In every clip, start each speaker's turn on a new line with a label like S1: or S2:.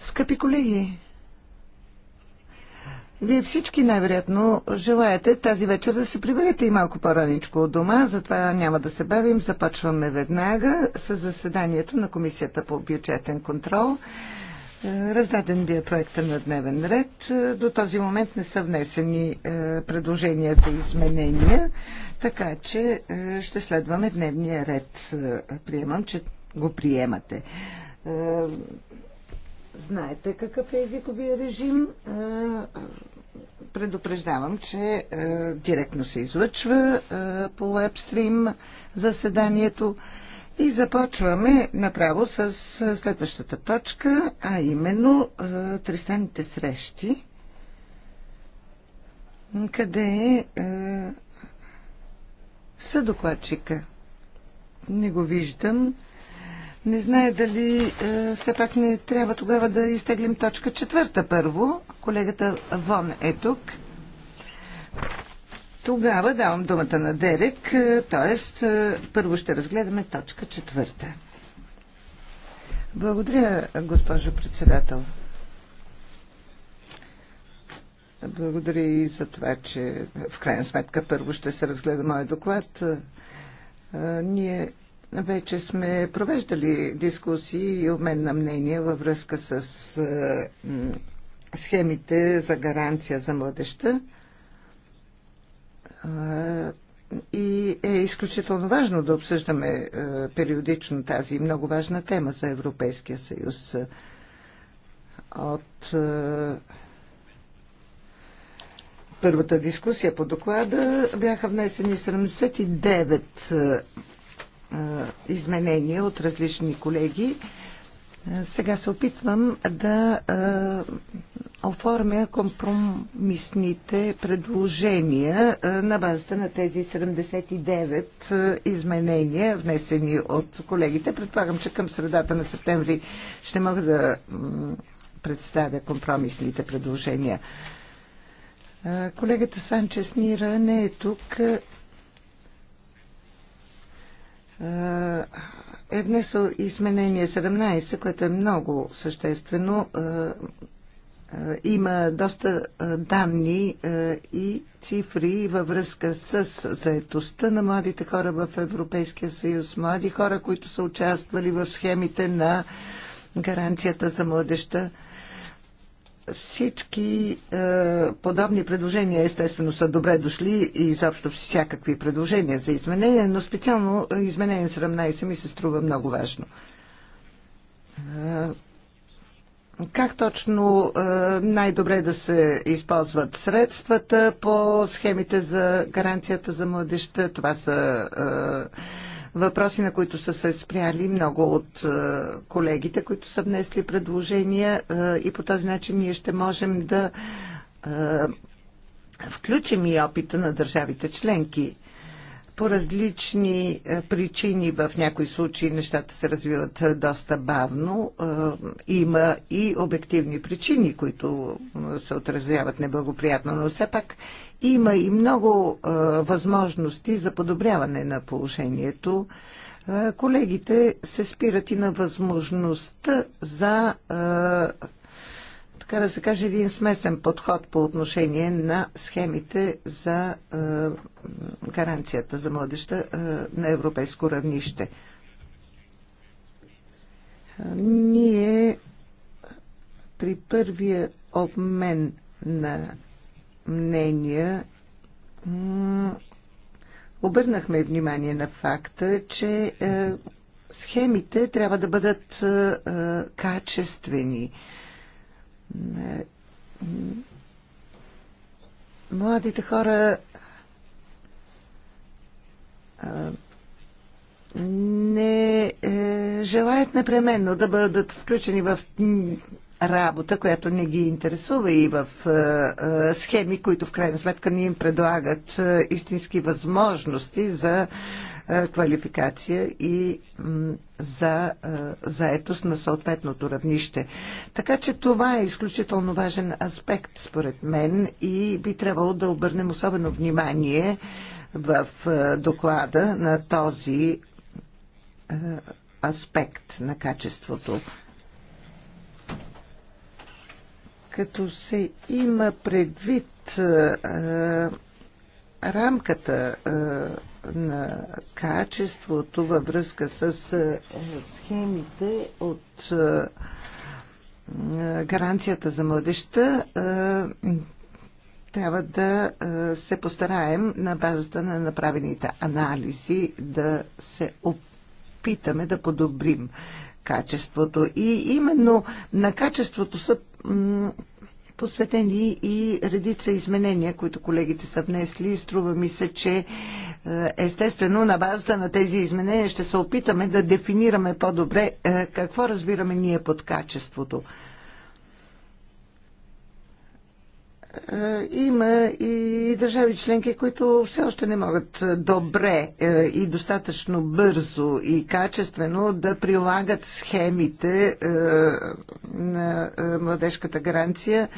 S1: Скъпи колеги, вие всички най-вероятно желаете тази вечер да се приберете и малко по-раничко от дома, затова няма да се бавим. Започваме веднага с заседанието на Комисията по бюджетен контрол. Е, раздаден ви е проекта на дневен ред. Е, до този момент не са внесени е, предложения за изменения. Така че е, ще следваме дневния ред. Е, приемам, че го приемате. Е, знаете какъв е езиковия режим. Предупреждавам, че директно се излъчва по вебстрим заседанието. И започваме направо с следващата точка, а именно тристанните срещи, къде е, докладчика, Не го виждам. Не знае дали е, все пак не трябва тогава да изтеглим точка четвърта първо. Колегата Вон е тук. Тогава давам думата на Дерек, т.е. Е, първо ще разгледаме точка четвърта. Благодаря, госпожо председател. Благодаря и за това, че в крайна сметка първо ще се разгледа моят доклад. Ние вече сме провеждали дискусии и обмен на мнения във връзка с схемите за гаранция за младеща. И е изключително важно да обсъждаме периодично тази много важна тема за Европейския съюз. От първата дискусия по доклада бяха внесени 79 изменения от различни колеги. Сега се опитвам да оформя компромисните предложения на базата на тези 79 изменения, внесени от колегите. Предполагам, че към средата на септември ще мога да представя компромисните предложения. Колегата Санчес Нира не е тук. Е внесъл изменение 17, което е много съществено. Има доста данни и цифри във връзка с заетостта на младите хора в Европейския съюз, млади хора, които са участвали в схемите на гаранцията за младеща. Всички е, подобни предложения естествено са добре дошли и изобщо всякакви предложения за изменение, но специално е, изменение 17 ми се струва много важно. Е, как точно е, най-добре да се използват средствата по схемите за гаранцията за младеща? Това са въпроси, на които са се спряли много от е, колегите, които са внесли предложения е, и по този начин ние ще можем да е, включим и опита на държавите членки по различни е, причини в някои случаи нещата се развиват е, доста бавно. Е, има и обективни причини, които се отразяват неблагоприятно, но все пак има и много възможности за подобряване на положението. Колегите се спират и на възможността за така да се каже, един смесен подход по отношение на схемите за е, гаранцията за младеща е, на европейско равнище. Ние при първия обмен на мнения обърнахме внимание на факта, че е, схемите трябва да бъдат е, е качествени. Е, младите хора не е, желаят непременно да бъдат включени в работа, която не ги интересува и в е, е, схеми, които в крайна сметка ни им предлагат истински възможности за е, квалификация и за е, заетост на съответното равнище. Така че това е изключително важен аспект според мен и би трябвало да обърнем особено внимание в е, доклада на този аспект на качеството. Като се има предвид рамката на качеството във връзка с е, схемите от е, гаранцията за младеща е, трябва да се постараем на базата на направените анализи да се опитаме да подобрим качеството. И именно на качеството са посветени и редица изменения, които колегите са внесли. Струва ми се, че е, естествено на базата на тези изменения ще се опитаме да дефинираме по-добре е, какво разбираме ние под качеството. Е, има и държави членки, които все още не могат е, добре е, и достатъчно бързо и качествено да прилагат схемите на младежката гаранция.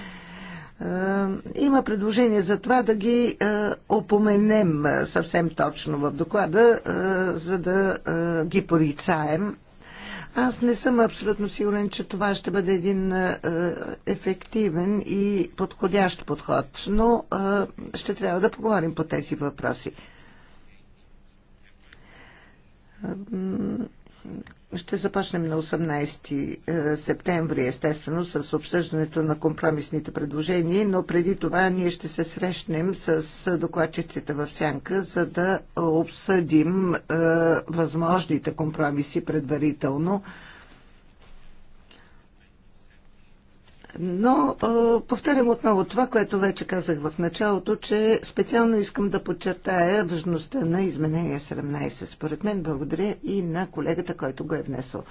S1: Има предложение за това да ги опоменем съвсем точно в доклада, за да ги порицаем аз не съм абсолютно сигурен, че това ще бъде един е, ефективен и подходящ подход, но е, ще трябва да поговорим по тези въпроси. Ще започнем на 18 е, септември, естествено, с обсъждането на компромисните предложения, но преди това ние ще се срещнем с докладчиците в Сянка, за да обсъдим е, възможните компромиси предварително Но повтарям отново това, което вече казах в началото, че специално искам да подчертая важността на изменение 17. Според мен благодаря и на колегата, който го е внесъл.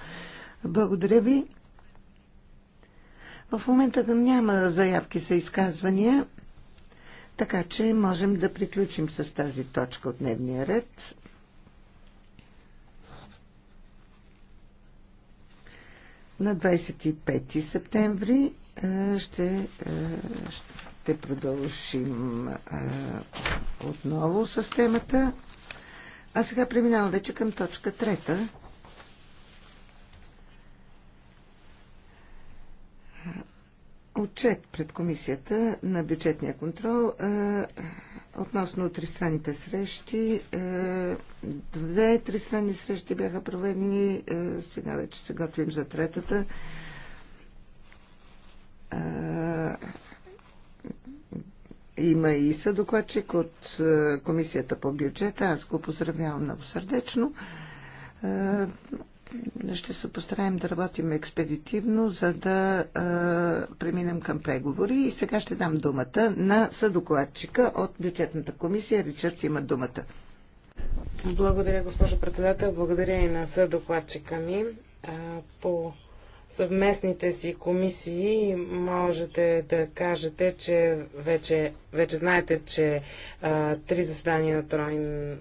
S1: Благодаря ви. В момента няма заявки за изказвания, така че можем да приключим с тази точка от дневния ред. На 25 септември е, ще, е, ще продължим е, отново с темата. А сега преминавам вече към точка трета. Отчет пред комисията на бюджетния контрол е, относно тристранните срещи. Е, две тристранни срещи бяха проведени, е, сега вече се готвим за третата. Е, има и съдокладчик от Комисията по бюджета. Аз го поздравявам много сърдечно. Ще се постараем да работим експедитивно, за да преминем към преговори. И сега ще дам думата на съдокладчика от бюджетната комисия. Ричард има думата.
S2: Благодаря, госпожо председател. Благодаря и на съдокладчика ми. по съвместните си комисии можете да кажете, че вече, вече знаете, че а, три заседания на тройн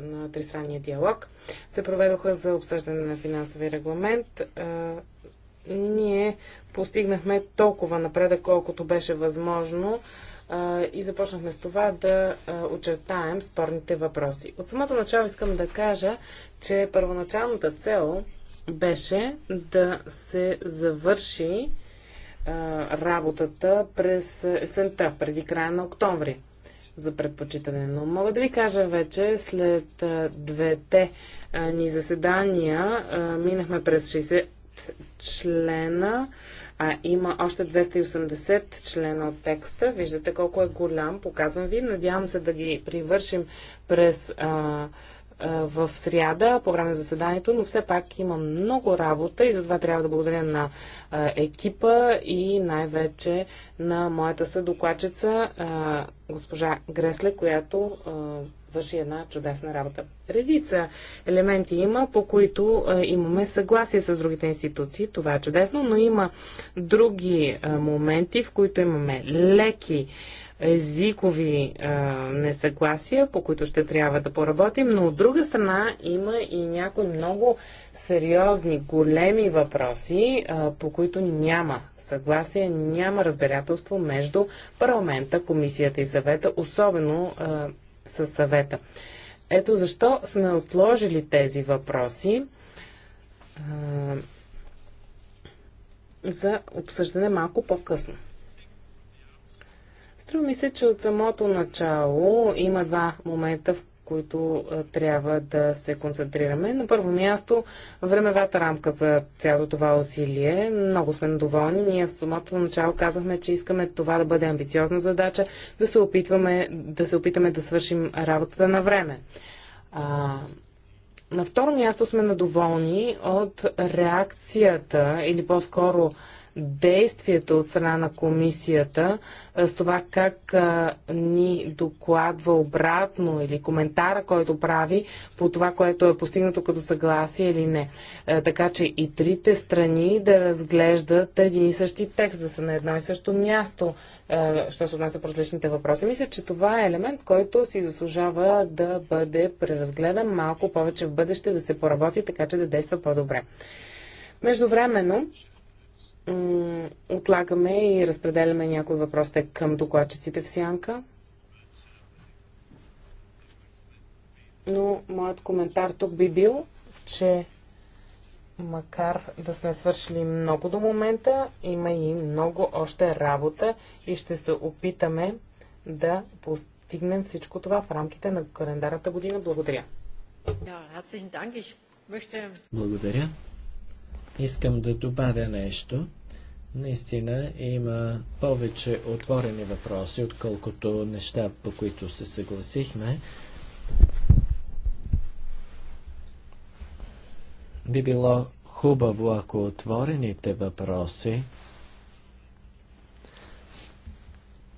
S2: на тристранния диалог се проведоха за обсъждане на финансови регламент. А, ние постигнахме толкова напредък, колкото беше възможно а, и започнахме с това да а, очертаем спорните въпроси. От самото начало искам да кажа, че първоначалната цел беше да се завърши а, работата през есента, преди края на октомври за предпочитане. Но мога да ви кажа вече, след а, двете а, ни заседания а, минахме през 60 члена, а има още 280 члена от текста. Виждате колко е голям, показвам ви. Надявам се да ги привършим през а, е, в сряда по време на заседанието, но все пак има много работа и затова трябва да благодаря на е, екипа и най-вече на моята съдокладчица е, госпожа Гресле, която върши една чудесна работа. Редица елементи има, по които имаме съгласие с другите институции. Това е чудесно, но има други моменти, в които имаме леки езикови а, несъгласия, по които ще трябва да поработим, но от друга страна има и някои много сериозни, големи въпроси, а, по които няма съгласие, няма разбирателство между парламента, комисията и съвета, особено а, с съвета. Ето защо сме отложили тези въпроси а, за обсъждане малко по-късно. Струва ми се, че от самото начало има два момента, в които трябва да се концентрираме. На първо място, времевата рамка за цялото това усилие. Много сме надоволни. Ние в самото начало казахме, че искаме това да бъде амбициозна задача, да се, опитваме, да се опитаме да свършим работата на време. А, на второ място сме надоволни от реакцията или по-скоро действието от страна на комисията с това как ни докладва обратно или коментара, който прави по това, което е постигнато като съгласие или не. така че и трите страни да разглеждат един и същи текст, да са на едно и също място, що се отнася по различните въпроси. Мисля, че това е елемент, който си заслужава да бъде преразгледан малко повече в бъдеще, да се поработи така, че да действа по-добре. Междувременно, отлагаме и разпределяме някои въпросите към докладчиците в сянка. Но моят коментар тук би бил, че макар да сме свършили много до момента, има и много още работа и ще се опитаме да постигнем всичко това в рамките на календарната година. Благодаря.
S3: Благодаря. Искам да добавя нещо. Наистина има повече отворени въпроси, отколкото неща, по които се съгласихме. Би било хубаво, ако отворените въпроси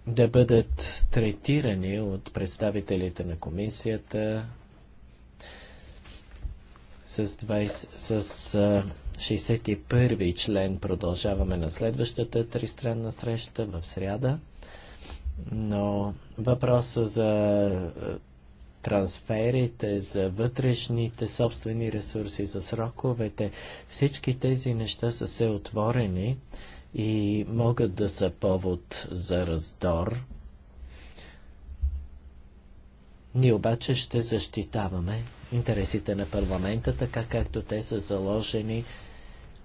S3: да бъдат третирани от представителите на комисията с, 20, с 61 член продължаваме на следващата тристранна среща в сряда. Но въпроса за е, трансферите, за вътрешните собствени ресурси, за сроковете, всички тези неща са се отворени и могат да са повод за раздор. Ние обаче ще защитаваме интересите на парламента, така както те са заложени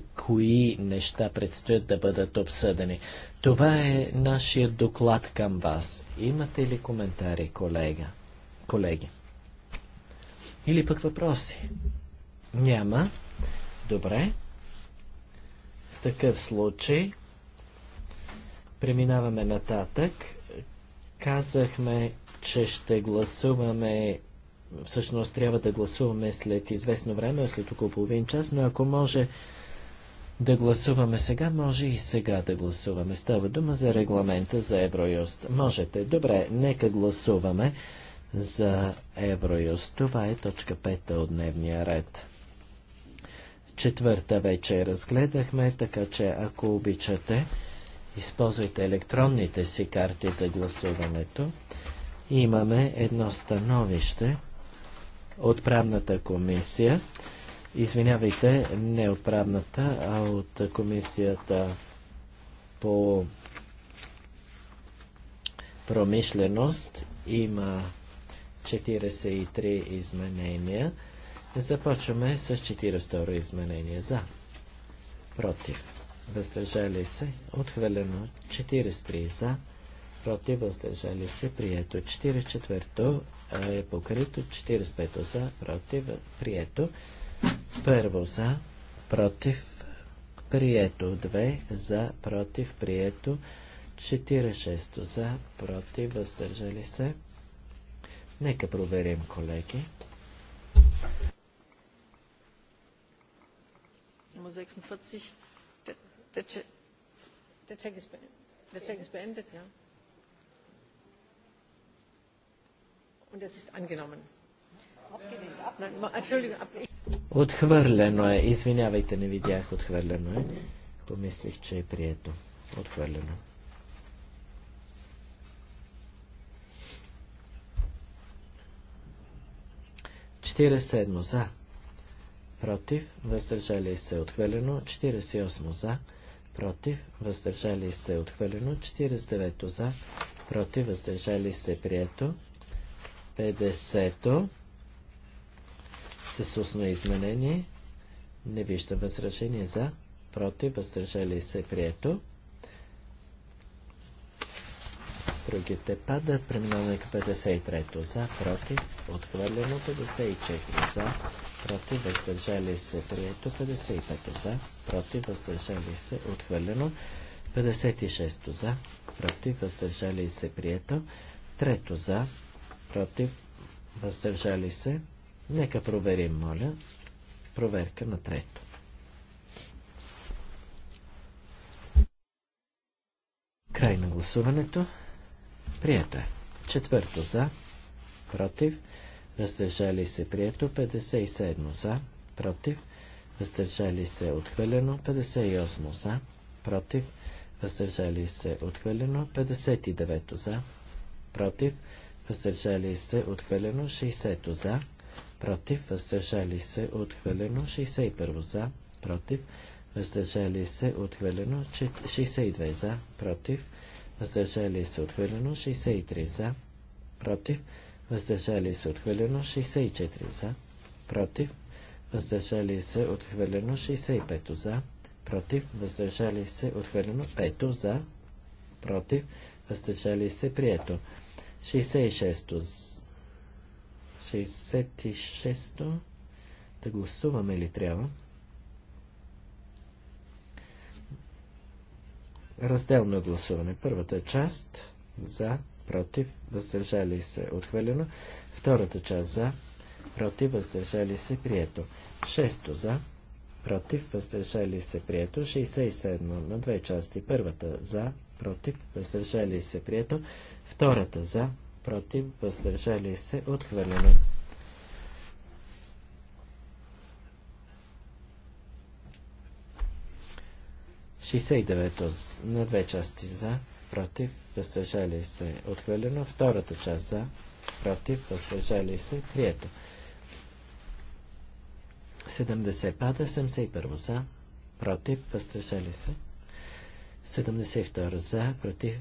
S3: кои неща предстоят да бъдат обсъдени. Това е нашия доклад към вас. Имате ли коментари, колега? колеги? Или пък въпроси? Няма. Добре. В такъв случай преминаваме нататък. Казахме, че ще гласуваме всъщност трябва да гласуваме след известно време, след около половин час, но ако може да гласуваме сега, може и сега да гласуваме. Става дума за регламента за Евроюст. Можете. Добре, нека гласуваме за Евроюст. Това е точка 5 от дневния ред. Четвърта вече разгледахме, така че ако обичате, използвайте електронните си карти за гласуването. Имаме едно становище от правната комисия извинявайте, не от правната, а от комисията по промишленост има 43 изменения. Започваме с 42 изменение за. Против. Въздържали се. Отхвърлено 43 за. Против. Въздържали се. Прието 44 е покрито. 45 за. Против. Прието. Първо за, против, прието. Две за, против, прието. Четири шесто за, против, въздържали се. Нека проверим, колеги.
S2: Und das ist angenommen. Aufgelehnt.
S3: Entschuldigung. Отхвърлено е. Извинявайте, не видях. Отхвърлено е. Помислих, че е прието. Отхвърлено. Четиридесет седмо за. Против. Въздържали се. Отхвърлено. 48 за. Против. Въздържали се. Отхвърлено. 49 за. Против. Въздържали се. Прието. 50 с устно изменение. Не вижда възражение за, против, въздържали се, прието. Другите пада. Преминаваме към 53-то за, против, отхвърлено 54 за, против, въздържали се, прието 55-то за, против, въздържали се, отхвърлено 56-то за, против, въздържали се, прието. Трето за, против, въздържали се, Нека проверим, моля. Проверка на трето. Край на гласуването. Прието е. Четвърто за. Против. Въздържали се прието. 57 за. Против. Въздържали се отхвърлено. 58 за. Против. Въздържали се отхвърлено. 59 за. Против. Въздържали се отхвърлено. 60 за против, въздържали се, отхвърлено 61 за, против, въздържали се, отхвърлено 62 за, против, въздържали се, отхвърлено 63 за, против, въздържали се, отхвърлено 64 за, против, въздържали се, отхвърлено 65 за, против, въздържали се, отхвърлено 5 за, против, въздържали се, прието 66 за, 66-то. Да гласуваме ли трябва? Разделно гласуване. Първата част за, против, въздържали се, отхвърлено. Втората част за, против, въздържали се, прието. Шесто за, против, въздържали се, прието. 67 на две части. Първата за, против, въздържали се, прието. Втората за, против, въздържали се, отхвърлено. на две части за, против, въздържали се, отхвърлено. Втората част за, против, въздържали се, прието. 70 пада, 71 за, против, въздържали се. 72 за, против,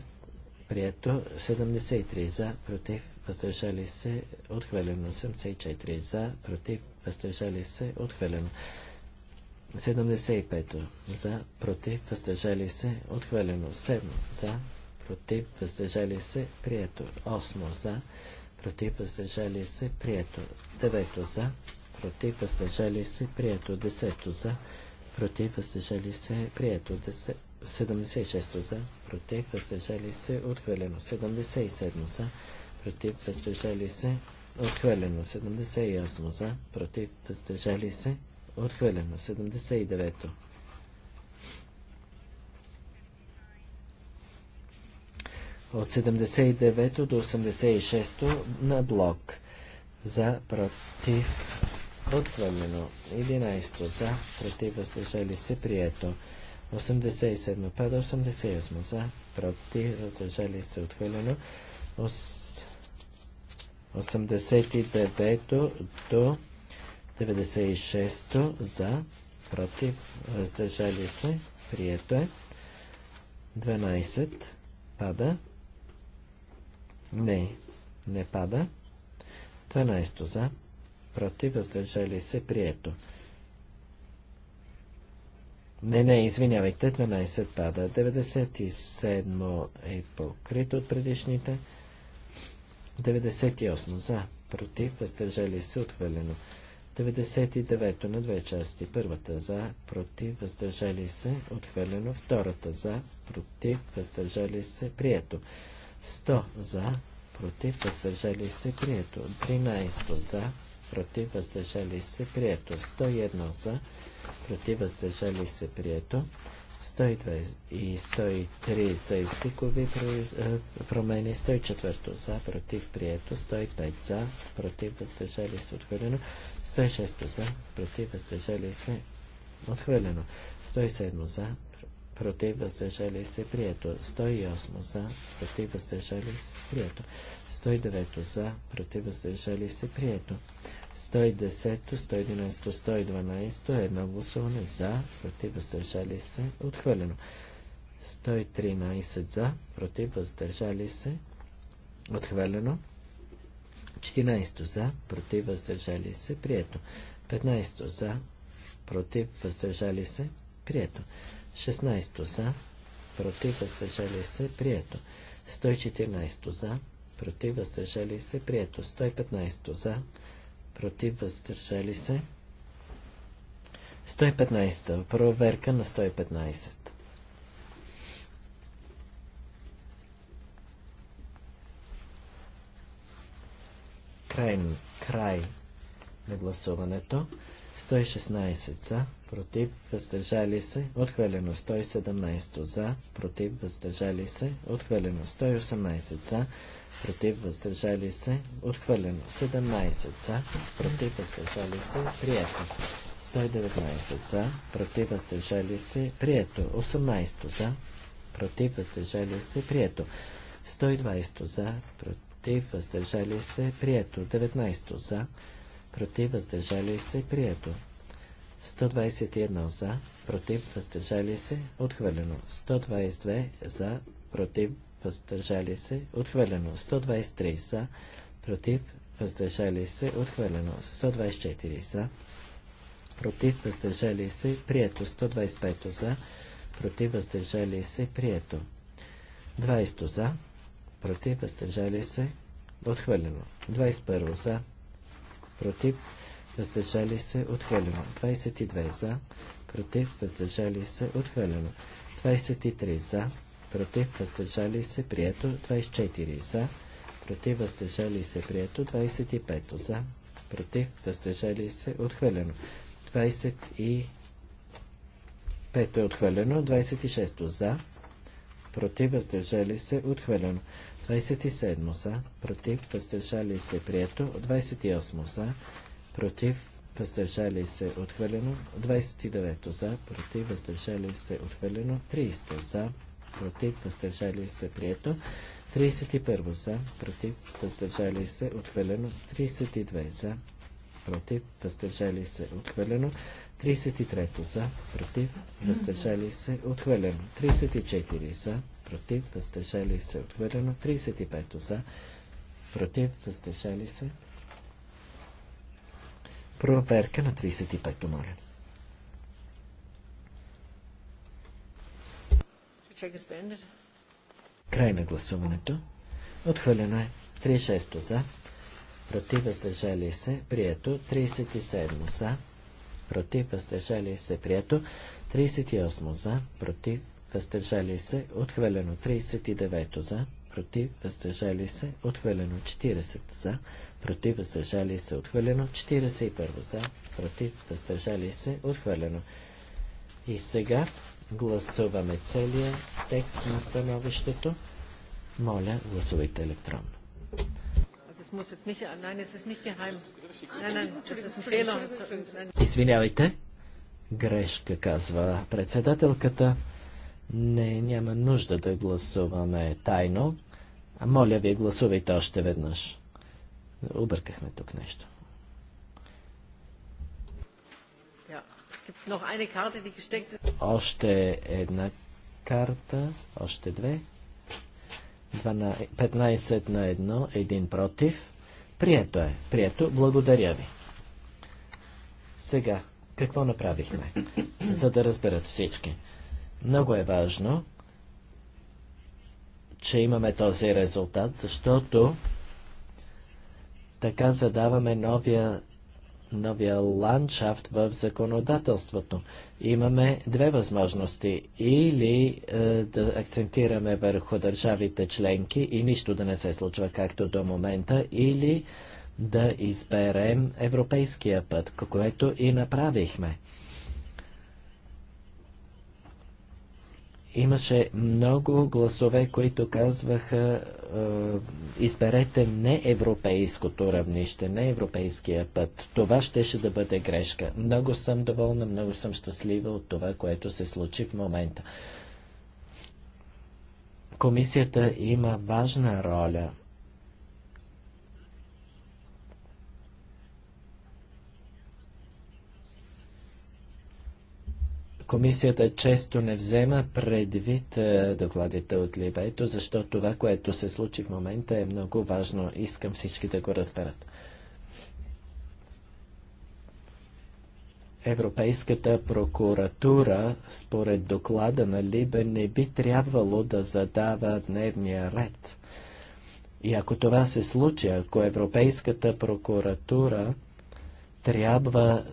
S3: Прието 73 за, против, въздържали се, отхвърлено 84 за, против, въздържали се, отхвърлено 75 за, против, въздържали се, отхвърлено 7 за, против, въздържали се, прието 8 за, против, въздържали се, прието 9 за, против, въздържали се, прието 10 за, против, въздържали се, прието 10 76 за, против, въздържали се, отхвърлено. 77 за, против, въздържали се, отхвърлено. 78 за, против, въздържали се, отхвърлено. 79 От 79 до 86 на блок. За, против, отхвърлено. 11 за, против, въздържали се, прието. 87 пада, 88 за, против, раздържали се отхвърлено. 89 до 96 за, против, въздържали се, прието е. 12 пада. Не, не пада. 12 за, против, въздържали се, прието. Не, не, извинявайте, 12 пада. 97 е покрит от предишните. 98 за, против, въздържали се, отхвърлено. 99 на две части. Първата за, против, въздържали се, отхвърлено. Втората за, против, въздържали се, прието. 100 за, против, въздържали се, прието. 13 за, против, въздържали се, прието. 101 за, против, въздържали се, прието. 120 и 103 за езикови е, промени, 104 за, против, прието, 105 за, против, въздържали се, отхвърлено, 106 за, против, въздържали се, отхвърлено, 107 за, против, въздържали се, прието, 108 за, против, въздържали се, прието, 109 за, против, въздържали се, прието. 110, 111, 112, едно гласуване за, против, въздържали се, отхвърлено. 113 за, против, въздържали се, отхвърлено. 14 за, против, въздържали се, прието. 15 за, против, въздържали се, прието. 16 за, против, въздържали се, прието. 114 за, против, въздържали се, прието. 115 за, против, въздържали се. 115. Проверка на 115. Край, край на гласуването. 116 за, против, въздържали се, отхвърлено 117 за, против, въздържали се, отхвърлено 118 за, против, въздържали се, отхвърлено. 17 за, против, въздържали се, прието. 119 за, против, въздържали се, прието. 18 за, против, въздържали се, прието. 120 за, против, въздържали се, прието. 19 за, против, въздържали се, прието. 121 за, против, въздържали се, отхвърлено. 122 за, против, въздържали се, отхвърлено. 123 са, против, въздържали се, отхвърлено. 124 са, против, въздържали се, прието. 125 за, против, въздържали се, прието. 20 за, против, въздържали се, отхвърлено. 21 за, против, въздържали се, отхвърлено. 22 за, против, въздържали се, отхвърлено. 23 за, против, въздържали се, прието 24 за, против, въздържали се, прието 25 за, против, въздържали се, отхвърлено 25 е отхвърлено, 26 за, против, въздържали се, отхвърлено 27 за, против, въздържали се, прието 28 за, против, въздържали се отхвърлено, 29 за, против, въздържали се отхвърлено, 30 за, против, въздържали се, прието. 31 за, против, въздържали се, отхвърлено. 32 за, против, въздържали се, отхвърлено. 33 за, против, въздържали се, отхвърлено. 34 за, против, въздържали се, отхвърлено. 35 за, против, въздържали се. Проверка на 35-то, моля. Край на гласуването. Отхвърлено е 36 за, против въздържали се, прието 37 за, против въздържали се, прието 38 за, против въздържали се, отхвърлено 39 за, против въздържали се, отхвърлено 40 за, против въздържали се, отхвърлено 41 за, против въздържали се, отхвърлено. И сега Гласуваме целия текст на становището. Моля, гласувайте електронно. Извинявайте. Грешка, казва председателката. Не, няма нужда да гласуваме тайно. А моля ви, гласувайте още веднъж. Объркахме тук нещо. Още една карта, още две. 15 на 1, един против. Прието е, прието. Благодаря ви. Сега, какво направихме? За да разберат всички. Много е важно, че имаме този резултат, защото така задаваме новия новия ландшафт в законодателството. Имаме две възможности. Или е, да акцентираме върху държавите членки и нищо да не се случва както до момента, или да изберем европейския път, което и направихме. Имаше много гласове, които казваха е, изберете не европейското равнище, не европейския път. Това щеше да бъде грешка. Много съм доволна, много съм щастлива от това, което се случи в момента. Комисията има важна роля – Комисията често не взема предвид е, докладите от Либето, защото това, което се случи в момента е много важно. Искам всички да го разберат. Европейската прокуратура, според доклада на Либе, не би трябвало да задава дневния ред. И ако това се случи, ако Европейската прокуратура трябва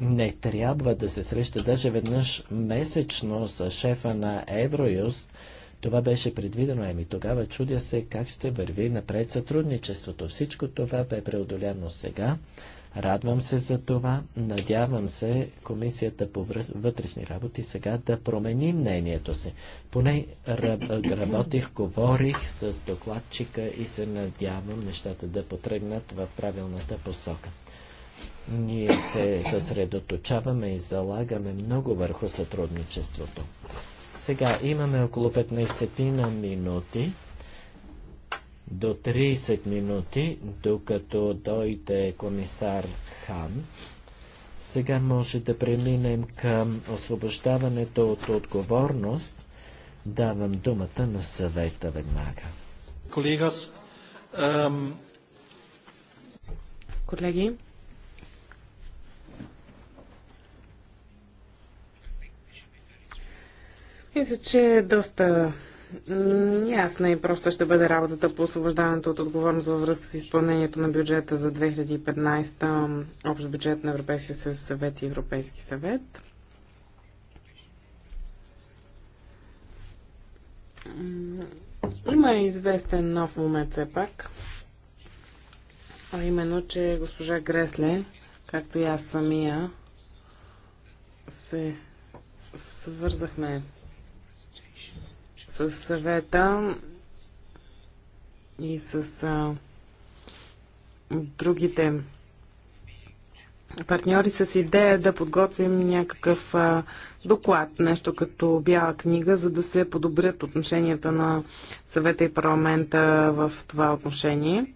S3: не трябва да се среща даже веднъж месечно с шефа на Евроюст. Това беше предвидено, еми тогава чудя се как ще върви напред сътрудничеството. Всичко това бе преодоляно сега. Радвам се за това. Надявам се Комисията по вътрешни работи сега да промени мнението си. Поне работих, говорих с докладчика и се надявам нещата да потръгнат в правилната посока. Ние се съсредоточаваме и залагаме много върху сътрудничеството. Сега имаме около 15 на минути до 30 минути, докато дойде комисар Хан. Сега може да преминем към освобождаването от отговорност. Давам думата на съвета веднага. Колегас,
S2: ам... Колеги, Мисля, че е доста ясна и просто ще бъде работата по освобождаването от отговорност във връзка с изпълнението на бюджета за 2015 общ бюджет на Европейския съюз съвет и Европейски съвет. Има известен нов момент все пак, а именно, че госпожа Гресле, както и аз самия, се свързахме с съвета и с а, другите партньори с идея да подготвим някакъв а, доклад, нещо като бяла книга, за да се подобрят отношенията на съвета и парламента в това отношение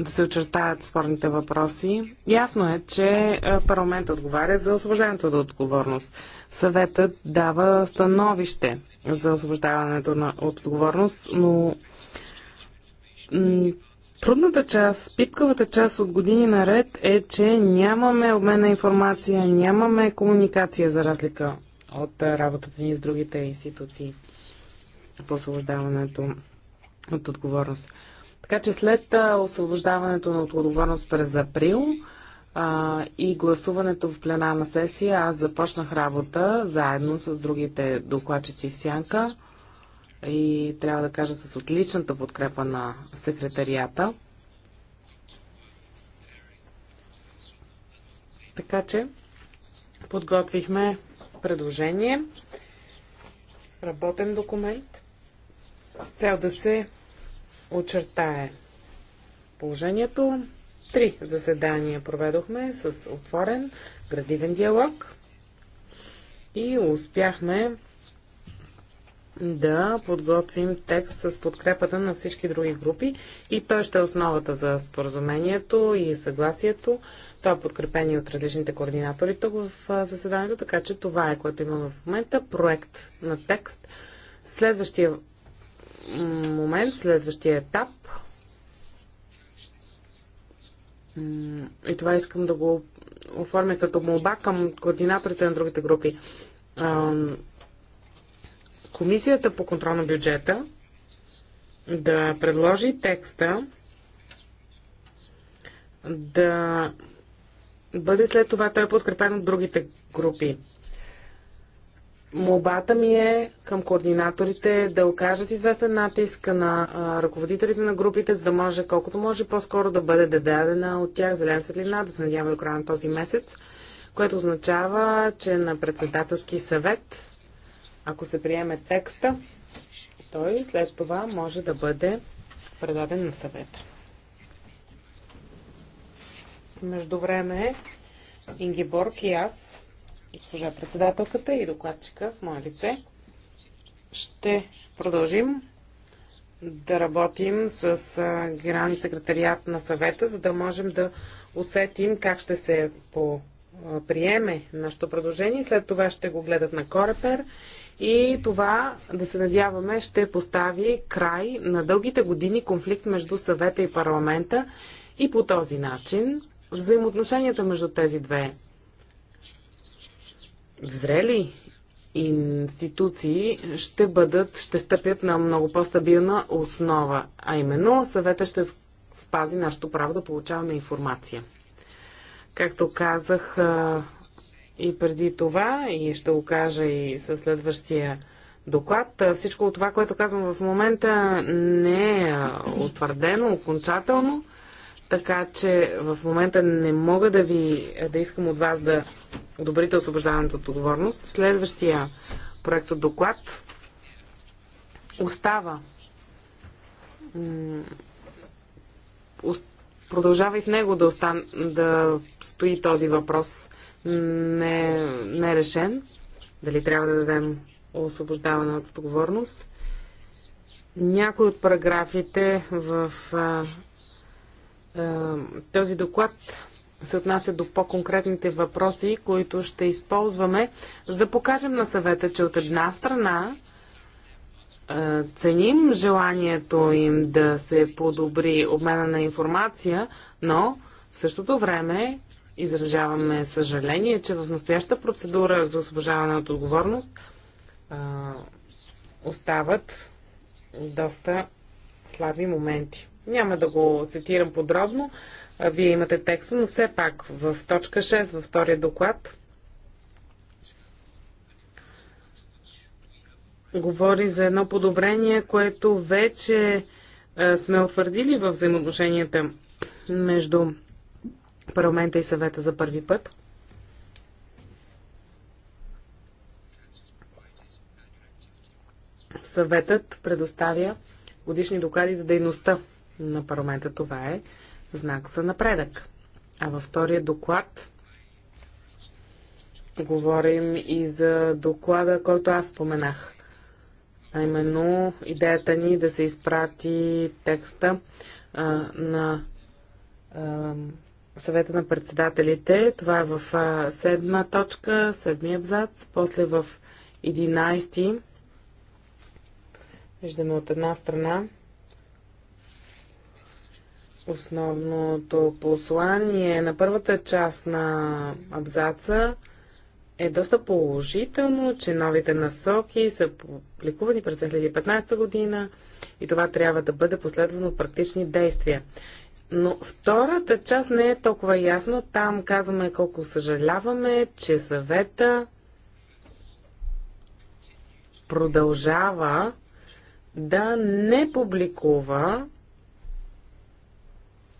S2: да се очертаят спорните въпроси. Ясно е, че е, парламентът отговаря за освобождаването от отговорност. Съветът дава становище за освобождаването на, от отговорност, но трудната част, пипкавата част от години наред е, че нямаме обмен на информация, нямаме комуникация за разлика от е, работата ни с другите институции по освобождаването от отговорност. Така че след освобождаването на отговорност през април а, и гласуването в пленарна сесия, аз започнах работа заедно с другите докладчици в Сянка и трябва да кажа с отличната подкрепа на секретарията. Така че подготвихме предложение, работен документ с цел да се очертае положението. Три заседания проведохме с отворен градивен диалог и успяхме да подготвим текст с подкрепата на всички други групи и той ще е основата за споразумението и съгласието. Това е подкрепение от различните координатори тук в заседанието, така че това е което имаме в момента. Проект на текст. Следващия момент, следващия етап. И това искам да го оформя като молба към координаторите на другите групи. Комисията по контрол на бюджета да предложи текста да бъде след това той е подкрепен от другите групи. Молбата ми е към координаторите да окажат известен натиск на а, ръководителите на групите, за да може колкото може по-скоро да бъде дадена от тях зелена светлина, да се надяваме до края на този месец, което означава, че на председателски съвет, ако се приеме текста, той след това може да бъде предаден на съвета. Между време Ингиборг и аз госпожа председателката и докладчика в мое лице. Ще продължим да работим с генералния секретариат на съвета, за да можем да усетим как ще се по приеме нашето предложение. След това ще го гледат на Корепер и това, да се надяваме, ще постави край на дългите години конфликт между съвета и парламента и по този начин взаимоотношенията между тези две зрели институции ще бъдат, ще стъпят на много по-стабилна основа, а именно съвета ще спази нашето право да получаваме информация. Както казах и преди това, и ще го кажа и със следващия доклад, всичко това, което казвам в момента не е утвърдено окончателно, така че в момента не мога да ви, да искам от вас да одобрите освобождаването от отговорност. Следващия проект от доклад остава. Продължава и в него да, остан, да стои този въпрос не, не е решен. Дали трябва да дадем освобождаване от отговорност. Някои от параграфите в е, този доклад се отнася до по-конкретните въпроси, които ще използваме, за да покажем на съвета, че от една страна е, ценим желанието им да се подобри обмена на информация, но в същото време изражаваме съжаление, че в настоящата процедура за освобождаване от отговорност е, остават доста слаби моменти. Няма да го цитирам подробно. Вие имате текста, но все пак в точка 6, във втория доклад, говори за едно подобрение, което вече сме утвърдили в взаимоотношенията между парламента и съвета за първи път. Съветът предоставя годишни доклади за дейността на парламента това е знак за напредък. А във втория доклад говорим и за доклада, който аз споменах. А именно идеята ни да се изпрати текста а, на а, съвета на председателите. Това е в а, седма точка, седмия абзац, после в 11 Виждаме от една страна Основното послание на първата част на абзаца е доста положително, че новите насоки са публикувани през 2015 година и това трябва да бъде последвано от практични действия. Но втората част не е толкова ясно. Там казваме колко съжаляваме, че съвета продължава да не публикува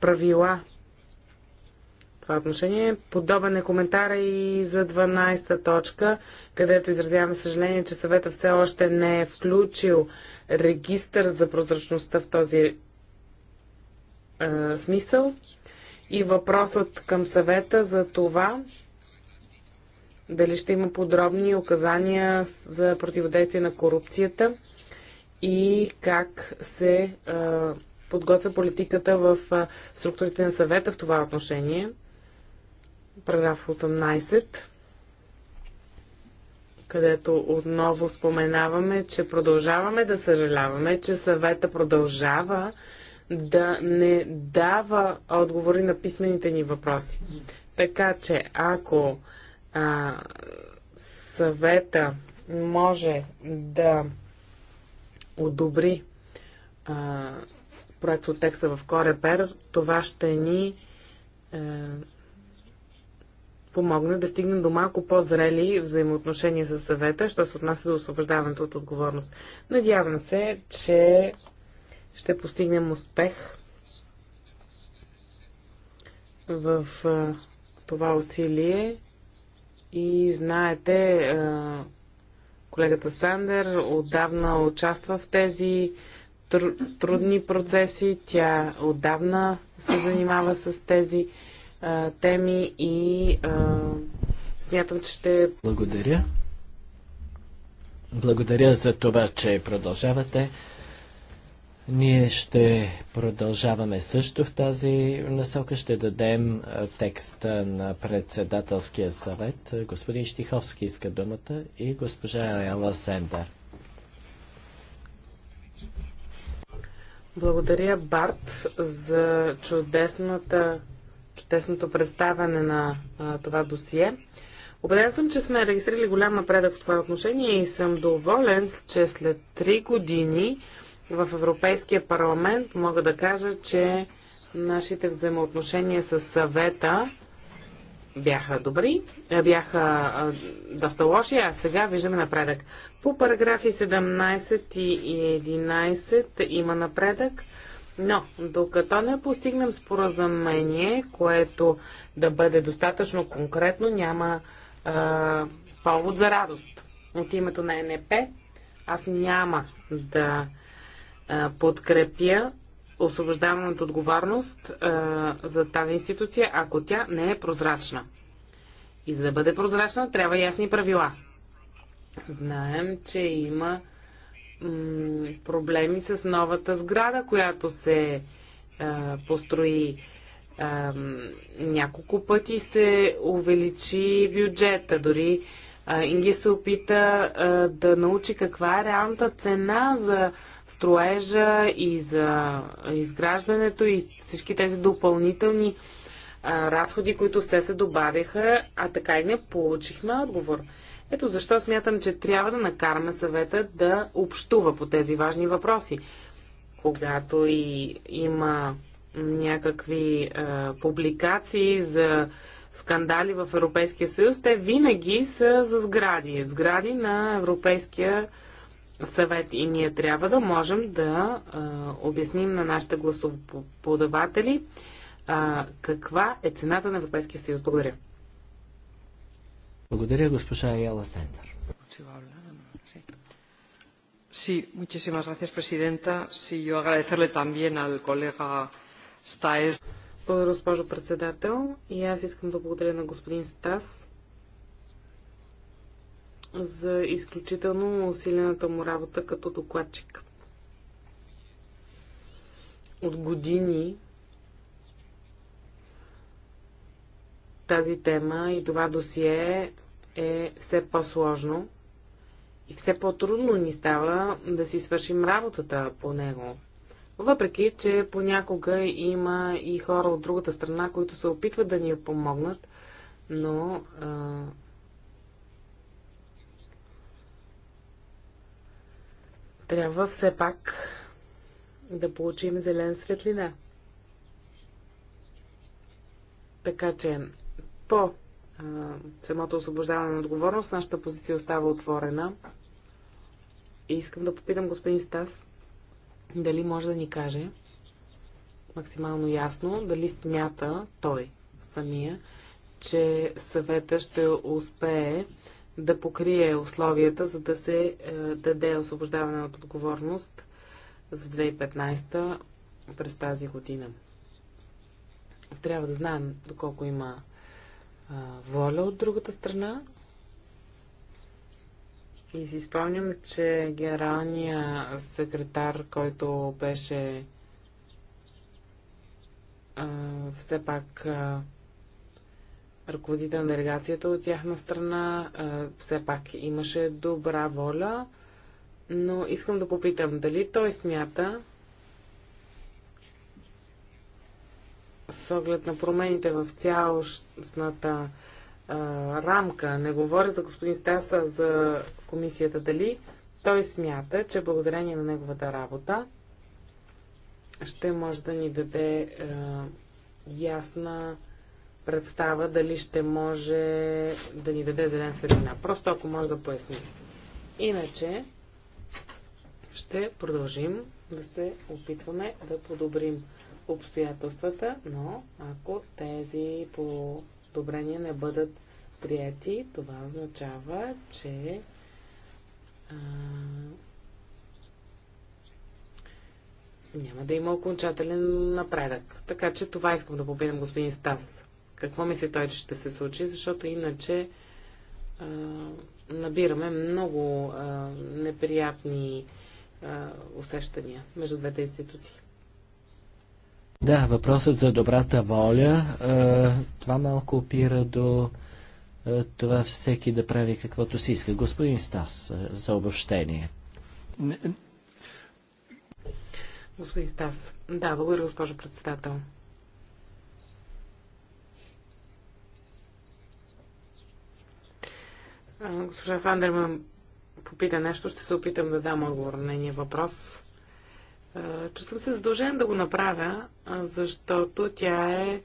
S2: правила. Това отношение. Подобен е коментара и за 12-та точка, където изразяваме съжаление, че съвета все още не е включил регистър за прозрачността в този е, смисъл. И въпросът към съвета за това дали ще има подробни указания за противодействие на корупцията и как се Е, подготвя политиката в структурите на съвета в това отношение. Параграф 18 където отново споменаваме, че продължаваме да съжаляваме, че съвета продължава да не дава отговори на писмените ни въпроси. Така че, ако а, съвета може да одобри а, Проект от текста в Корепер, това ще ни е, помогне да стигнем до малко по-зрели взаимоотношения с съвета, що се отнася до освобождаването от отговорност. Надявам се, че ще постигнем успех в е, това усилие и знаете, е, колегата Сандер отдавна участва в тези тр- трудни процеси. Тя отдавна се занимава с тези а, теми и а,
S3: смятам, че ще. Благодаря. Благодаря за това, че продължавате. Ние ще продължаваме също в тази насока. Ще дадем текста на председателския съвет. Господин Штиховски иска думата и госпожа Ела Сендер.
S2: Благодаря, Барт, за чудесната, чудесното представяне на а, това досие. Обеден съм, че сме регистрирали голям напредък в това отношение и съм доволен, че след 3 години в Европейския парламент мога да кажа, че нашите взаимоотношения с съвета бяха добри, бяха доста лоши, а сега виждаме напредък. По параграфи 17 и 11 има напредък, но докато не постигнем споразумение, което да бъде достатъчно конкретно, няма а, повод за радост. От името на НП аз няма да подкрепя освобождаване от отговорност а, за тази институция, ако тя не е прозрачна. И за да бъде прозрачна, трябва ясни правила. Знаем, че има проблеми с новата сграда, която се а, построи. А, няколко пъти се увеличи бюджета, дори Инги се опита да научи каква е реалната цена за строежа и за изграждането и всички тези допълнителни разходи, които все се добавяха, а така и не получихме отговор. Ето защо смятам, че трябва да накараме съвета да общува по тези важни въпроси. Когато и има някакви публикации за скандали в Европейския съюз, те винаги са за сгради. Сгради на Европейския съвет и ние трябва да можем да а, обясним на нашите гласоподаватели а, каква е цената на Европейския съюз. Благодаря.
S3: Благодаря, госпожа Аяла Сендър.
S2: Sí, muchísimas gracias, presidenta. Sí, yo agradecerle también al colega Staes. Благодаря, госпожо председател. И аз искам да благодаря на господин Стас за изключително усилената му работа като докладчик. От години тази тема и това досие е все по-сложно и все по-трудно ни става да си свършим работата по него. Въпреки, че понякога има и хора от другата страна, които се опитват да ни помогнат, но а, трябва все пак да получим зелен светлина. Така че по а, самото освобождаване на отговорност нашата позиция остава отворена. И искам да попитам господин Стас дали може да ни каже максимално ясно дали смята той самия, че съвета ще успее да покрие условията, за да се е, даде освобождаване от отговорност за 2015 през тази година. Трябва да знаем доколко има е, воля от другата страна и си спомням, че генералният секретар, който беше а, все пак а, ръководител на делегацията от тяхна страна, а, все пак имаше добра воля, но искам да попитам дали той смята, с оглед на промените в цялостната а, рамка, не говоря за господин Стаса, за комисията дали той смята, че благодарение на неговата работа ще може да ни даде е, ясна представа дали ще може да ни даде зелен светлина. Просто ако може да поясни. Иначе ще продължим да се опитваме да подобрим обстоятелствата, но ако тези подобрения не бъдат прияти, това означава, че няма да има окончателен напредък. Така че това искам да попитам господин Стас. Какво мисли той, че ще се случи, защото иначе а, набираме много а, неприятни а, усещания между двете институции.
S3: Да, въпросът за добрата воля, а, това малко опира до е, това всеки да прави каквото си иска. Господин Стас, е, за обобщение.
S2: Господин Стас, да, благодаря, госпожо председател. Госпожа Сандерман попита нещо, ще се опитам да дам отговор на нейния въпрос. Чувствам се задължен да го направя, защото тя е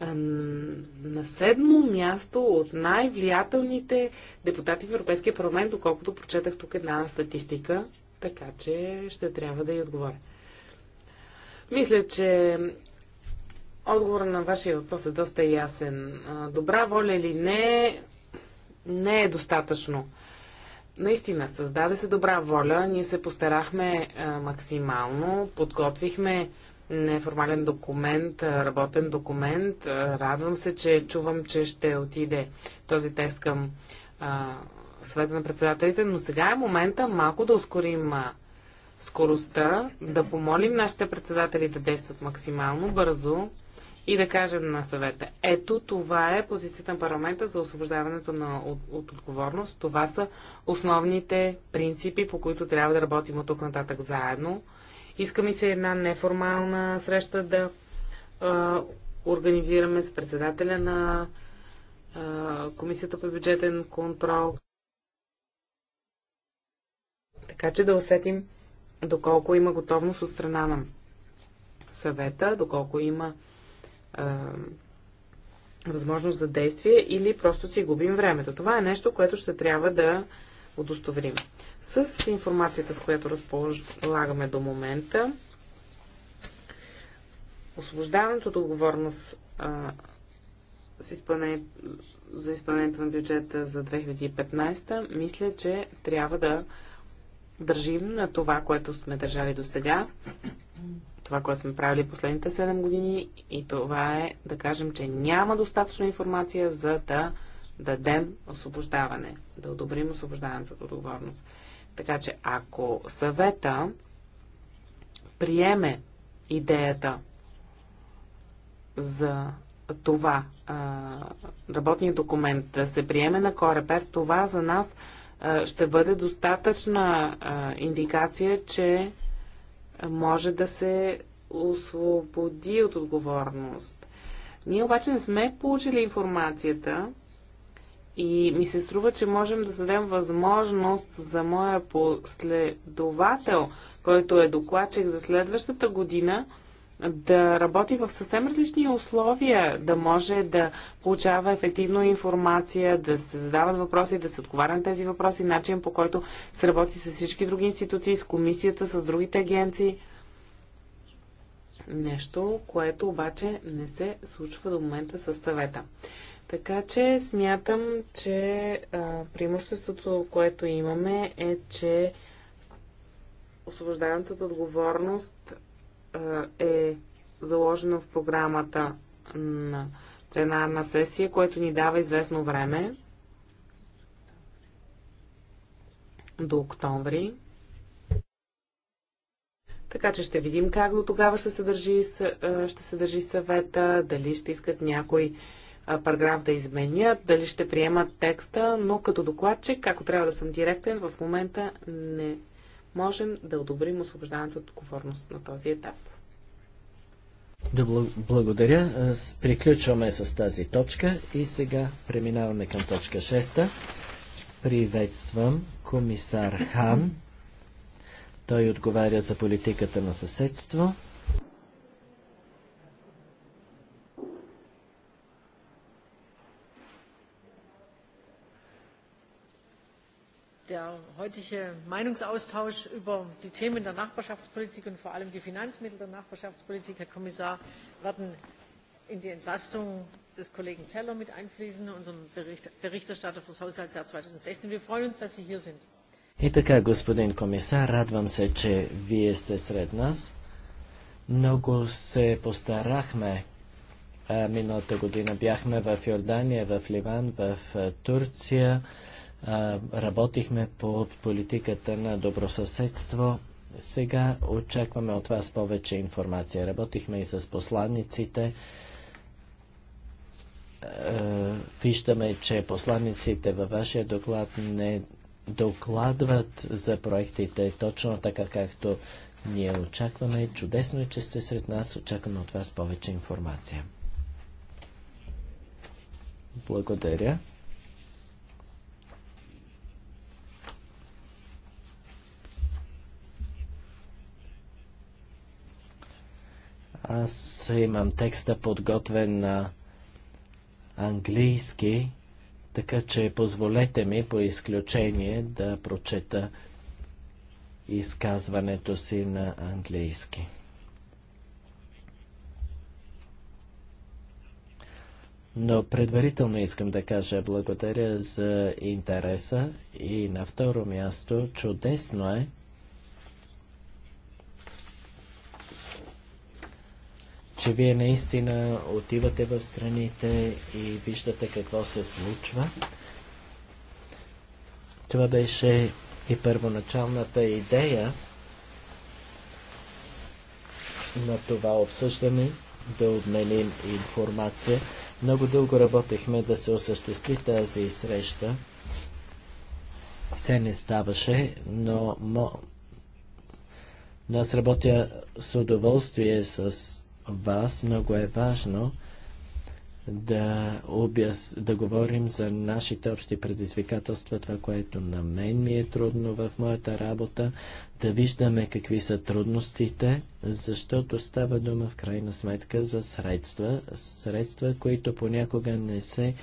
S2: на седмо място от най-влиятелните депутати в Европейския парламент, доколкото прочетах тук една статистика, така че ще трябва да й отговоря. Мисля, че отговорът на вашия въпрос е доста ясен. Добра воля или не, не е достатъчно. Наистина, създаде се добра воля, ние се постарахме максимално, подготвихме неформален документ, работен документ. Радвам се, че чувам, че ще отиде този тест към съвета на председателите, но сега е момента малко да ускорим скоростта, да помолим нашите председатели да действат максимално бързо и да кажем на съвета. Ето това е позицията на парламента за освобождаването на, от, от отговорност. Това са основните принципи, по които трябва да работим от тук нататък заедно иска ми се една неформална среща да а, организираме с председателя на а, Комисията по бюджетен контрол. Така че да усетим доколко има готовност от страна на съвета, доколко има а, възможност за действие или просто си губим времето. Това е нещо, което ще трябва да удостоверим. С информацията, с която разполагаме до момента, освобождаването от отговорност а, с изпълнение, за изпълнението на бюджета за 2015, мисля, че трябва да държим на това, което сме държали до сега, това, което сме правили последните 7 години и това е да кажем, че няма достатъчно информация за да дадем освобождаване, да одобрим освобождаването от отговорност. Така че ако съвета приеме идеята за това работния документ да се приеме на Корепер, това за нас ще бъде достатъчна индикация, че може да се освободи от отговорност. Ние обаче не сме получили информацията и ми се струва, че можем да дадем възможност за моя последовател, който е докладчик за следващата година, да работи в съвсем различни условия, да може да получава ефективно информация, да се задават въпроси, да се отговаря на тези въпроси, начин по който се работи с всички други институции, с комисията, с другите агенции. Нещо, което обаче не се случва до момента с съвета. Така че смятам, че а, преимуществото, което имаме е, че освобождаването от отговорност а, е заложено в програмата на пленарна сесия, което ни дава известно време до октомври. Така че ще видим как до тогава ще се държи, ще се държи съвета, дали ще искат някой параграф да изменят, дали ще приемат текста, но като докладчик, ако трябва да съм директен, в момента не можем да одобрим освобождаването от отговорност на този етап.
S3: Благодаря. Приключваме с тази точка и сега преминаваме към точка 6. Приветствам комисар Хан. Той отговаря за политиката на съседство. der heutige Meinungsaustausch über die Themen der Nachbarschaftspolitik und vor allem die Finanzmittel der Nachbarschaftspolitik, Herr Kommissar, werden in die Entlastung des Kollegen Zeller mit einfließen, unserem Berichterstatter für das Haushaltsjahr 2016. Wir freuen uns, dass Sie hier sind. И така, господин комисар, радвам се, че вие сте сред нас. Много се постарахме. Миналата година бяхме в Йордания, в Ливан, в Турция работихме по политиката на добросъседство. Сега очакваме от вас повече информация. Работихме и с посланниците. Виждаме, че посланниците във вашия доклад не докладват за проектите точно така, както ние очакваме. Чудесно е, че сте сред нас. Очакваме от вас повече информация. Благодаря. Аз имам текста подготвен на английски, така че позволете ми по изключение да прочета изказването си на английски. Но предварително искам да кажа благодаря за интереса и на второ място чудесно е, че вие наистина отивате в страните и виждате какво се случва. Това беше и първоначалната идея на това обсъждане, да обменим информация. Много дълго работехме да се осъществи тази среща. Все не ставаше, но, но аз работя с удоволствие с вас. Много е важно да, обяс... да говорим за нашите общи предизвикателства, това, което на мен ми е трудно в моята работа, да виждаме какви са трудностите, защото става дума в крайна сметка за средства, средства, които понякога не се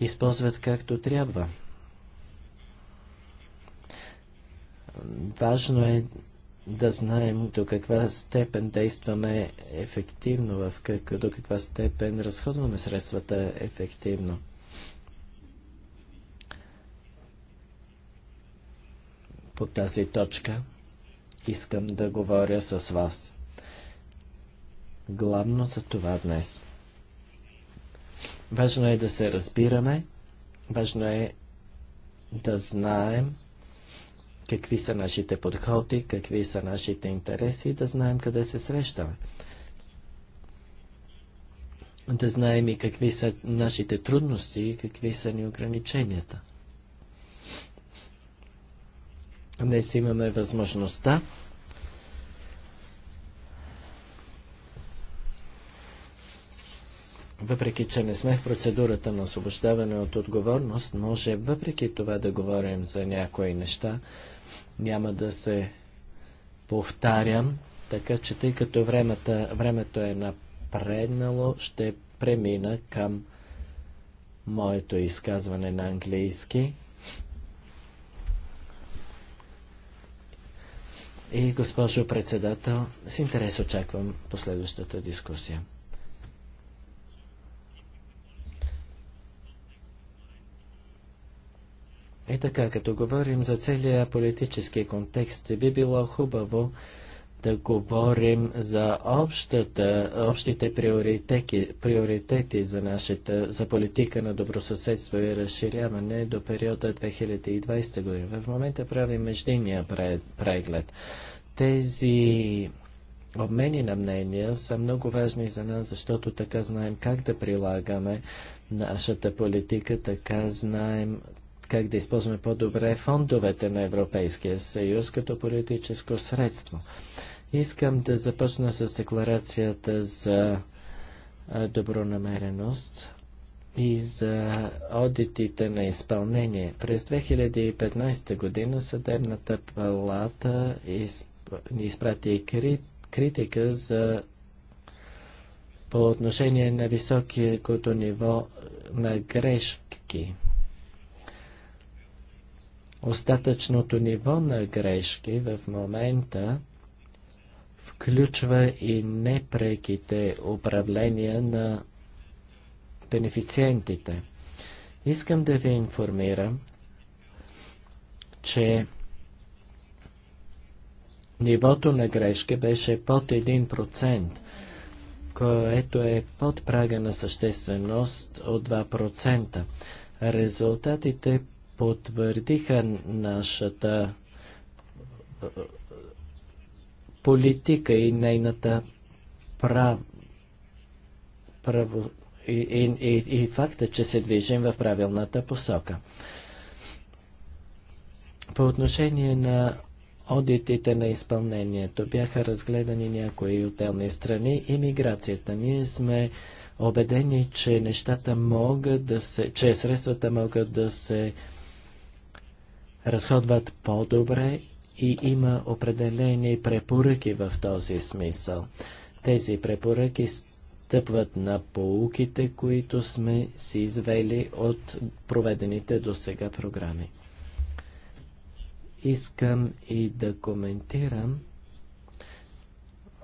S3: използват както трябва. Важно е да знаем до каква степен действаме ефективно, в как, до каква степен разходваме средствата ефективно. По тази точка искам да говоря с вас. Главно за това днес. Важно е да се разбираме, важно е да знаем, какви са нашите подходи, какви са нашите интереси и да знаем къде се срещаме. Да знаем и какви са нашите трудности и какви са ни ограниченията. Днес имаме възможността въпреки че не сме в процедурата на освобождаване от отговорност, може въпреки това да говорим за някои неща, няма да се повтарям, така че тъй като времето, времето е напреднало, ще премина към моето изказване на английски. И, госпожо председател, с интерес очаквам последващата дискусия. Е така, като говорим за целия политически контекст, би било хубаво да говорим за общата, общите приоритети, приоритети за, нашата, за политика на добросъседство и разширяване до периода 2020 година. В момента правим междинния преглед. Тези обмени на мнения са много важни за нас, защото така знаем как да прилагаме нашата политика, така знаем как да използваме по-добре фондовете на Европейския съюз като политическо средство. Искам да започна с декларацията за добронамереност и за одитите на изпълнение. През 2015 година Съдебната палата изп... изпрати критика за по отношение на високото ниво на грешки. Остатъчното ниво на грешки в момента включва и непреките управления на бенефициентите. Искам да ви информирам, че нивото на грешки беше под 1%, което е под прага на същественост от 2%. Резултатите потвърдиха нашата политика и нейната прав... право... И, и, и, и факта, че се движим в правилната посока. По отношение на Одитите на изпълнението бяха разгледани някои отделни страни и миграцията. Ние сме убедени, че нещата могат да се, че средствата могат да се разходват по-добре и има определени препоръки в този смисъл. Тези препоръки стъпват на поуките, които сме си извели от проведените до сега програми. Искам и да коментирам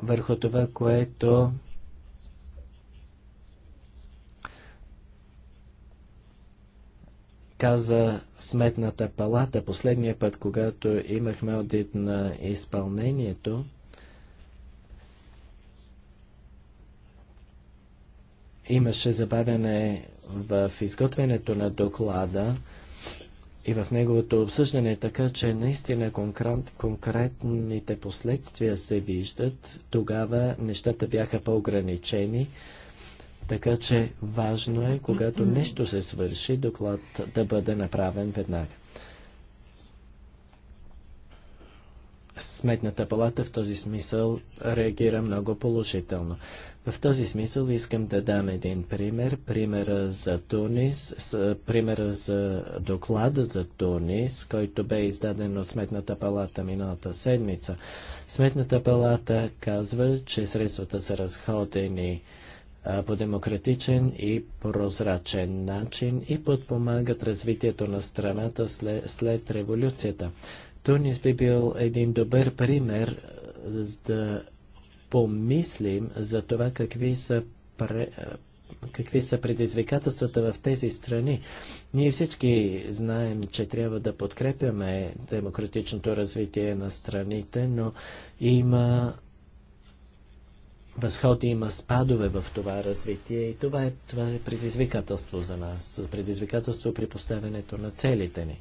S3: върху това, което каза Сметната палата последния път, когато имахме одит на изпълнението, имаше забавяне в изготвянето на доклада и в неговото обсъждане, така че наистина конкрет, конкретните последствия се виждат. Тогава нещата бяха по-ограничени. Така че важно е, когато нещо се свърши, доклад да бъде направен веднага. Сметната палата в този смисъл реагира много положително. В този смисъл искам да дам един пример. Примера за Тунис, примера за доклада за Тунис, който бе издаден от Сметната палата миналата седмица. Сметната палата казва, че средствата са разходени по демократичен и прозрачен начин и подпомагат развитието на страната след, след революцията. Тунис би бил един добър пример да помислим за това какви са, пре, какви са предизвикателствата в тези страни. Ние всички знаем, че трябва да подкрепяме демократичното развитие на страните, но има възходи, има спадове в това развитие и това е, това е предизвикателство за нас, предизвикателство при поставянето на целите ни.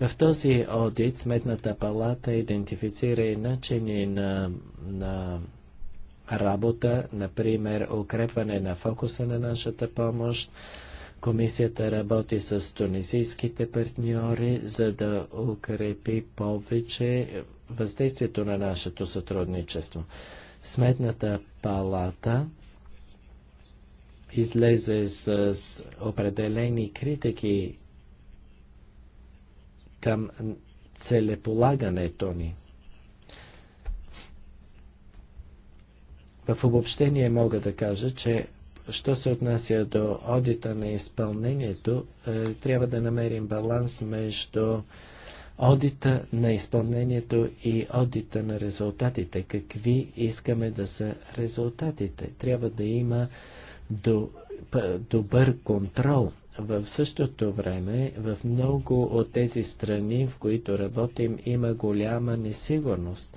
S3: В този одит Сметната палата идентифицира и начини на, на работа, например укрепване на фокуса на нашата помощ. Комисията работи с тунисийските партньори, за да укрепи повече въздействието на нашето сътрудничество. Сметната палата излезе с определени критики към целеполагането ни. В обобщение мога да кажа, че що се отнася до одита на изпълнението, е, трябва да намерим баланс между одита на изпълнението и одита на резултатите. Какви искаме да са резултатите? Трябва да има до, добър контрол. В същото време, в много от тези страни, в които работим, има голяма несигурност.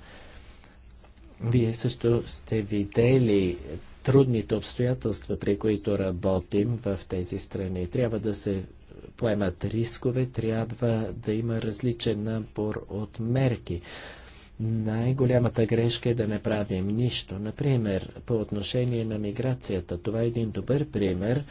S3: Вие също сте видели трудните обстоятелства, при които работим в тези страни. Трябва да се поемат рискове, трябва да има различен набор от мерки. Най-голямата грешка е да не правим нищо. Например, по отношение на миграцията. Това е един добър пример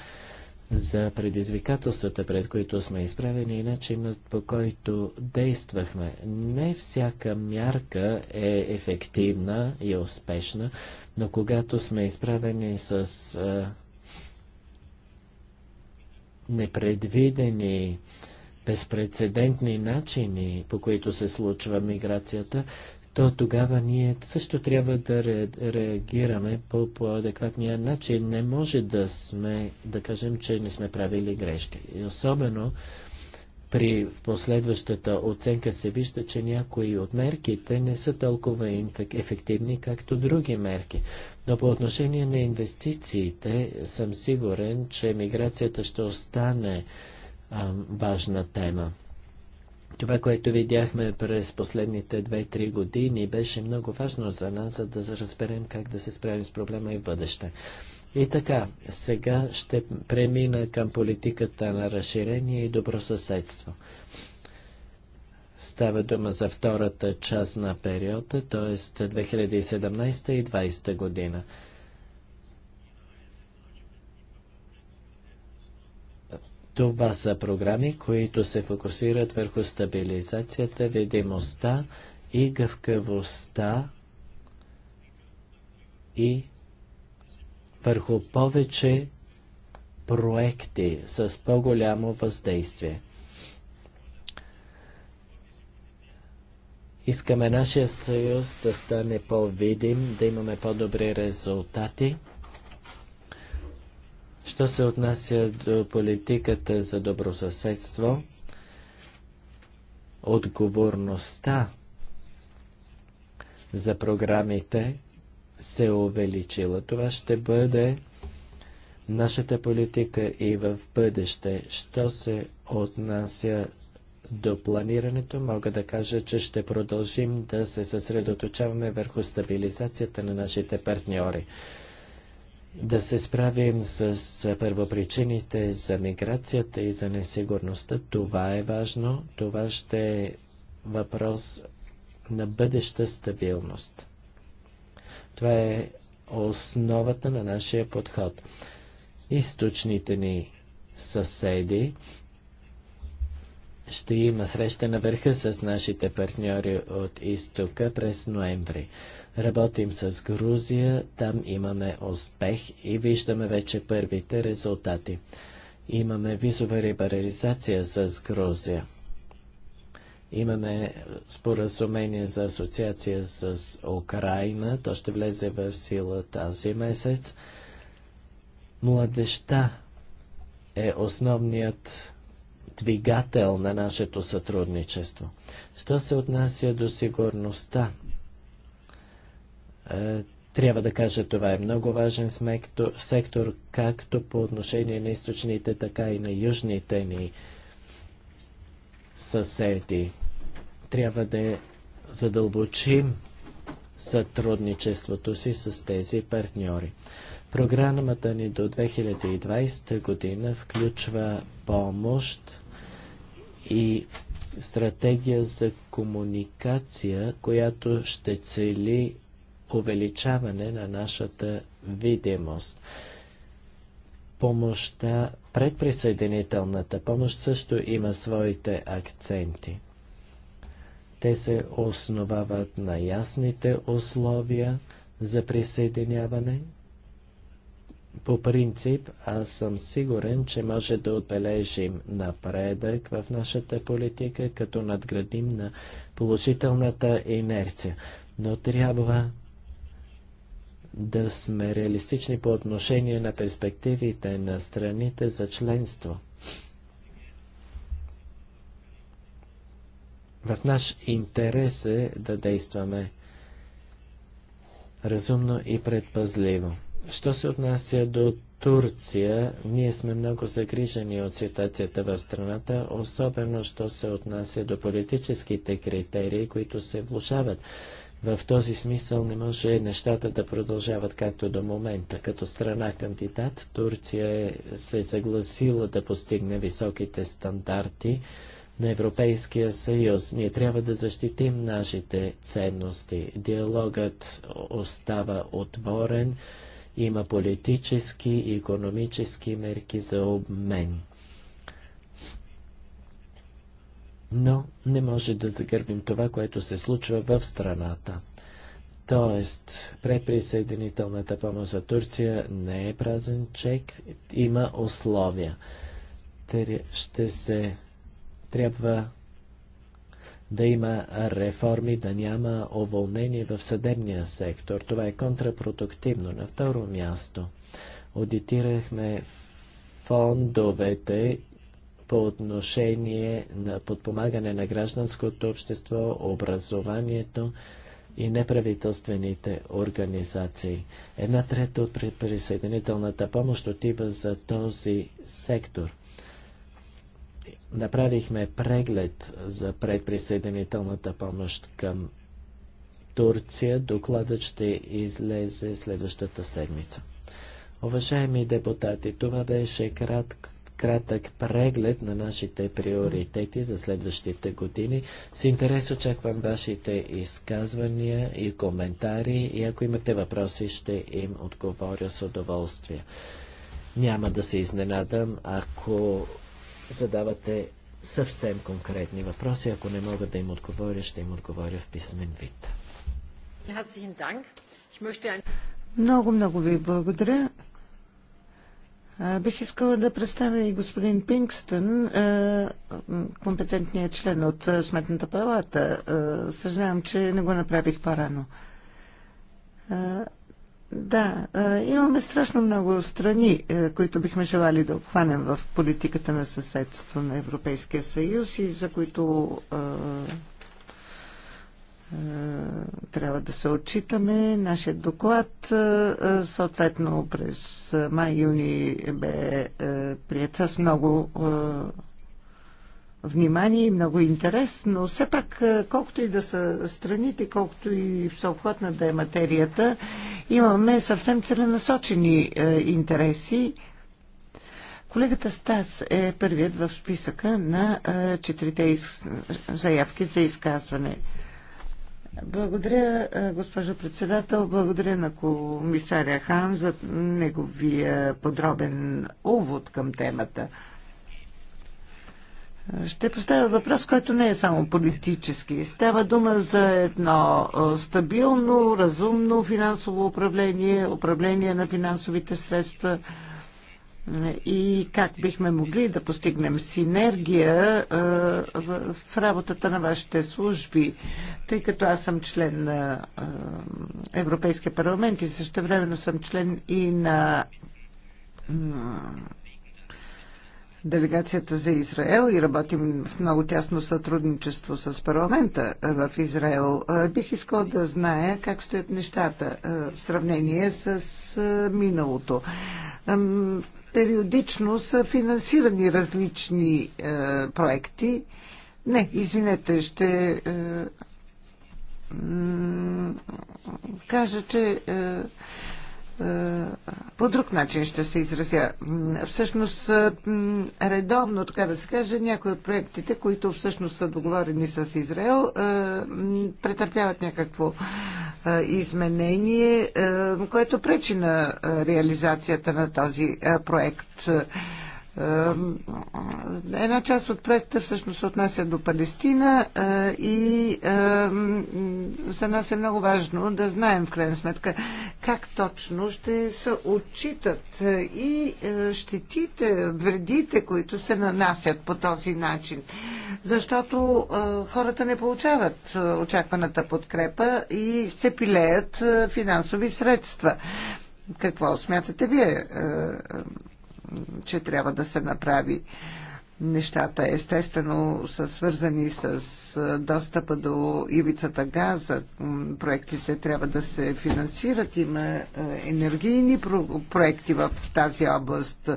S3: за предизвикателствата, пред които сме изправени и начинът по който действахме. Не всяка мярка е ефективна и успешна, но когато сме изправени с непредвидени, безпредседентни начини, по които се случва миграцията, то тогава ние също трябва да реагираме по, по адекватния начин. Не може да сме, да кажем, че не сме правили грешки. И особено при последващата оценка се вижда, че някои от мерките не са толкова ефективни, както други мерки. Но по отношение на инвестициите съм сигурен, че миграцията ще остане а, важна тема. Това, което видяхме през последните 2-3 години, беше много важно за нас, за да разберем как да се справим с проблема и в бъдеще. И така, сега ще премина към политиката на разширение и добросъседство. Става дума за втората част на периода, т.е. 2017 и 2020 година. Това са програми, които се фокусират върху стабилизацията, видимостта и гъвкавостта и върху повече проекти с по-голямо въздействие. Искаме нашия съюз да стане по-видим, да имаме по-добри резултати. Що се отнася до политиката за добросъседство, отговорността за програмите се увеличила. Това ще бъде нашата политика и в бъдеще. Що се отнася до планирането, мога да кажа, че ще продължим да се съсредоточаваме върху стабилизацията на нашите партньори. Да се справим с първопричините за миграцията и за несигурността, това е важно. Това ще е въпрос на бъдеща стабилност. Това е основата на нашия подход. Източните ни съседи ще има среща на върха с нашите партньори от изтока през ноември. Работим с Грузия, там имаме успех и виждаме вече първите резултати. Имаме визова либерализация с Грузия. Имаме споразумение за асоциация с Украина. То ще влезе в сила тази месец. Младеща е основният двигател на нашето сътрудничество. Що се отнася до сигурността? Е, трябва да кажа, това е много важен сектор както по отношение на източните, така и на южните ни съседи. Трябва да задълбочим сътрудничеството си с тези партньори. Програмата ни до 2020 година включва помощ и стратегия за комуникация, която ще цели увеличаване на нашата видимост. Помощта Предприсъединителната помощ също има своите акценти. Те се основават на ясните условия за присъединяване. По принцип, аз съм сигурен, че може да отбележим напредък в нашата политика, като надградим на положителната инерция. Но трябва да сме реалистични по отношение на перспективите на страните за членство. В наш интерес е да действаме разумно и предпазливо. Що се отнася до Турция, ние сме много загрижени от ситуацията в страната, особено що се отнася до политическите критерии, които се влушават. В този смисъл не може нещата да продължават както до момента. Като страна кандидат, Турция е- се загласила е съгласила да постигне високите стандарти на Европейския съюз. Ние трябва да защитим нашите ценности. Диалогът остава отворен. Има политически и економически мерки за обмен. но не може да загърбим това, което се случва в страната. Тоест, предприсъединителната помощ за Турция не е празен чек, има условия. ще се трябва да има реформи, да няма уволнение в съдебния сектор. Това е контрапродуктивно. На второ място, аудитирахме фондовете по отношение на подпомагане на гражданското общество, образованието и неправителствените организации. Една трета от присъединителната помощ отива за този сектор. Направихме преглед за предприсъединителната помощ към Турция. Докладът ще излезе следващата седмица. Уважаеми депутати, това беше кратко кратък преглед на нашите приоритети за следващите години. С интерес очаквам вашите изказвания и коментари и ако имате въпроси, ще им отговоря с удоволствие. Няма да се изненадам, ако задавате съвсем конкретни въпроси. Ако не мога да им отговоря, ще им отговоря в писмен вид.
S1: Много, много ви благодаря. Бих искала да представя и господин Пингстън, компетентният член от Сметната палата. Съжалявам, че не го направих по-рано. Да, имаме страшно много страни, които бихме желали да обхванем в политиката на съседство на Европейския съюз и за които е, трябва да се отчитаме. Нашия доклад е, е, съответно през май-юни бе прият с много внимание и много интерес, но все пак, колкото и да са страните, колкото и всеобхватна да е материята, имаме съвсем целенасочени интереси. Колегата Стас е първият в списъка на четирите заявки за изказване. Благодаря, е, госпожо председател. Благодаря на комисаря Хан за неговия подробен увод към темата. Ще поставя въпрос, който не е само политически. Става дума за едно е, стабилно, разумно финансово управление, управление на финансовите средства – и как бихме могли да постигнем синергия в работата на вашите служби, тъй като аз съм член на Европейския парламент и също времено съм член и на делегацията за Израел и работим в много тясно сътрудничество с парламента в Израел. Бих искал да зная как стоят нещата в сравнение с миналото периодично са финансирани различни е, проекти. Не, извинете, ще е, кажа, че е, по друг начин ще се изразя. Всъщност, редовно, така да се каже, някои от проектите, които всъщност са договорени с Израел, претърпяват някакво изменение, което пречи на реализацията на този проект. Е, една част от проекта всъщност се отнася до Палестина е, и е, за нас е много важно да знаем в крайна сметка как точно ще се отчитат и щетите, вредите, които се нанасят по този начин. Защото хората не получават очакваната подкрепа и се пилеят финансови средства. Какво смятате вие? че трябва да се направи. Нещата естествено са свързани с достъпа до ивицата газа. Проектите трябва да се финансират. Има енергийни проекти в тази област.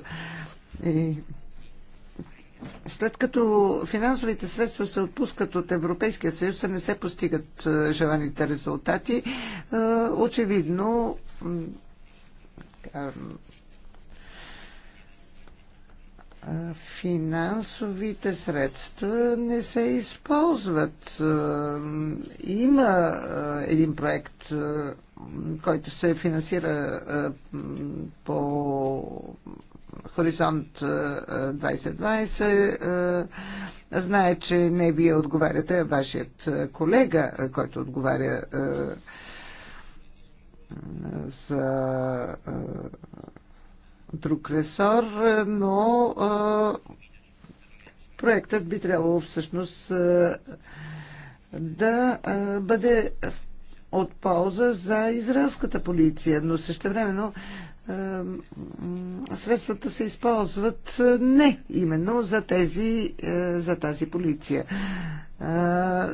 S1: След като финансовите средства се отпускат от Европейския съюз, а не се постигат желаните резултати, очевидно финансовите средства не се използват. Има един проект, който се финансира по Хоризонт 2020. Знае, че не вие отговаряте, а вашият колега, който отговаря за друг ресор, е, но е, проектът би трябвало всъщност е, да бъде от полза за израелската полиция, но същевременно средствата се използват не именно за, тези, за тази полиция.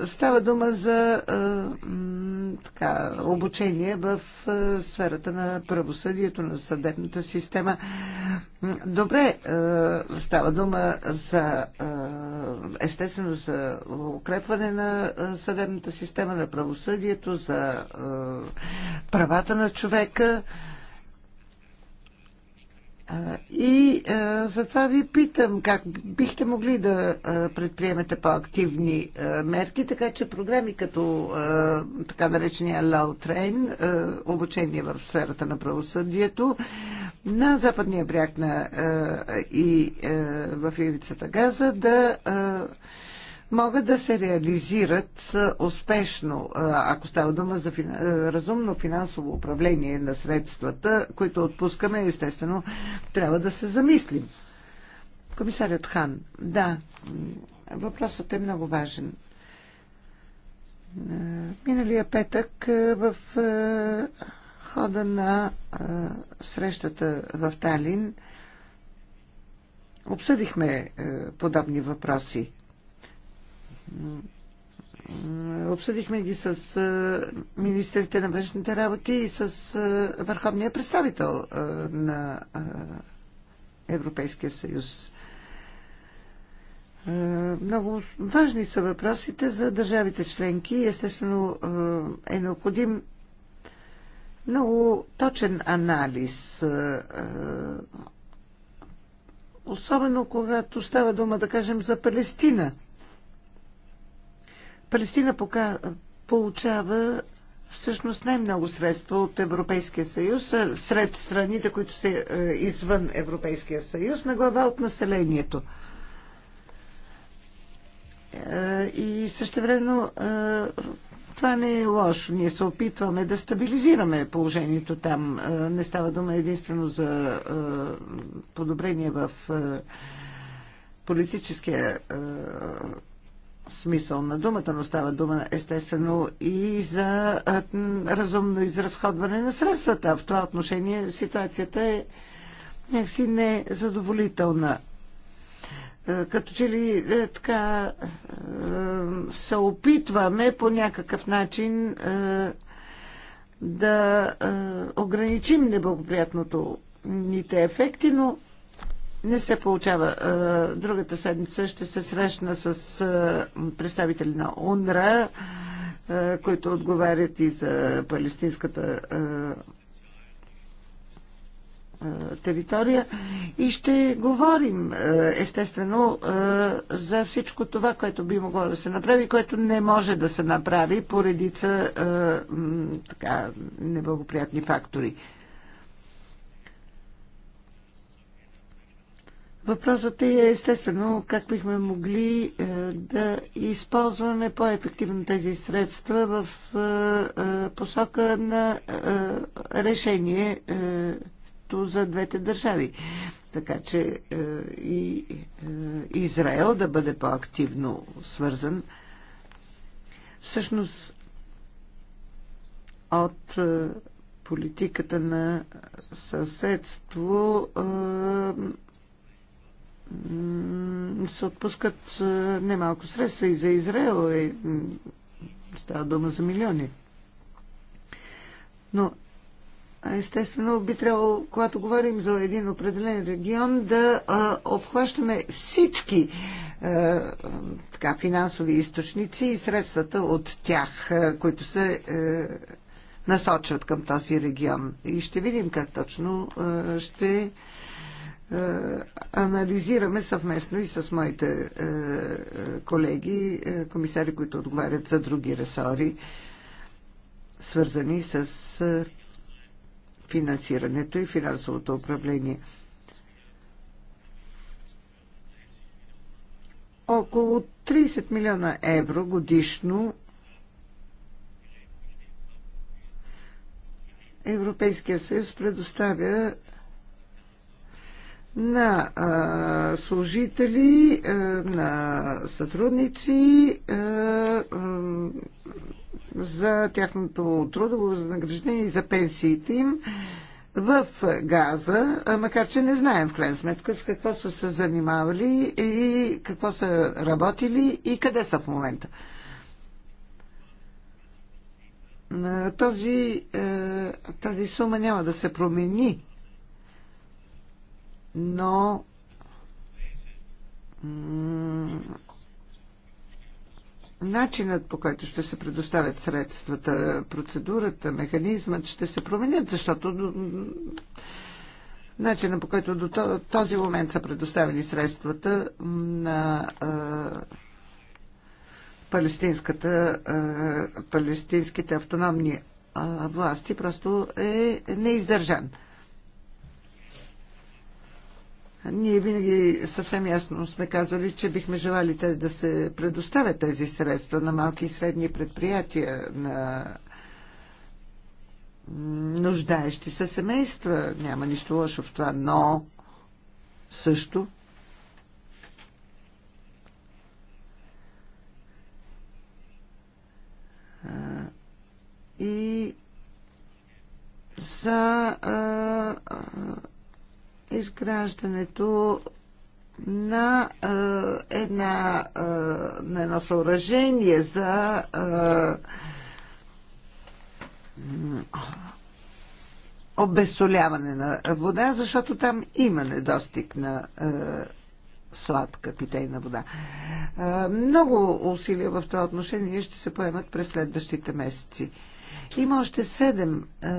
S1: Става дума за така, обучение в сферата на правосъдието, на съдебната система. Добре, става дума за естествено за укрепване на съдебната система, на правосъдието, за правата на човека. И а, затова ви питам как бихте могли да а, предприемете по-активни мерки, така че програми като а, така наречения Low Трейн, обучение в сферата на правосъдието, на западния бряг на, а, и а, в Ивицата Газа да а, могат да се реализират успешно, ако става дума за фин... разумно финансово управление на средствата, които отпускаме, естествено, трябва да се замислим. Комисарят Хан, да, въпросът е много важен. Миналия петък в хода на срещата в Талин обсъдихме подобни въпроси – Обсъдихме ги с министрите на външните работи и с върховния представител на Европейския съюз. Много важни са въпросите за държавите членки. Естествено е необходим много точен анализ. Особено когато става дума, да кажем, за Палестина – Палестина пока получава всъщност най-много средства от Европейския съюз, сред страните, които са извън Европейския съюз, на глава от населението. И същевременно това не е лошо. Ние се опитваме да стабилизираме положението там. Не става дума единствено за подобрение в политическия смисъл на думата, но става дума естествено и за разумно изразходване на средствата. В това отношение ситуацията е някакси незадоволителна. Като че ли е, така е, се опитваме по някакъв начин е, да ограничим неблагоприятното ните ефекти, но не се получава. Другата седмица ще се срещна с представители на УНРА, които отговарят и за палестинската територия и ще говорим естествено за всичко това, което би могло да се направи, което не може да се направи поредица така неблагоприятни фактори. Въпросът е естествено как бихме могли е, да използваме по-ефективно тези средства в е, е, посока на решение за двете държави. Така че и Израел да бъде по-активно свързан. Всъщност от политиката на съседство се отпускат немалко средства и за Израел и е, става дума за милиони. Но естествено би трябвало, когато говорим за един определен регион, да а, обхващаме всички а, така, финансови източници и средствата от тях, а, които се а, е, насочват към този регион. И ще видим как точно а, е, ще е, анализираме съвместно и с моите е, е, колеги, комисари, които отговарят за други ресори, свързани с финансирането и финансовото управление. Около 30 милиона евро годишно Европейския съюз предоставя на а, служители, а, на сътрудници а, а, за тяхното трудово възнаграждение и за пенсиите им в Газа, макар че не знаем в крайна сметка с какво са се занимавали и какво са работили и къде са в момента. Този, тази сума няма да се промени но начинът по който ще се предоставят средствата, процедурата, механизмът ще се променят, защото начинът по който до този момент са предоставени средствата на палестинската, палестинските автономни власти просто е неиздържан. Ние винаги съвсем ясно сме казвали, че бихме желали те да се предоставят тези средства на малки и средни предприятия, на нуждаещи се семейства. Няма нищо лошо в това, но също и за изграждането на е, една, е, на едно съоръжение за е, обесоляване на вода, защото там има недостиг на е, сладка питейна вода. Е, много усилия в това отношение ще се поемат през следващите месеци. Има още седем е,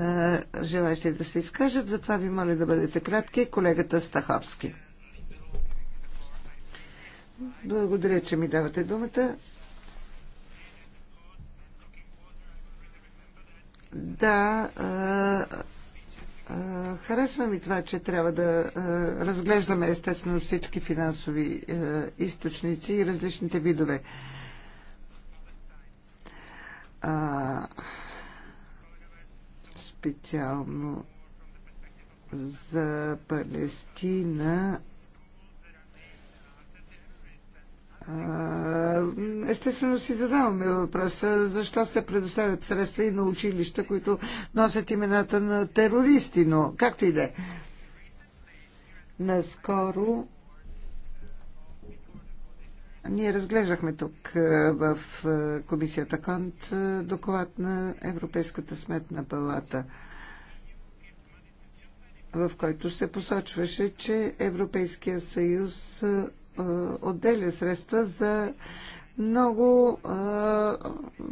S1: желащи да се изкажат, затова ви моля да бъдете кратки. Колегата Стаховски. Благодаря, че ми давате думата. Да, е, е, харесва ми това, че трябва да разглеждаме естествено всички финансови източници и различните видове. А, специално за Палестина. Естествено си задаваме въпроса защо се предоставят средства и на училища, които носят имената на терористи, но както и да е. Наскоро ние разглеждахме тук е, в е, комисията Конт е, доклад на Европейската сметна палата, в който се посочваше, че Европейския съюз отделя средства за много а,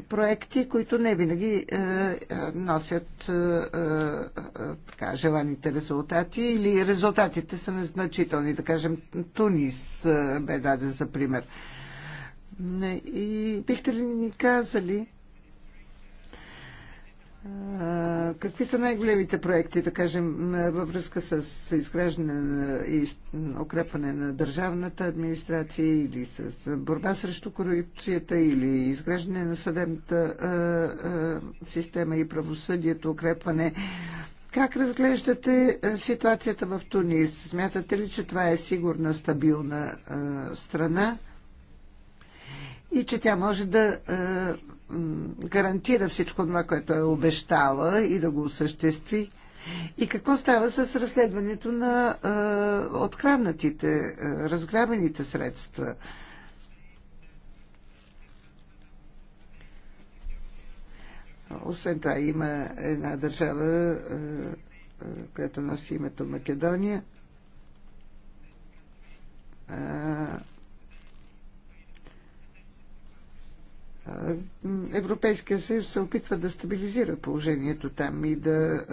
S1: проекти, които не винаги а, носят а, а, така, желаните резултати или резултатите са незначителни. Да кажем, Тунис а, бе даден за пример. И бихте ли ни казали Какви са най-големите проекти, да кажем, във връзка с изграждане и укрепване на държавната администрация или с борба срещу корупцията или изграждане на съдебната система и правосъдието, укрепване? Как разглеждате ситуацията в Тунис? Смятате ли, че това е сигурна, стабилна страна и че тя може да гарантира всичко това, което е обещала и да го осъществи. И какво става с разследването на е, откраднатите, е, разграбените средства? Освен това има една държава, е, която носи името Македония. Е, Европейския съюз се опитва да стабилизира положението там и да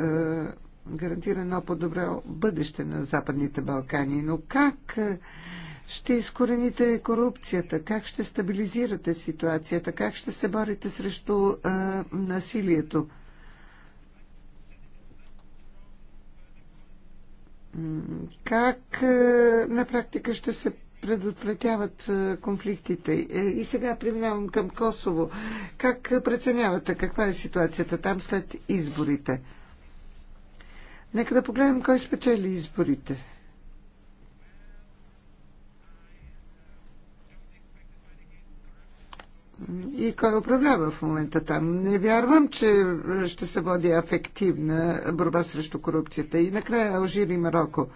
S1: гарантира едно по-добро бъдеще на Западните Балкани. Но как ще изкорените корупцията? Как ще стабилизирате ситуацията? Как ще се борите срещу а, насилието? Как а, на практика ще се предотвратяват конфликтите. Е, и сега преминавам към Косово. Как преценявате каква е ситуацията там след изборите? Нека да погледнем кой спечели изборите. И кой управлява в момента там? Не вярвам, че ще се води афективна борба срещу корупцията. И накрая Алжир и Марокко.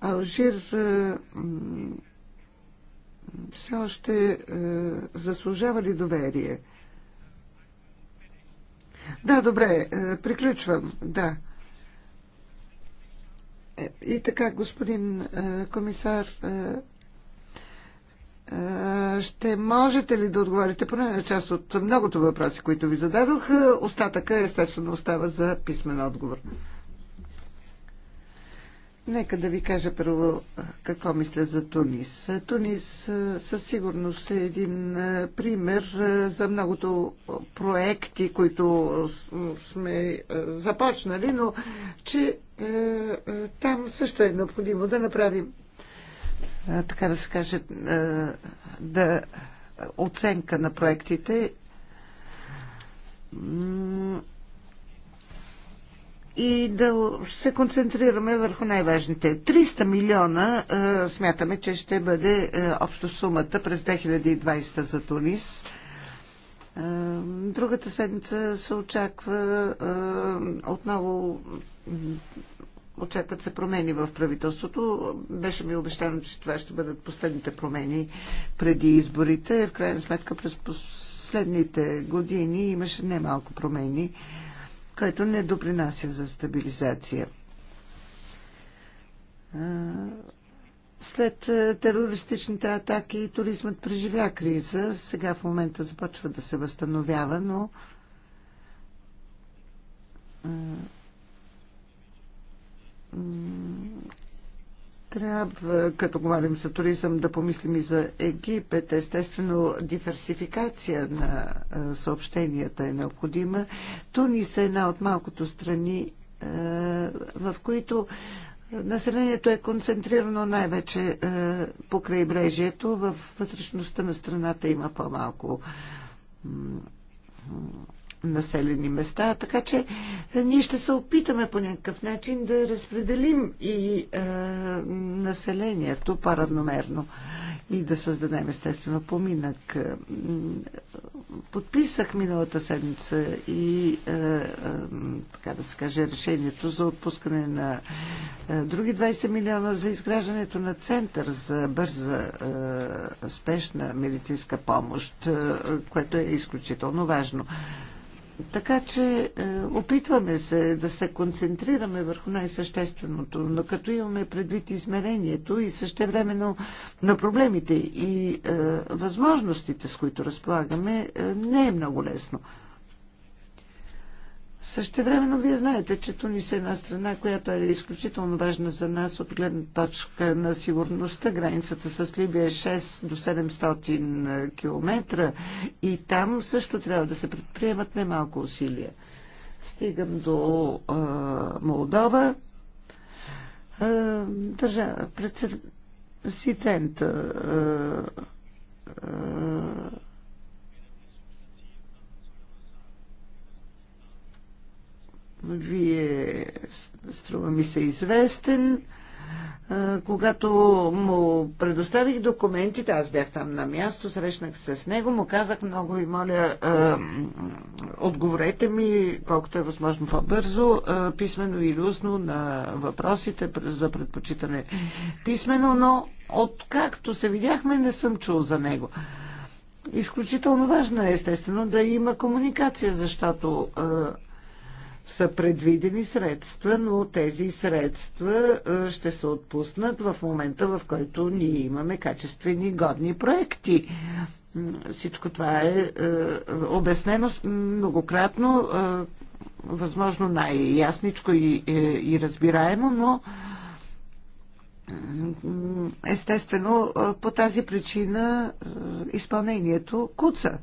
S1: Алжир е, все още е, заслужава ли доверие? Да, добре, е, приключвам, да. И така, господин комисар, ще можете ли да отговорите поне на част от многото въпроси, които ви зададох? Остатъка, естествено, остава за писмен отговор. Нека да ви кажа първо какво мисля за Тунис. Тунис със сигурност е един пример за многото проекти, които сме започнали, но че там също е необходимо да направим, така да се каже, да оценка на проектите и да се концентрираме върху най-важните. 300 милиона е, смятаме, че ще бъде е, общо сумата през 2020 за Тунис. Е, другата седмица се очаква отново очакват се промени в правителството. Беше ми обещано, че това ще бъдат последните промени преди изборите. В крайна сметка през последните години имаше немалко промени който не допринася за стабилизация. След терористичните атаки туризмът преживя криза. Сега в момента започва да се възстановява, но трябва, като говорим за туризъм, да помислим и за Египет. Естествено, диверсификация на съобщенията е необходима. Тунис е една от малкото страни, в които населението е концентрирано най-вече по крайбрежието. В вътрешността на страната има по-малко населени места, така че е, ние ще се опитаме по някакъв начин да разпределим и е, населението по-равномерно и да създадем естествено поминък. Е, подписах миналата седмица и, е, е, така да се каже, решението за отпускане на е, други 20 милиона за изграждането на център за бърза е, спешна медицинска помощ, което е изключително важно. Така че е, опитваме се да се концентрираме върху най-същественото, но като имаме предвид измерението и същевременно на проблемите и е, възможностите, с които разполагаме, е, не е много лесно. Същевременно вие знаете, че Тунис е една страна, която е изключително важна за нас от гледна точка на сигурността. Границата с Либия е 6 до 700 км и там също трябва да се предприемат немалко усилия. Стигам до а, Молдова. А, държа, а, а, вие струва ми се известен. Когато му предоставих документите, аз бях там на място, срещнах се с него, му казах много и моля, отговорете ми, колкото е възможно по-бързо, писмено или устно на въпросите за предпочитане Писмено, но откакто се видяхме, не съм чул за него. Изключително важно е, естествено, да има комуникация, защото са предвидени средства, но тези средства е, ще се отпуснат в момента, в който ние имаме качествени годни проекти. Всичко това е, е обяснено многократно, е, възможно най-ясничко и, и разбираемо, но естествено по тази причина изпълнението куца.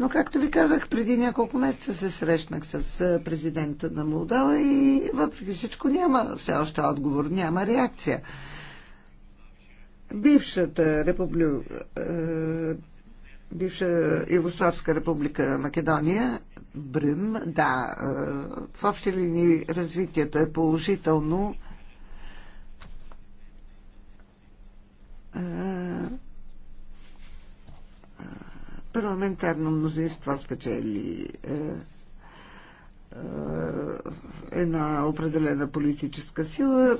S1: Но, както ви казах, преди няколко месеца се срещнах с президента на Молдова и въпреки всичко няма все още отговор, няма реакция. Бившата република, бивша Югославска република Македония, Брим, да, в общи линии развитието е положително парламентарно мнозинство спечели е, е, една определена политическа сила.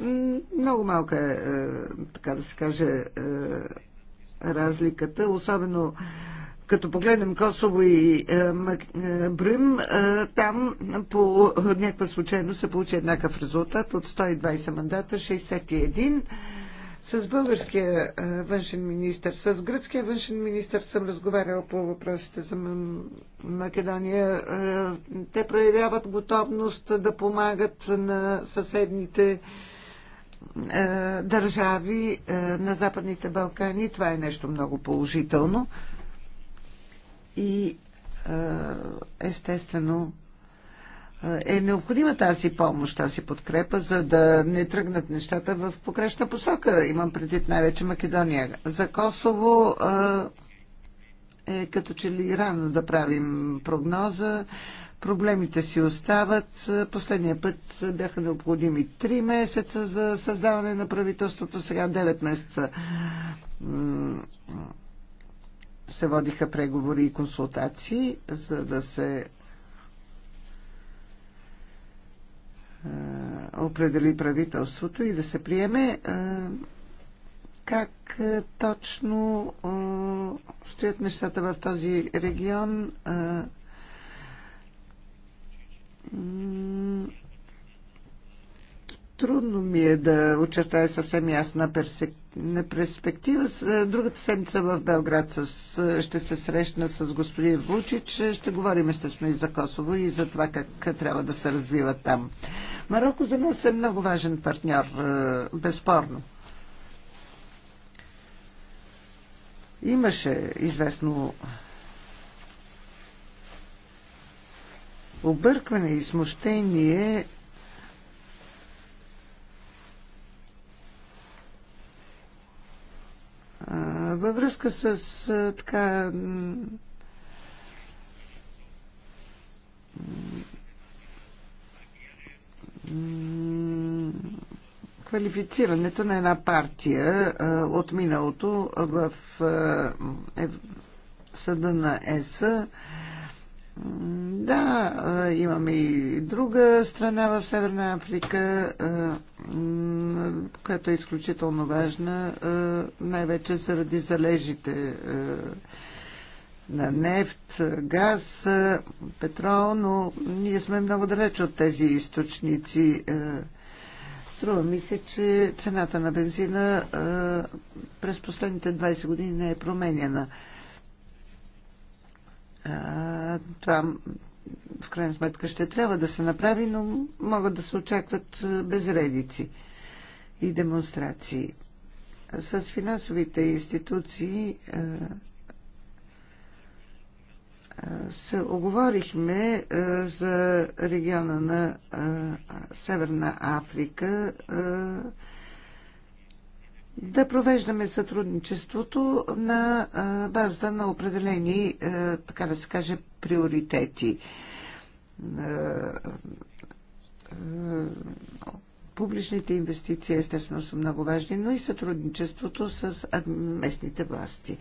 S1: Много малка е, е, така да се каже, разликата, особено като погледнем Косово и е, там по някаква случайно се получи еднакъв резултат от 120 мандата, 61 с българския външен министр, с гръцкия външен министр съм разговарял по въпросите за Македония. Те проявяват готовност да помагат на съседните държави на Западните Балкани. Това е нещо много положително. И естествено е необходима тази помощ, тази подкрепа, за да не тръгнат нещата в погрешна посока. Имам предвид най-вече Македония. За Косово е като че ли рано да правим прогноза. Проблемите си остават. Последния път бяха необходими 3 месеца за създаване на правителството, сега 9 месеца се водиха преговори и консултации, за да се определи правителството и да се приеме как точно стоят нещата в този регион. Трудно ми е да очертая съвсем ясна перспектива. Другата седмица в Белград с, ще се срещна с господин Вучич. Ще говорим естествено и за Косово и за това как трябва да се развива там. Марокко за нас е много важен партньор, безспорно. Имаше известно объркване и смущение Във връзка с така квалифицирането на една партия от миналото в Съда на ЕС да, имаме и друга страна в Северна Африка, която е изключително важна, най-вече заради залежите на нефт, газ, петрол, но ние сме много далеч от тези източници. Струва ми се, че цената на бензина през последните 20 години не е променена. Това в крайна сметка ще трябва да се направи, но могат да се очакват безредици и демонстрации. С финансовите институции се оговорихме за региона на Северна Африка да провеждаме сътрудничеството на базата на определени, така да се каже, приоритети. Публичните инвестиции, естествено, са много важни, но и сътрудничеството с местните власти.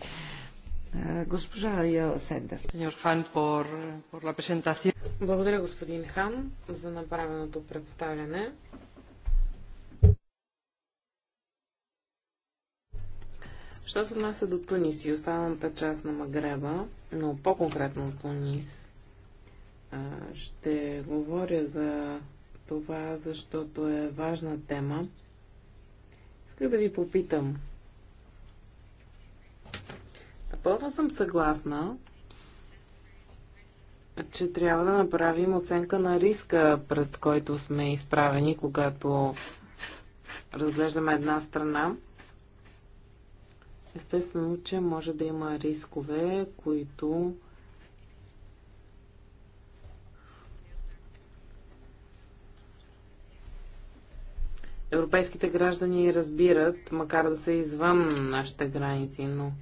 S1: Госпожа Яла Сендер.
S2: Благодаря, господин Хан, за направеното представяне. Що се отнася до Тунис и останалата част на Магреба, но по-конкретно Тунис, ще говоря за това, защото е важна тема. Исках да ви попитам. Напълно съм съгласна, че трябва да направим оценка на риска, пред който сме изправени, когато разглеждаме една страна. Естествено, че може да има рискове, които европейските граждани разбират, макар да са извън нашите граници, но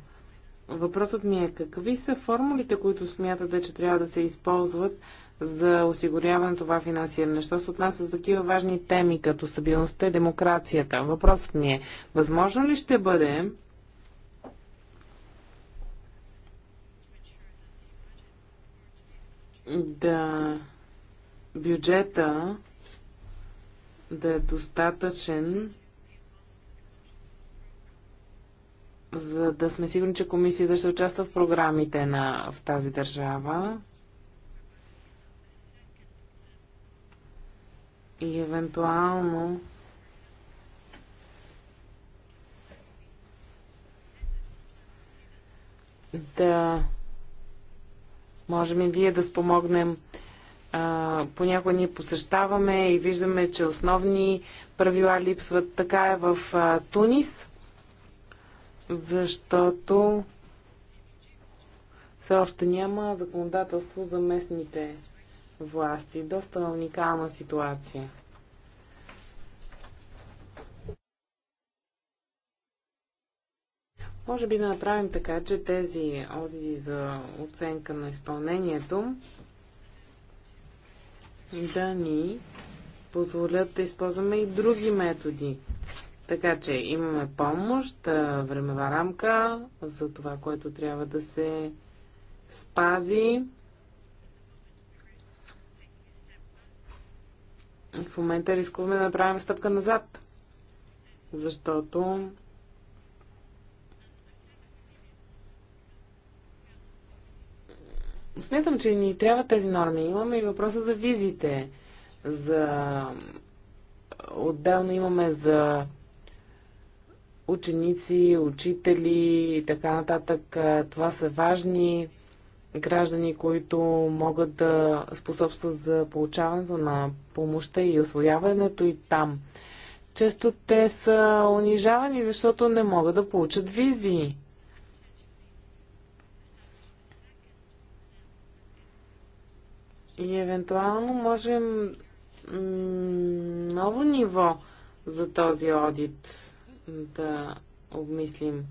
S2: въпросът ми е какви са формулите, които смятате, че трябва да се използват за осигуряване това финансиране? Що се отнася за такива важни теми, като стабилността и демокрацията? Въпросът ми е, възможно ли ще бъде да бюджета да е достатъчен, за да сме сигурни, че комисията ще участва в програмите на, в тази държава. И евентуално да Можем и вие да спомогнем. понякога ние посещаваме и виждаме, че основни правила липсват. Така е в Тунис, защото все още няма законодателство за местните власти. Доста уникална ситуация. Може би да направим така, че тези одити за оценка на изпълнението да ни позволят да използваме и други методи. Така че имаме помощ, времева рамка за това, което трябва да се спази. В момента рискуваме да направим стъпка назад, защото Смятам, че ни трябва тези норми. Имаме и въпроса за визите, за отделно имаме за ученици, учители и така нататък. Това са важни граждани, които могат да способстват за получаването на помощта и освояването и там. Често те са унижавани, защото не могат да получат визи. И евентуално можем ново ниво за този одит да обмислим.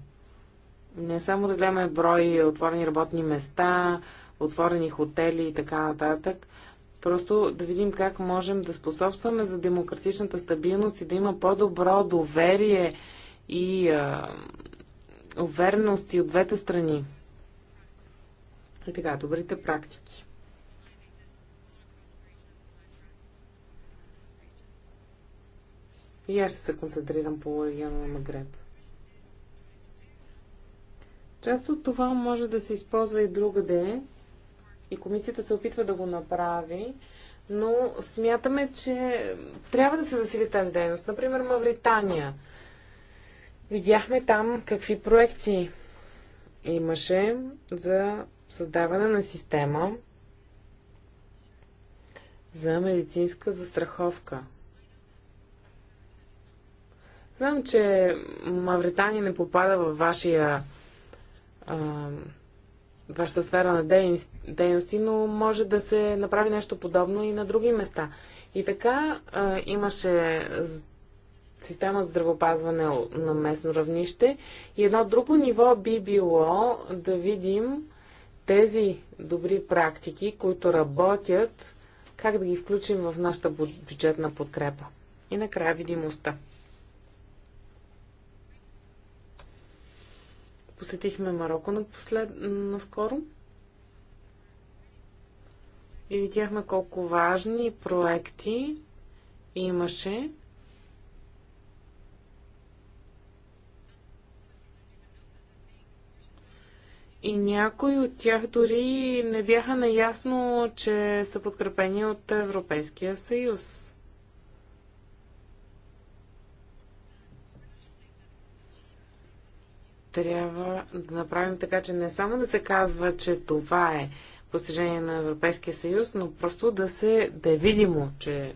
S2: Не само да гледаме брой отворени работни места, отворени хотели и така нататък. Просто да видим как можем да способстваме за демократичната стабилност и да има по-добро доверие и а, уверености от двете страни. И така, добрите практики. И аз ще се концентрирам по региона на Магреб. Част от това може да се използва и другаде, и комисията се опитва да го направи, но смятаме, че трябва да се засили тази дейност. Например, Мавритания. Видяхме там какви проекти имаше за създаване на система за медицинска застраховка. Знам, че Мавритания не попада във вашия, а, вашата сфера на дейности, но може да се направи нещо подобно и на други места. И така а, имаше система за здравопазване на местно равнище и едно друго ниво би било да видим тези добри практики, които работят, как да ги включим в нашата бюджетна подкрепа. И накрая видимостта. Посетихме Марокко напослед... наскоро и видяхме колко важни проекти имаше. И някои от тях дори не бяха наясно, че са подкрепени от Европейския съюз. трябва да направим така, че не само да се казва, че това е постижение на Европейския съюз, но просто да, се, да е видимо, че,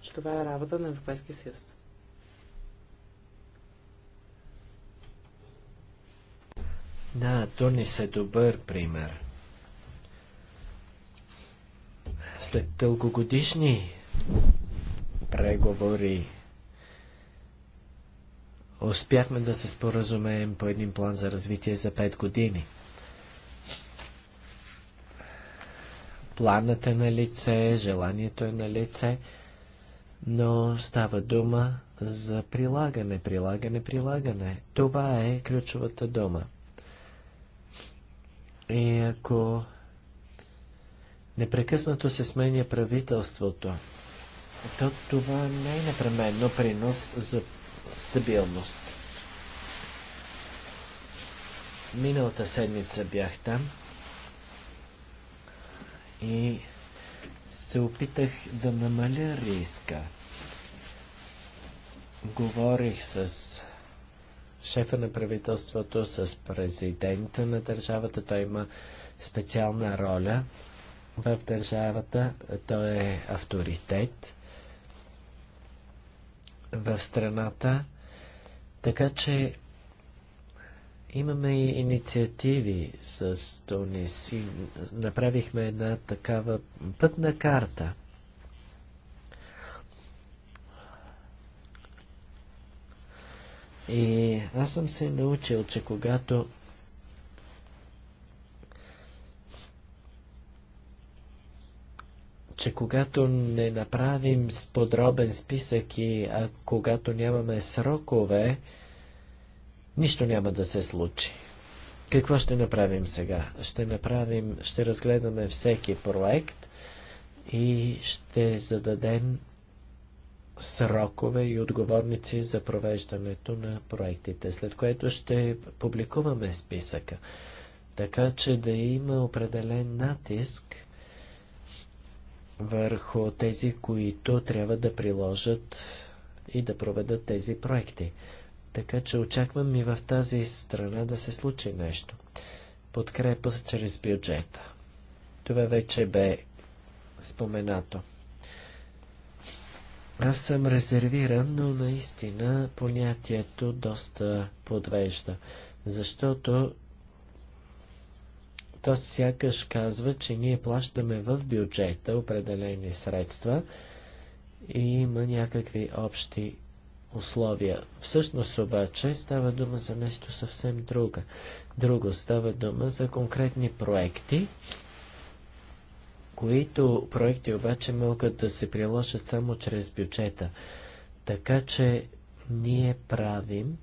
S2: че това е работа на Европейския съюз.
S3: Да, Тунис е добър пример. След дългогодишни преговори Успяхме да се споразумеем по един план за развитие за 5 години. Планът е на лице, желанието е на лице, но става дума за прилагане, прилагане, прилагане. Това е ключовата дума. И ако непрекъснато се сменя правителството, то това не е непременно принос за стабилност. Миналата седмица бях там и се опитах да намаля риска. Говорих с шефа на правителството, с президента на държавата. Той има специална роля в държавата. Той е авторитет в страната, така че имаме и инициативи с Тунис и направихме една такава пътна карта. И аз съм се научил, че когато че когато не направим подробен списък и а когато нямаме срокове, нищо няма да се случи. Какво ще направим сега? Ще направим, ще разгледаме всеки проект и ще зададем срокове и отговорници за провеждането на проектите, след което ще публикуваме списъка, така че да има определен натиск – върху тези, които трябва да приложат и да проведат тези проекти. Така че очаквам и в тази страна да се случи нещо. Подкрепа чрез бюджета. Това вече бе споменато. Аз съм резервиран, но наистина понятието доста подвежда, защото то сякаш казва, че ние плащаме в бюджета определени средства и има някакви общи условия. Всъщност обаче става дума за нещо съвсем друго. Друго става дума за конкретни проекти, които проекти обаче могат да се приложат само чрез бюджета. Така че ние правим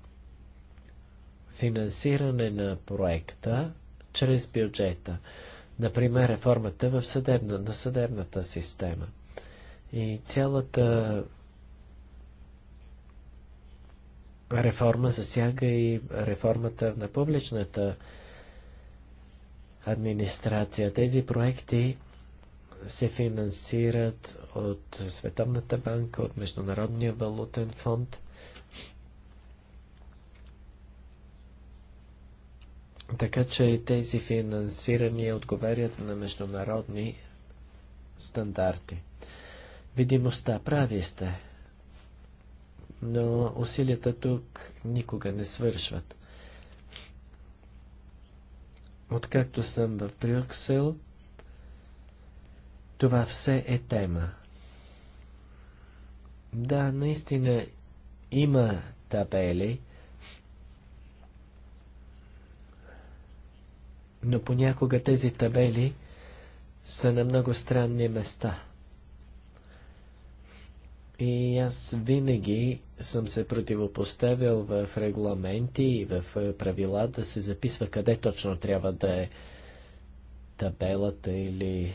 S3: финансиране на проекта чрез бюджета. Например, реформата в съдебна, на съдебната система. И цялата
S2: реформа засяга
S3: и реформата на публичната администрация. Тези проекти се финансират от Световната банка, от Международния валутен фонд. Така че тези финансирания отговарят на международни стандарти. Видимостта прави сте, но усилията тук никога не свършват. Откакто съм в Брюксел, това все е тема. Да, наистина има табели, но понякога тези табели са на много странни места. И аз винаги съм се противопоставил в регламенти и в е, правила да се записва къде точно трябва да е табелата или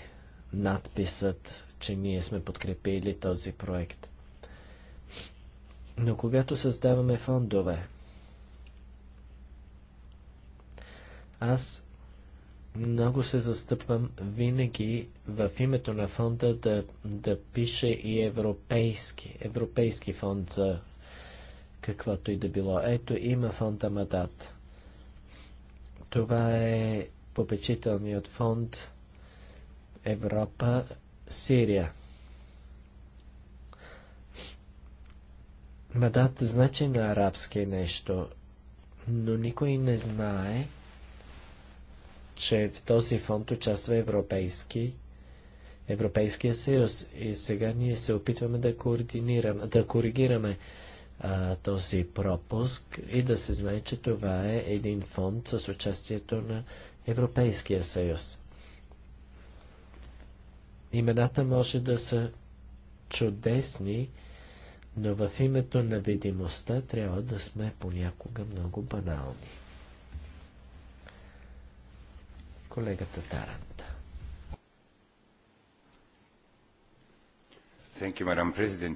S3: надписът, че ние сме подкрепили този проект. Но когато създаваме фондове, аз много се застъпвам винаги в името на фонда да, да пише и европейски, европейски фонд за каквото и да било. Ето има фонда Мадат. Това е попечителният фонд Европа, Сирия. Мадат значи на арабски нещо, но никой не знае, че в този фонд участва Европейски, Европейския съюз. И сега ние се опитваме да координираме, да коригираме а, този пропуск и да се знае, че това е един фонд с участието на Европейския съюз. Имената може да са чудесни, но в името на видимостта трябва да сме понякога много банални. колегата Тарант. You,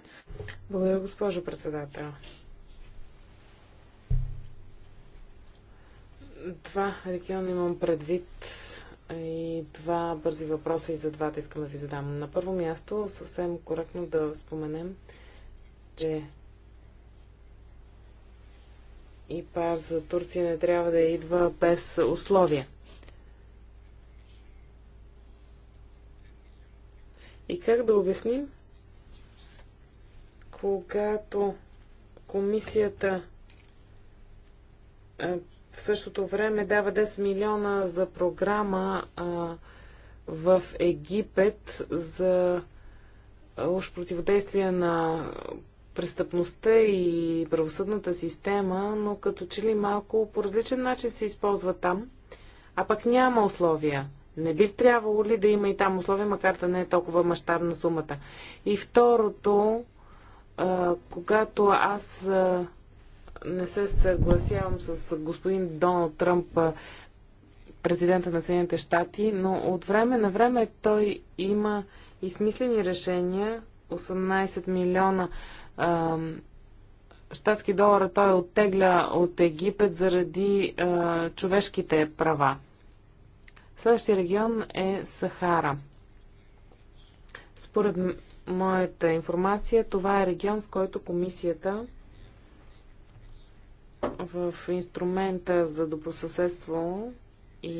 S2: Благодаря, госпожо председател. Два региона имам предвид и два бързи въпроса и за двата искам да ви задам. На първо място, съвсем коректно да споменем, че и пар за Турция не трябва да идва без условия. И как да обясним, когато комисията в същото време дава 10 милиона за програма в Египет за уж противодействие на престъпността и правосъдната система, но като че ли малко по различен начин се използва там, а пък няма условия не би трябвало ли да има и там условия, макар да не е толкова мащабна сумата? И второто, когато аз не се съгласявам с господин Доналд Тръмп, президента на Съединените щати, но от време на време той има измислени решения, 18 милиона щатски долара той оттегля от Египет заради а, човешките права. Следващия регион е Сахара. Според моята информация, това е регион, в който комисията в инструмента за добросъседство и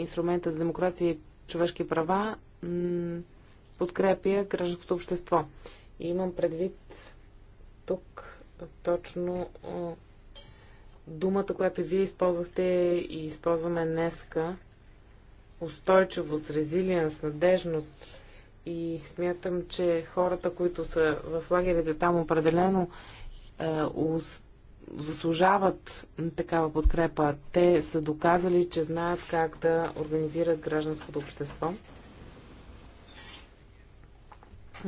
S2: инструмента за демокрация и човешки права подкрепя гражданското общество. И имам предвид тук точно думата, която вие използвахте и използваме днеска устойчивост, резилиенс, надежност. И смятам, че хората, които са в лагерите там определено е, ус, заслужават такава подкрепа. Те са доказали, че знаят как да организират гражданското общество.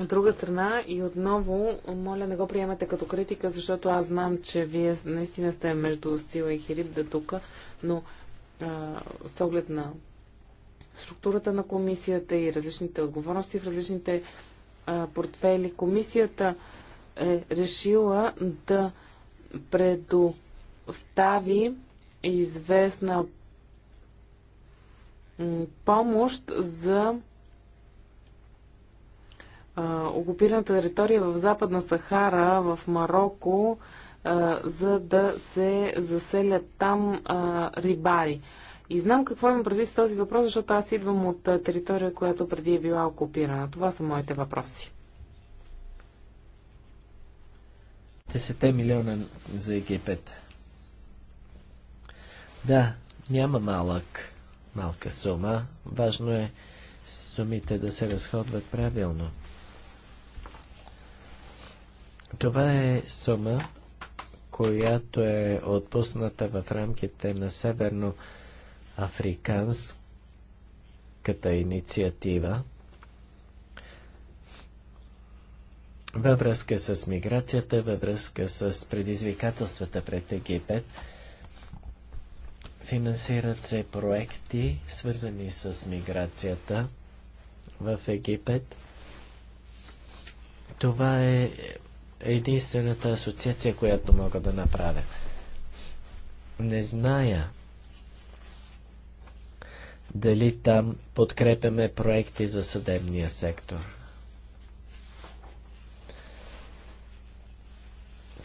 S2: От друга страна и отново, моля не го приемате като критика, защото аз знам, че вие наистина сте между Сила и хирибда тук, но а, с оглед на структурата на комисията и различните отговорности в различните а, портфели. Комисията е решила да предостави известна помощ за окупираната територия в Западна Сахара, в Марокко, за да се заселят там рибари. И знам какво имам преди с този въпрос, защото аз идвам от територия, която преди е била окупирана. Това са моите
S3: въпроси. Десете милиона за Египет. Да, няма малък, малка сума. Важно е сумите да се разходват правилно. Това е сума, която е отпусната в рамките на Северно африканската инициатива във връзка с миграцията, във връзка с предизвикателствата пред Египет. Финансират се проекти, свързани с миграцията в Египет. Това е единствената асоциация, която мога да направя. Не зная дали там подкрепяме проекти за съдебния сектор.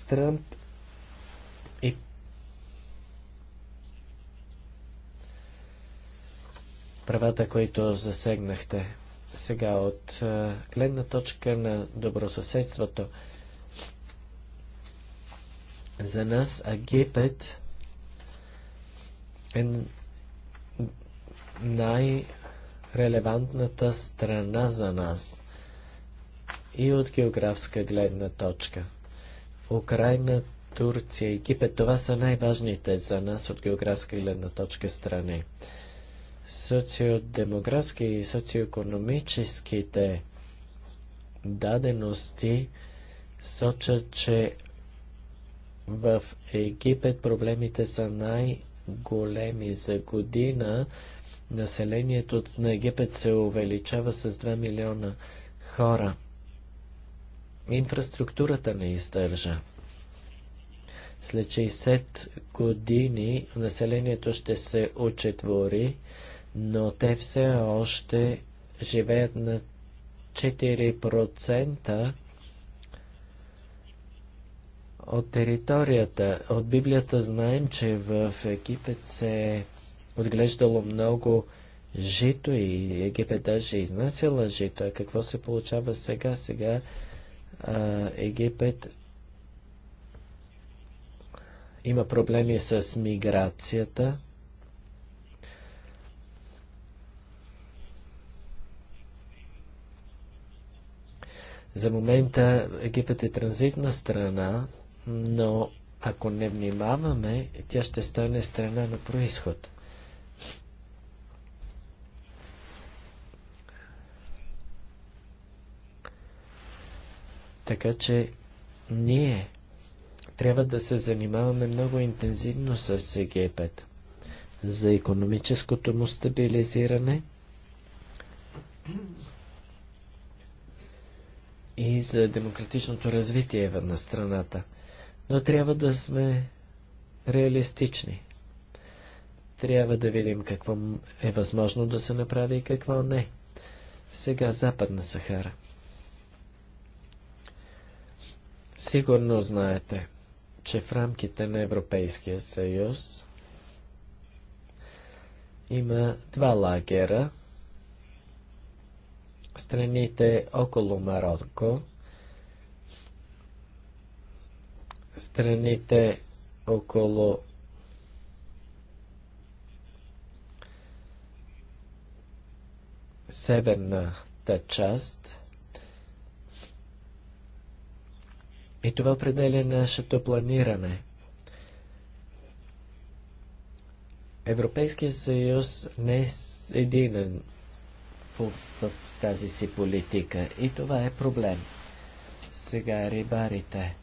S3: Тръмп и правата, които засегнахте сега от гледна точка на добросъседството. За нас Агипет е най-релевантната страна за нас и от географска гледна точка. Украина, Турция, Египет, това са най-важните за нас от географска гледна точка страни. Социодемографски и социоекономическите дадености сочат, че в Египет проблемите са най-големи за година. Населението на Египет се увеличава с 2 милиона хора. Инфраструктурата не издържа. След 60 години населението ще се очетвори, но те все още живеят на 4% от територията. От Библията знаем, че в Египет се отглеждало много жито и Египет даже изнасяла жито. А какво се получава сега? Сега а, Египет има проблеми с миграцията. За момента Египет е транзитна страна, но ако не внимаваме, тя ще стане страна на происход. Така че ние трябва да се занимаваме много интензивно с Египет за економическото му стабилизиране и за демократичното развитие на страната. Но трябва да сме реалистични. Трябва да видим какво е възможно да се направи и какво не. Сега Западна Сахара – Сигурно знаете, че в рамките на Европейския съюз има два лагера. Страните около Марокко, страните около северната част – И това определя нашето планиране. Европейския съюз не е единен в, в тази си политика и това е проблем. Сега рибарите.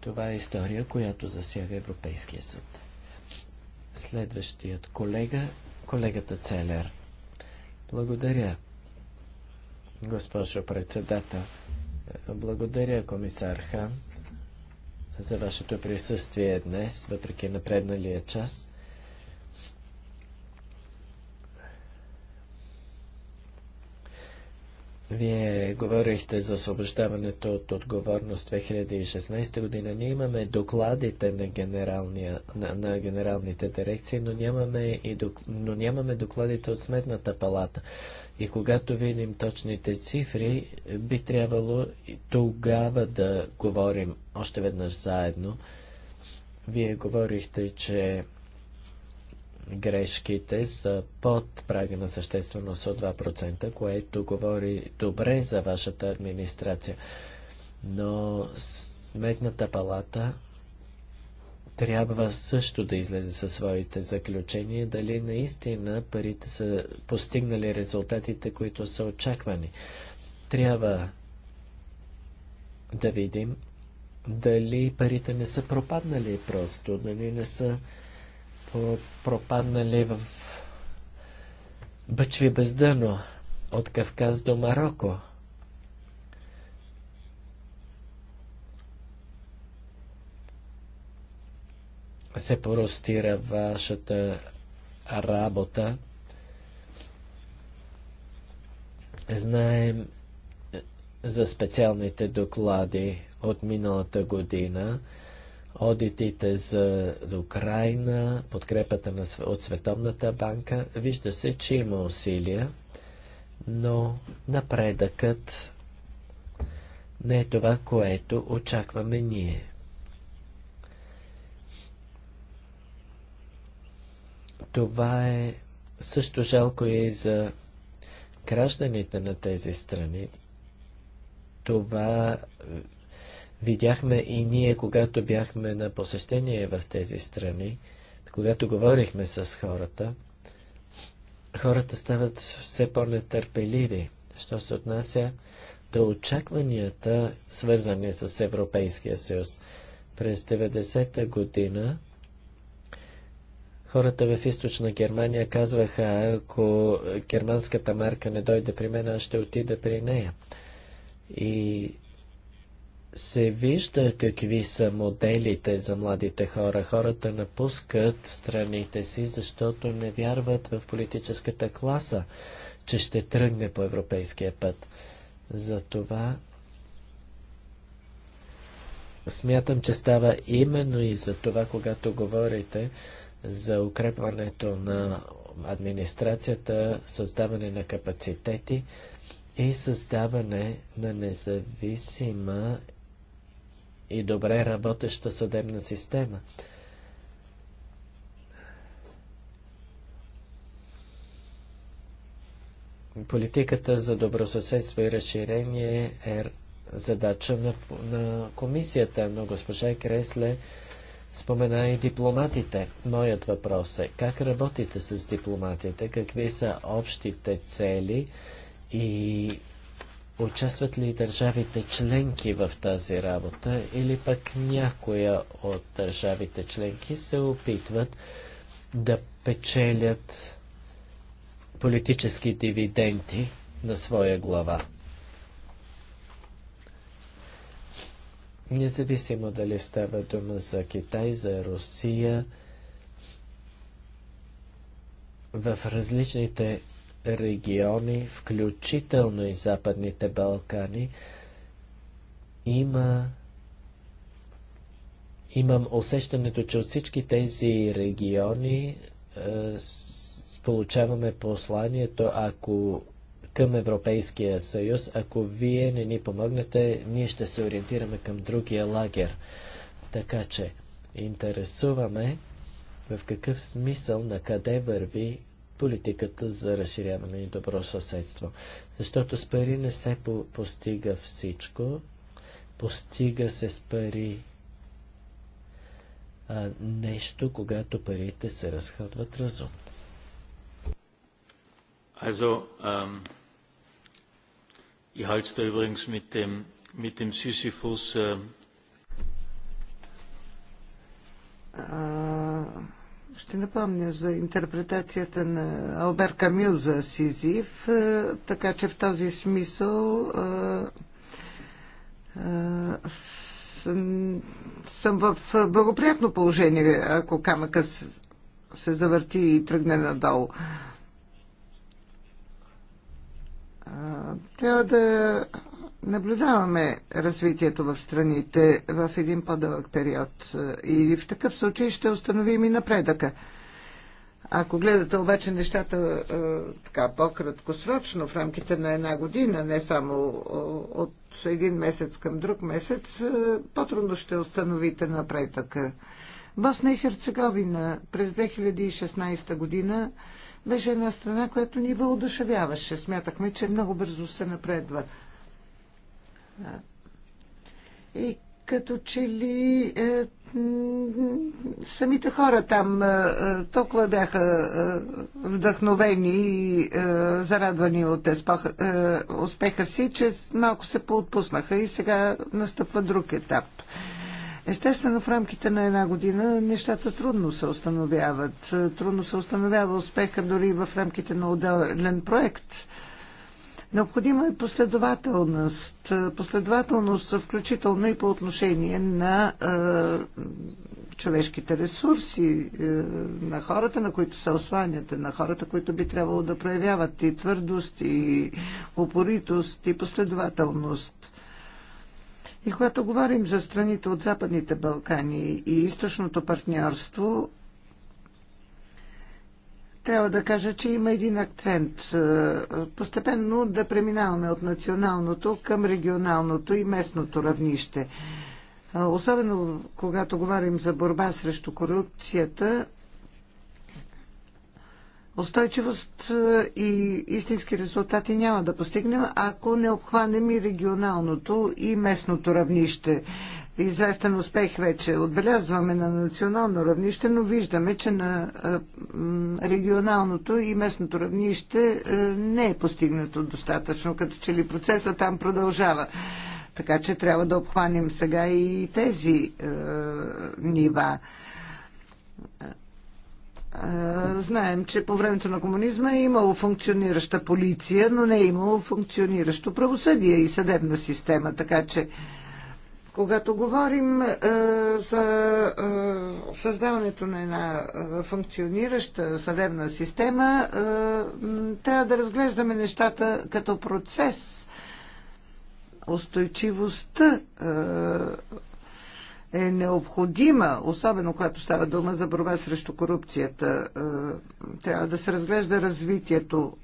S3: Това е история, която засяга Европейския съд. Следващият колега, колегата Целер. Благодаря, госпожо председател. Благодаря, комисар Хан, за вашето присъствие днес, въпреки напредналия час. Вие говорихте за освобождаването от отговорност 2016 година. Ние имаме докладите на, генералния, на, на генералните дирекции, но нямаме, и док, но нямаме докладите от Сметната палата. И когато видим точните цифри, би трябвало тогава да говорим още веднъж заедно. Вие говорихте, че грешките са под прага на същественост от 2%, което говори добре за вашата администрация. Но Сметната палата трябва също да излезе със своите заключения, дали наистина парите са постигнали резултатите, които са очаквани. Трябва да видим дали парите не са пропаднали просто, дали не са пропаднали в бъчви бездъно от Кавказ до Марокко. се простира вашата работа. Знаем е, за специалните доклади от миналата година одитите за Украина, подкрепата на, от Световната банка. Вижда се, че има усилия, но напредъкът не е това, което очакваме ние. Това е също жалко и за гражданите на тези страни. Това Видяхме и ние, когато бяхме на посещение в тези страни, когато говорихме с хората, хората стават все по-нетърпеливи, що се отнася до очакванията, свързани с Европейския съюз. През 90-та година хората в източна Германия казваха, ако германската марка не дойде при мен, аз ще отида при нея. И се вижда какви са моделите за младите хора. Хората напускат страните си, защото не вярват в политическата класа, че ще тръгне по европейския път. Затова смятам, че става именно и за това, когато говорите за укрепването на администрацията, създаване на капацитети и създаване на независима и добре работеща съдебна система. Политиката за добросъседство и разширение е задача на, на комисията, но госпожа Кресле спомена и дипломатите. Моят въпрос е, как работите с дипломатите, какви са общите цели и Участват ли държавите членки в тази работа или пък някоя от държавите членки се опитват да печелят политически дивиденти на своя глава? Независимо дали става дума за Китай, за Русия, в различните региони, включително и Западните Балкани, има имам усещането, че от всички тези региони е, получаваме посланието, ако към Европейския съюз, ако вие не ни помогнете, ние ще се ориентираме към другия лагер. Така че, интересуваме в какъв смисъл, на къде върви политиката за разширяване и добро съседство. Защото с пари не се по- постига всичко, постига се с пари а, нещо, когато парите се разходват разумно.
S1: Also, ähm, ich halte es da übrigens mit dem, mit dem Sisyphus. Äh, ще напомня за интерпретацията на Албер Камил за Сизиф, е, така че в този смисъл е, е, съм в благоприятно положение, ако камъка се завърти и тръгне надолу. Трябва да наблюдаваме развитието в страните в един по-дълъг период е, и в такъв случай ще установим и напредъка. Ако гледате обаче нещата е, така по-краткосрочно, в рамките на една година, не само е, от един месец към друг месец, по-трудно ще установите напредъка. Босна и Херцеговина през 2016 година беше една страна, която ни въодушевяваше. Смятахме, че много бързо се напредва. И като че ли е, самите хора там е, е, толкова бяха е, вдъхновени и е, зарадвани от еспоха, е, успеха си, че малко се поотпуснаха и сега настъпва друг етап. Естествено, в рамките на една година нещата трудно се установяват. Трудно се установява успеха дори в рамките на отделен проект. Е, Необходима е последователност, последователност включително и по отношение на е, човешките ресурси, е, на хората, на които се осланяте, на хората, които би трябвало да проявяват и твърдост, и упоритост, и последователност. И когато говорим за страните от Западните Балкани и източното партньорство, трябва да кажа, че има един акцент. Е, постепенно да преминаваме от националното към регионалното и местното равнище. Е, особено когато говорим за борба срещу корупцията, устойчивост е, и истински резултати няма да постигнем, ако не обхванем и регионалното и местното равнище известен успех вече отбелязваме на национално равнище, но виждаме, че на регионалното и местното равнище не е постигнато достатъчно, като че ли процеса там продължава. Така че трябва да обхванем сега и тези е, нива. Знаем, че по времето на комунизма е имало функционираща полиция, но не е имало функциониращо правосъдие и съдебна система, така че когато говорим е, за е, създаването на една е, функционираща съдебна система, е, трябва да разглеждаме нещата като процес. Устойчивостта е, е необходима, особено когато става дума за борба срещу корупцията. Е, трябва да се разглежда развитието е,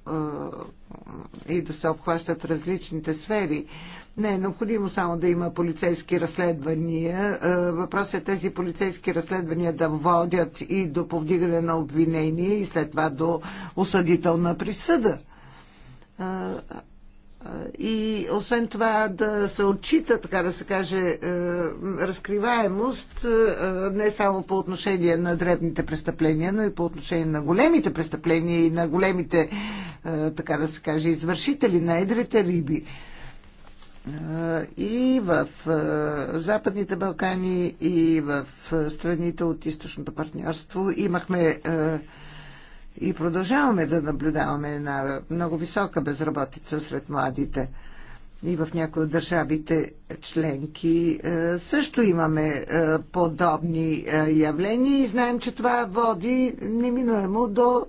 S1: и да се обхващат различните сфери. Е, не е необходимо само да има полицейски разследвания. Е, въпросът е тези полицейски разследвания да водят и до повдигане на обвинение и след това до осъдителна присъда. Е, е, и освен това да се отчита, така да се каже, разкриваемост не само по отношение на дребните престъпления, но и по отношение на големите престъпления и на големите, така да се каже, извършители на едрите риби и в Западните Балкани, и в страните от източното партньорство имахме и продължаваме да наблюдаваме една много висока безработица сред младите. И в някои от държавите членки също имаме подобни явления и знаем, че това води неминуемо до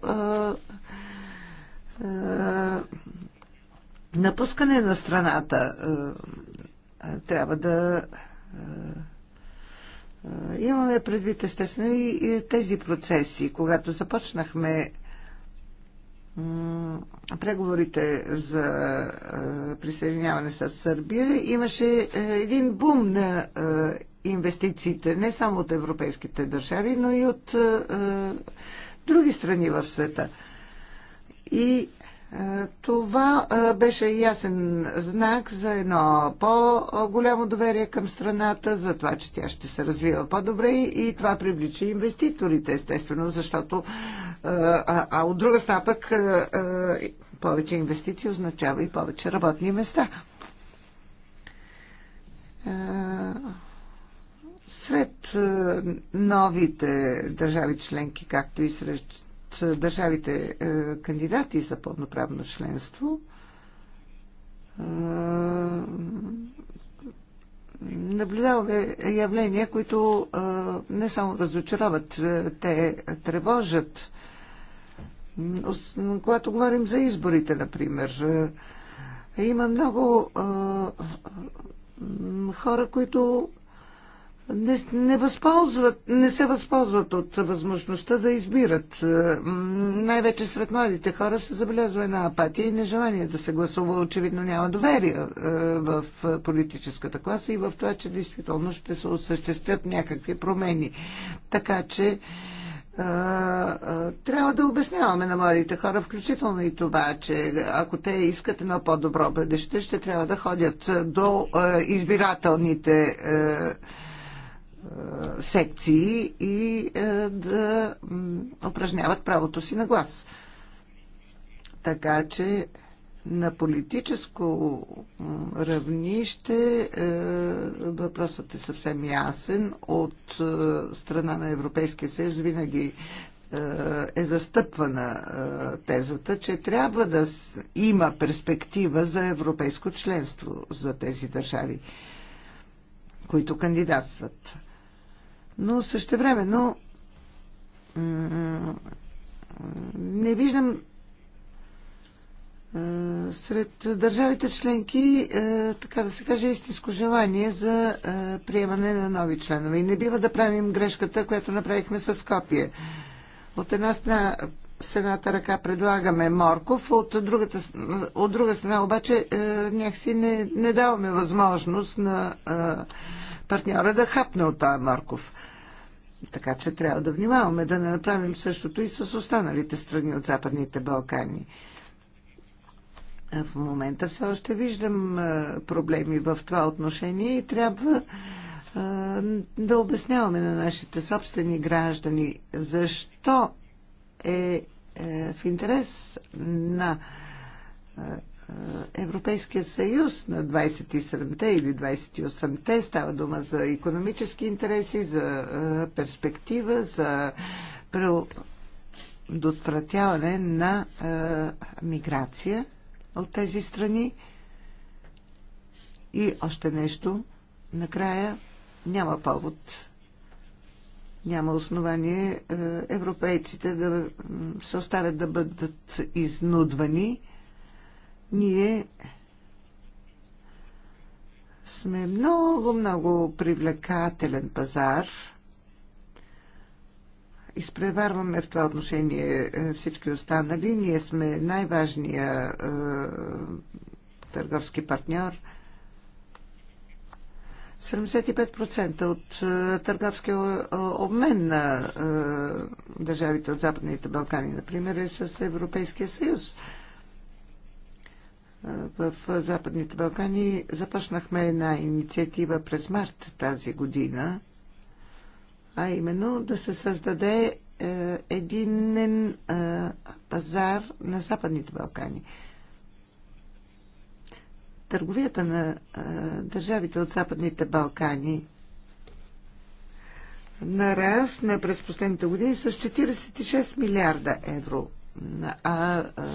S1: напускане на страната. Е, е, трябва да е, имаме предвид естествено и тези процеси. Когато започнахме преговорите за присъединяване с Сърбия, имаше един бум на инвестициите, не само от европейските държави, но и от други страни в света. И това беше ясен знак за едно по-голямо доверие към страната, за това, че тя ще се развива по-добре и това привлича инвеститорите, естествено, защото а, а от друга страна пък повече инвестиции означава и повече работни места. Сред новите държави членки, както и сред от е, държавите е, кандидати за пълноправно членство е, наблюдаваме явления, които не само разочароват, те тревожат. Когато говорим за изборите, например, има много хора, които не, не, възползват, не се възползват от възможността да избират. Е, най-вече сред младите хора се забелязва една апатия и нежелание да се гласува. Очевидно няма доверие е, в политическата класа и в това, че действително ще се осъществят някакви промени. Така че е, трябва да обясняваме на младите хора, включително и това, че ако те искат едно по-добро бъдеще, ще трябва да ходят до избирателните е, секции и е, да упражняват правото си на глас. Така че на политическо равнище е, въпросът е съвсем ясен. От страна на Европейския съюз винаги е застъпвана тезата, че трябва да има перспектива за европейско членство за тези държави, които кандидатстват но също но не виждам е, сред държавите членки, е, така да се каже, истинско желание за е, приемане на нови членове. И не бива да правим грешката, която направихме с Копие. От една страна с едната ръка предлагаме Морков, от, другата, от друга страна обаче някакси не, не даваме възможност на партньора да хапне от тая морков. Така че трябва да внимаваме да не направим същото и с останалите страни от Западните Балкани. В момента все още виждам проблеми в това отношение и трябва да обясняваме на нашите собствени граждани защо е, е в интерес на Европейския съюз на 27-те или 28-те. Става дума за економически интереси, за перспектива, за предотвратяване на миграция от тези страни. И още нещо. Накрая няма повод няма основание европейците да се оставят да бъдат изнудвани ние сме много, много привлекателен пазар. Изпреварваме в това отношение е, всички останали. Ние сме най-важния е, търговски партньор. 75% от е, търговския е, обмен на е, държавите от Западните Балкани, например, е с Европейския съюз. Е, в Западните Балкани. Започнахме една инициатива през март тази година, а именно да се създаде е, единен е, пазар на Западните Балкани. Търговията на е, държавите от Западните Балкани нарасна през последните години с 46 милиарда евро. А, а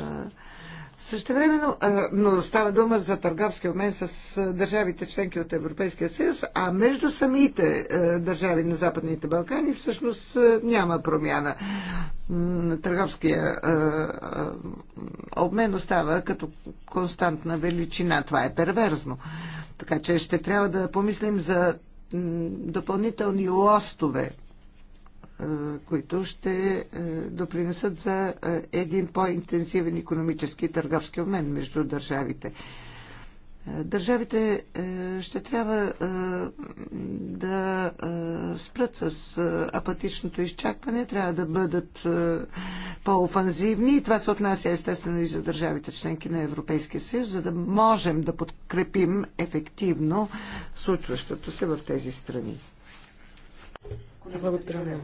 S1: също времено, но става дума за търговски обмен с държавите членки от Европейския съюз, а между самите държави на Западните Балкани всъщност няма промяна. Търговския обмен остава като константна величина. Това е перверзно. Така че ще трябва да помислим за допълнителни лостове които ще допринесат за един по-интензивен економически и търговски обмен между държавите. Държавите ще трябва да спрат с апатичното изчакване, трябва да бъдат по-офанзивни и това се отнася естествено и за държавите членки на Европейския съюз, за да можем да подкрепим ефективно случващото се в тези страни.
S2: Благодаря.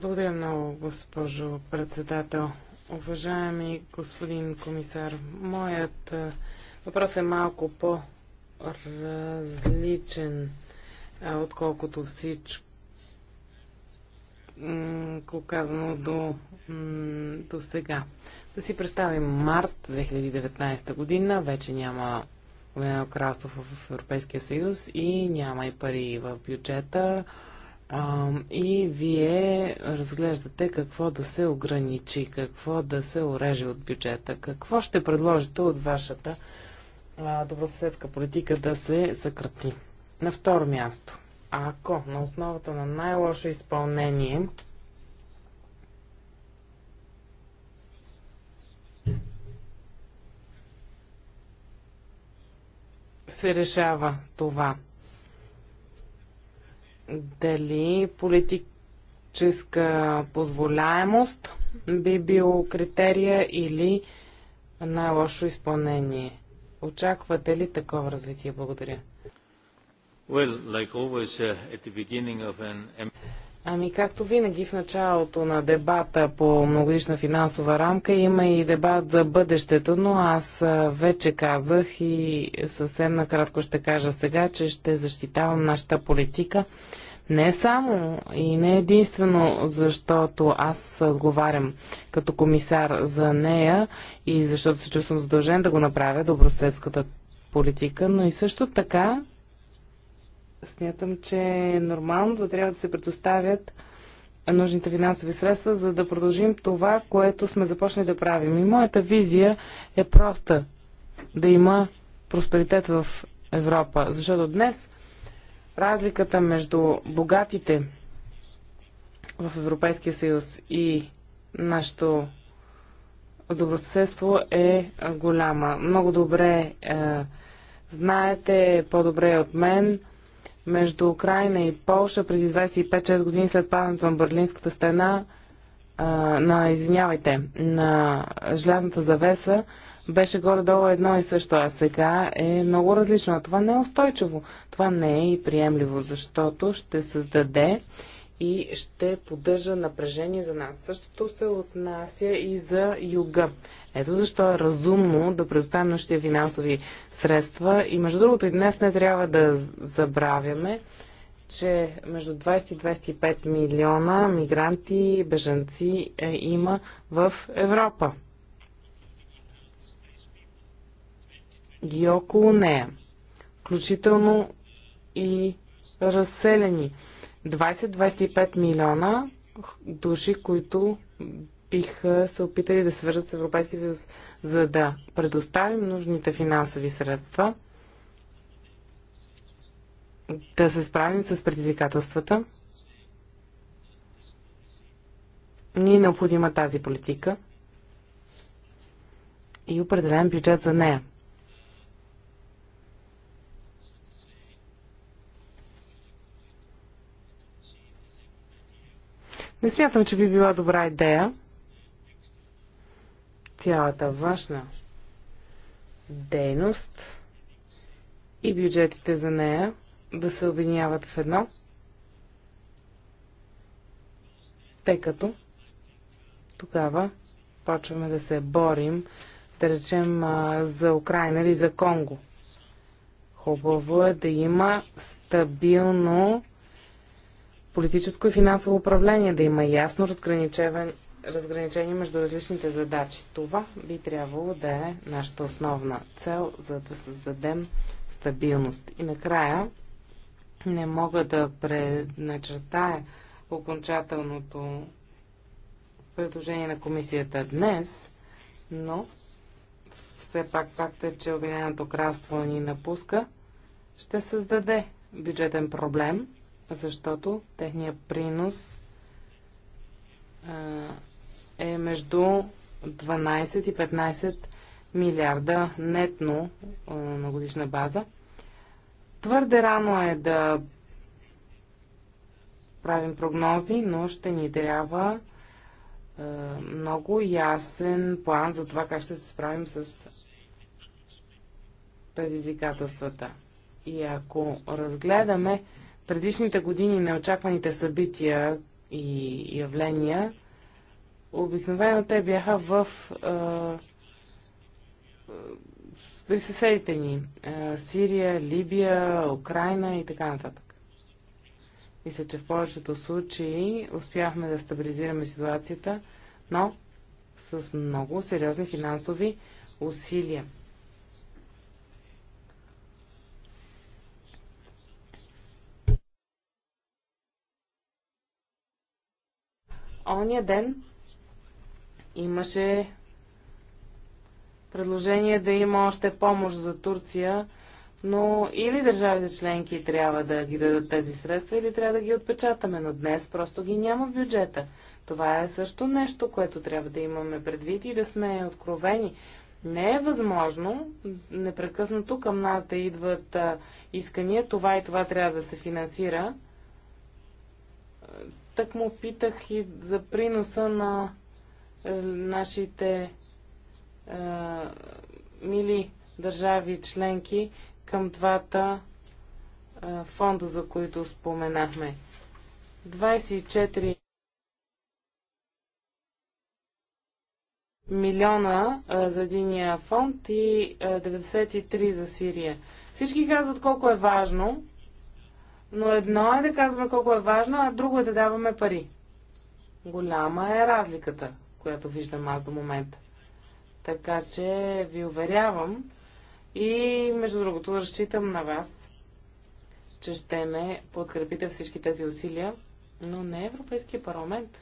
S2: Благодаря много, госпожо председател. Уважаеми господин комисар, моят въпрос е малко по-различен, отколкото всичко казано до, до сега. Да си представим март 2019 година, вече няма Обединено кралство в Европейския съюз и няма и пари в бюджета. А, и вие разглеждате какво да се ограничи, какво да се уреже от бюджета, какво ще предложите от вашата а, добросъседска политика да се съкрати. На второ място, ако на основата на най-лошо изпълнение се решава това дали политическа позволяемост би било критерия или най-лошо изпълнение. Очаквате ли такова развитие? Благодаря.
S1: Well, like always, uh, an...
S2: Ами както винаги в началото на дебата по многодишна финансова рамка има и дебат за бъдещето, но аз вече казах и съвсем накратко ще кажа сега, че ще защитавам нашата политика не само и не единствено, защото аз отговарям като комисар за нея и защото се чувствам задължен да го направя добросъседската политика, но и също така смятам, че е нормално да трябва да се предоставят нужните финансови средства, за да продължим това, което сме започнали да правим. И моята визия е проста да има просперитет в Европа. Защото днес разликата между богатите в Европейския съюз и нашето добросъседство е голяма. Много добре е, знаете, по-добре е от мен, между Украина и Полша преди 25-6 години след падането на Берлинската стена, а, на, извинявайте, на Желязната завеса, беше горе-долу едно и също, а сега е много различно. А това не е устойчиво. Това не е и приемливо, защото ще създаде и ще поддържа напрежение за нас. Същото се отнася и за юга. Ето защо е разумно да предоставим нашите финансови средства. И между другото и днес не трябва да забравяме, че между 20 и 25 милиона мигранти, бежанци е, има в Европа. И около нея. Включително и разселени. 20-25 милиона души, които биха се опитали да свържат с Европейския съюз, за да предоставим нужните финансови средства, да се справим с предизвикателствата. Ни е необходима тази политика и определен бюджет за нея. Не смятам, че би била добра идея цялата външна дейност и бюджетите за нея да се объединяват в едно, тъй като тогава почваме да се борим, да речем, за Украина или за Конго. Хубаво е да има стабилно политическо и финансово управление, да има ясно разграничение между различните задачи. Това би трябвало да е нашата основна цел, за да създадем стабилност. И накрая не мога да предначертая окончателното предложение на комисията днес, но все пак факта, е, че Обединеното кралство ни напуска, ще създаде бюджетен проблем защото техният принос е между 12 и 15 милиарда нетно на годишна база. Твърде рано е да правим прогнози, но ще ни трябва много ясен план за това как ще се справим с предизвикателствата. И ако разгледаме предишните години неочакваните събития и явления, обикновено те бяха в при съседите ни Сирия, Либия, Украина и така нататък. Мисля, че в повечето случаи успяхме да стабилизираме ситуацията, но с много сериозни финансови усилия. ония ден имаше предложение да има още помощ за Турция, но или държавите членки трябва да ги дадат тези средства, или трябва да ги отпечатаме, но днес просто ги няма в бюджета. Това е също нещо, което трябва да имаме предвид и да сме откровени. Не е възможно непрекъснато към нас да идват искания, това и това трябва да се финансира так му питах и за приноса на е, нашите е, мили държави членки към двата е, фонда, за които споменахме. 24 милиона а, е, за единия фонд и а, е, 93 за Сирия. Всички казват колко е важно но едно е да казваме колко е важно, а друго е да даваме пари. Голяма е разликата, която виждам аз до момента. Така че ви уверявам и между другото разчитам на вас, че ще ме подкрепите всички тези усилия, но не Европейския парламент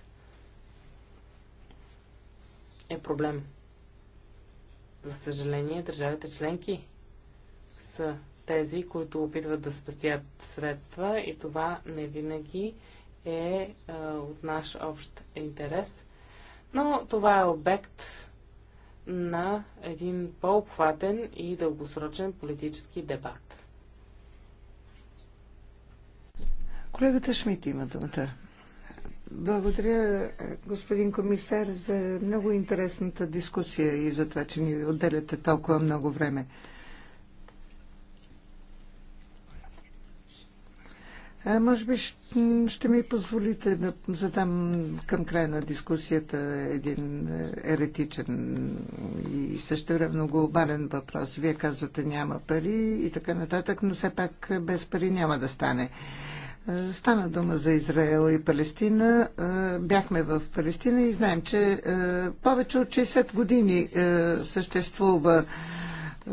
S2: е проблем. За съжаление, държавите членки са тези, които опитват да спестят средства и това не винаги е, е от наш общ интерес. Но това е обект на един по-обхватен и дългосрочен политически дебат.
S1: Колегата Шмидт има думата. Благодаря, господин комисар, за много интересната дискусия и за това, че ни отделяте толкова много време. Може би ще ми позволите да задам към края на дискусията един е, еретичен и същевременно глобален въпрос. Вие казвате няма пари и така нататък, но все пак е, без пари няма да стане. Е, стана дума за Израел и Палестина. Бяхме в Палестина и знаем, че повече от 60 години съществува е,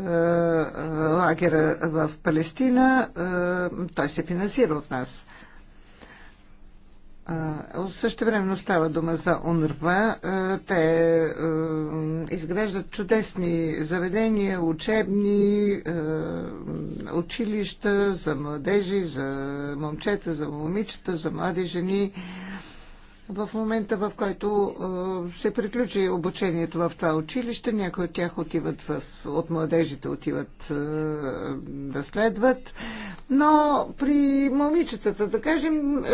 S1: лагера в Палестина. Е, той се финансира от нас. Е, Също времено става дума за Унрва, Те изграждат чудесни заведения, учебни, училища за младежи, за момчета, за момичета, за млади жени в момента, в който се приключи обучението в това училище, някои от тях отиват в, от младежите отиват да следват. Но при момичетата, да кажем,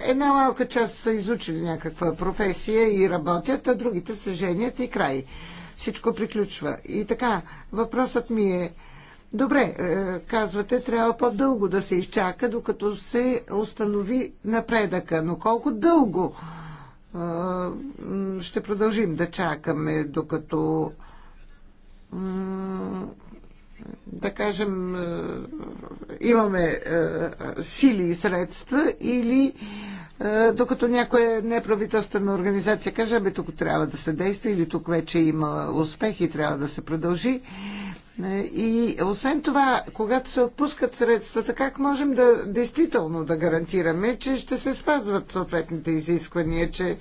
S1: една малка част са изучили някаква професия и работят, а другите са женят и край. Всичко приключва. И така, въпросът ми е, Добре, е, казвате, трябва по-дълго да се изчака, докато се установи напредъка. Но колко дълго е, ще продължим да чакаме, докато да кажем, е, имаме сили и средства или докато някоя неправителствена организация каже, бе тук трябва да се действа или тук вече има успех и трябва да се продължи. Е, и освен това, когато се отпускат средствата, как можем да действително да гарантираме, че ще се спазват съответните изисквания, че е,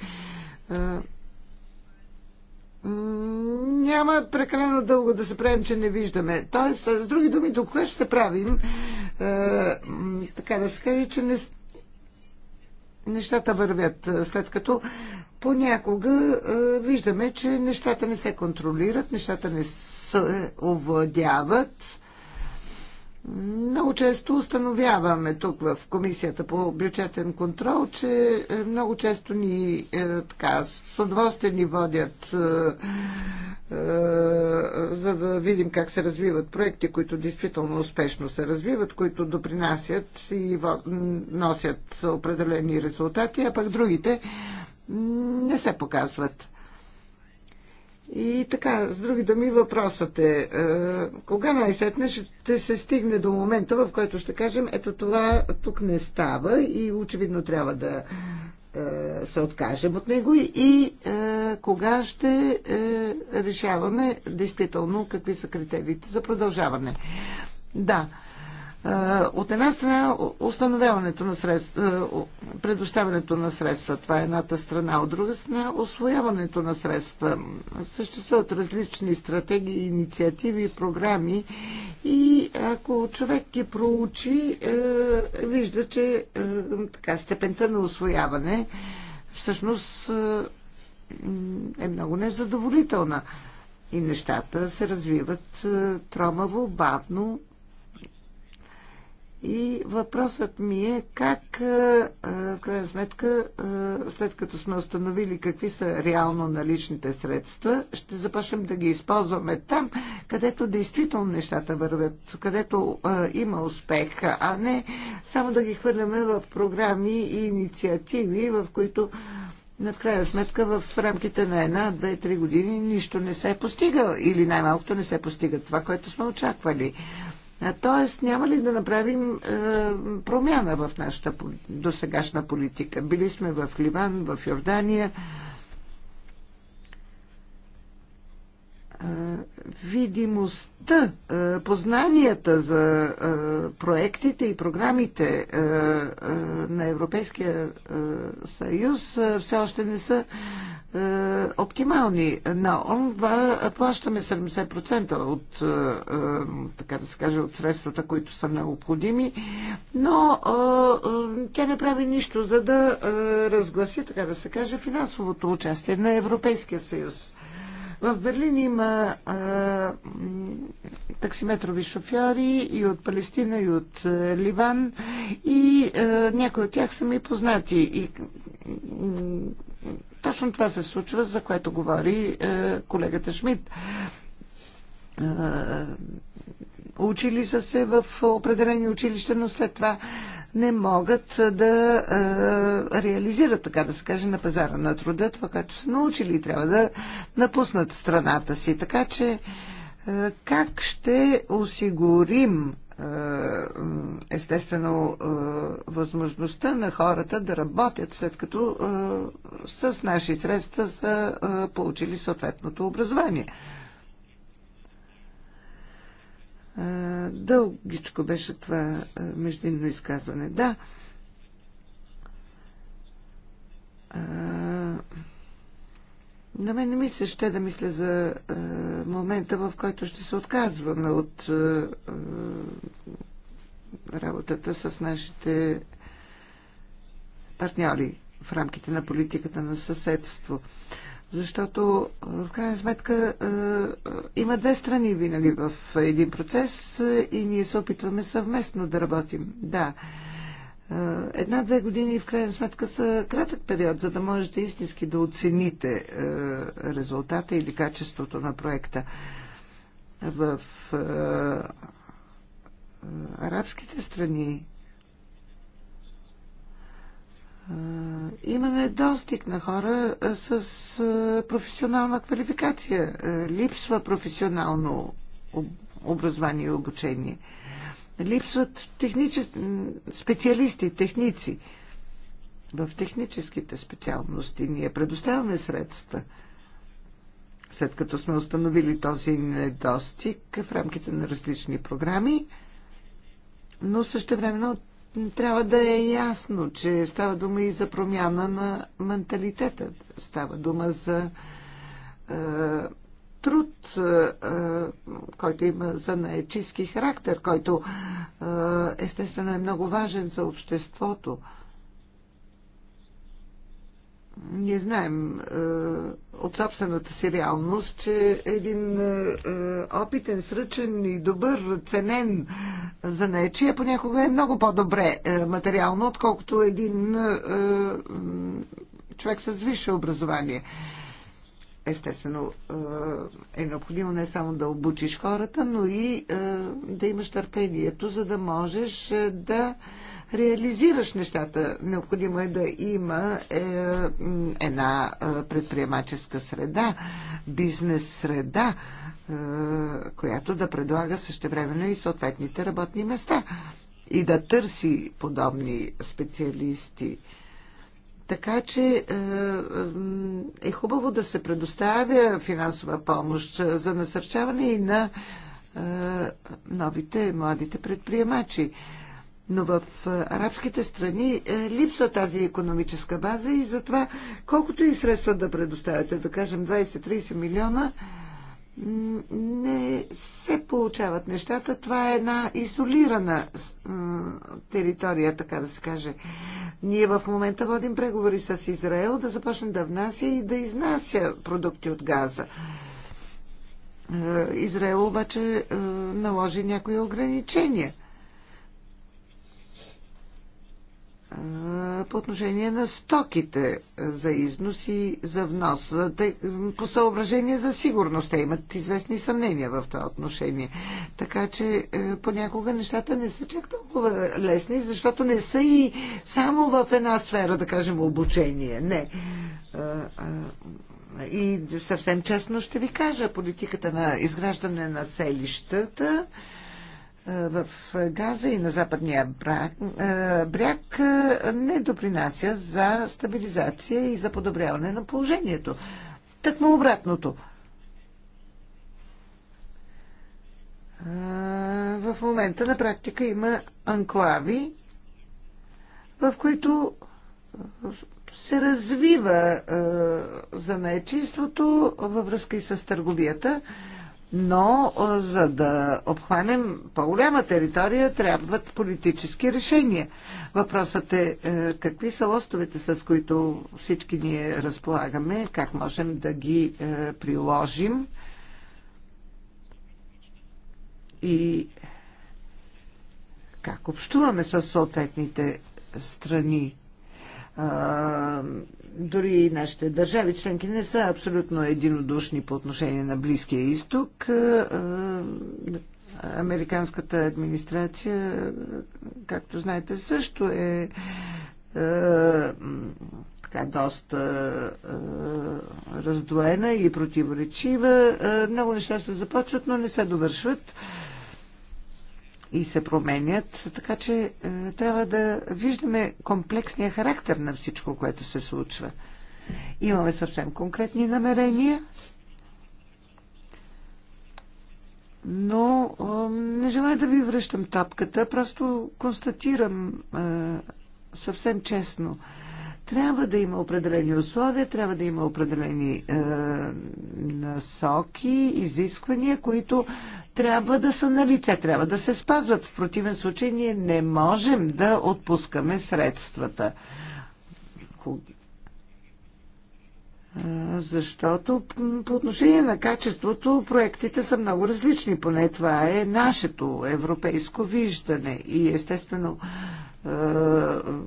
S1: няма прекалено дълго да се правим, че не виждаме. Тоест, с други думи, до кога ще се правим, е, така да се каже, че не, нещата вървят, след като понякога виждаме, че нещата не се контролират, нещата не се овладяват много често установяваме тук в Комисията по бюджетен контрол, че е, много често ни е, така, с удоволствие ни водят, е, е, за да видим как се развиват проекти, които действително успешно се развиват, които допринасят и носят определени резултати, а пък другите не се показват. И така, с други думи, въпросът е, е кога най-сетне ще се стигне до момента, в който ще кажем, ето това тук не става и очевидно трябва да е, се откажем от него и е, кога ще е, решаваме действително какви са критериите за продължаване. Да, от една страна, установяването на средства, предоставянето на средства, това е едната страна. От друга страна, освояването на средства. Съществуват различни стратегии, инициативи, програми и ако човек ги проучи, е, вижда, че е, така, степента на освояване всъщност е, е много незадоволителна. И нещата се развиват тромаво, бавно, и въпросът ми е как, в крайна сметка, след като сме установили какви са реално наличните средства, ще започнем да ги използваме там, където действително нещата вървят, където има успех, а не само да ги хвърляме в програми и инициативи, в които на в крайна сметка в рамките на една, две, три години нищо не се е постига или най-малкото не се постига това, което сме очаквали. Тоест, няма ли да направим е, промяна в нашата досегашна политика? Били сме в Ливан, в Йордания. Е, видимостта, е, познанията за е, проектите и програмите на Европейския съюз все още не са е, оптимални. На онва плащаме 70% от, е, е, така да се каже, от средствата, които са необходими, но тя не прави нищо, за да разгласи, така да се каже, финансовото участие на Европейския съюз. В Берлин има а, таксиметрови шофьори и от Палестина, и от а, Ливан, и а, някои от тях са ми познати. И, точно това се случва, за което говори е, колегата Шмидт. Е, учили са се в определени училища, но след това не могат да е, реализират, така да се каже, на пазара на труда това, което са научили и трябва да напуснат страната си. Така че е, как ще осигурим е, естествено е, възможността на хората да работят след като е, с наши средства са получили съответното образование. Дългичко беше това междинно изказване. Да. На мен не ми се ще да мисля за е, момента, в който ще се отказваме от е, е работата с нашите партньори в рамките на политиката на съседство. Защото, е, в крайна сметка, е, е, има две страни винаги в един процес и ние се опитваме съвместно да работим. Да. Е, Една-две години в крайна сметка са кратък период, за да можете истински да оцените резултата или качеството на проекта. В арабските страни имаме достиг на хора с професионална квалификация. Липсва професионално образование и обучение – Липсват техничес... специалисти, техници. В техническите специалности ние предоставяме средства. След като сме установили този недостиг в рамките на различни програми, но времено трябва да е ясно, че става дума и за промяна на менталитета. Става дума за е, труд, е, е, който има за наечиски характер, който е, естествено е много важен за обществото. Ние знаем е, от собствената си реалност, че един е, опитен, сръчен и добър, ценен за нечия понякога е много по-добре е, материално, отколкото един е, човек с висше образование. Е, естествено е, е необходимо не само да обучиш хората, но и е, да имаш търпението, за да можеш е, да реализираш нещата. Необходимо е да има една предприемаческа среда, бизнес среда, която да предлага същевременно и съответните работни места и да търси подобни специалисти. Така че е, е, е хубаво да се предоставя финансова помощ за насърчаване и на е, новите младите предприемачи. Но в арабските страни липсва тази економическа база и затова колкото и средства да предоставяте, да кажем 20-30 милиона, не се получават нещата. Това е една изолирана територия, така да се каже. Ние в момента водим преговори с Израел да започне да внася и да изнася продукти от газа. Е, Израел обаче е, наложи някои ограничения – по отношение на стоките за износ и за внос. По съображение за сигурност те имат известни съмнения в това отношение. Така че е, понякога нещата не са чак толкова лесни, защото не са и само в една сфера, да кажем, обучение. Не. И съвсем честно ще ви кажа, политиката на изграждане на селищата в Газа и на западния бряг не допринася за стабилизация и за подобряване на положението. Тъкмо обратното. В момента на практика има анклави, в които се развива занаечеството във връзка и с търговията но за да обхванем по-голяма територия, трябват политически решения. Въпросът е, е какви са лостовете, с които всички ние разполагаме, как можем да ги е, приложим и как общуваме с съответните страни дори и нашите държави членки не са абсолютно единодушни по отношение на Близкия изток. американската администрация, както знаете, също е, е така доста е, раздвоена и противоречива. много неща се започват, но не се довършват и се променят, така че е, трябва да виждаме комплексния характер на всичко, което се случва. Имаме съвсем конкретни намерения, но е, не желая да ви връщам топката, просто констатирам е, съвсем честно. Трябва да има определени условия, трябва да има определени е, насоки, изисквания, които трябва да са на лице, трябва да се спазват. В противен случай ние не можем да отпускаме средствата. Защото по отношение на качеството проектите са много различни, поне това е нашето европейско виждане. И естествено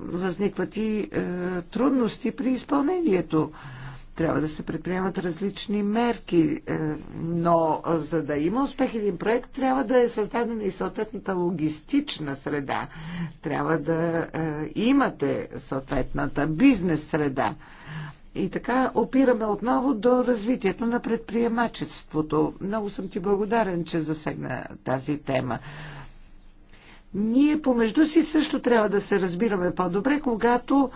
S1: възникват и трудности при изпълнението. Трябва да се предприемат различни мерки, е, но е, за да има успех един проект, трябва да е създадена и съответната логистична среда. Трябва да е, имате съответната бизнес среда. И така опираме отново до развитието на предприемачеството. Много съм ти благодарен, че засегна тази тема. Ние помежду си също трябва да се разбираме по-добре, когато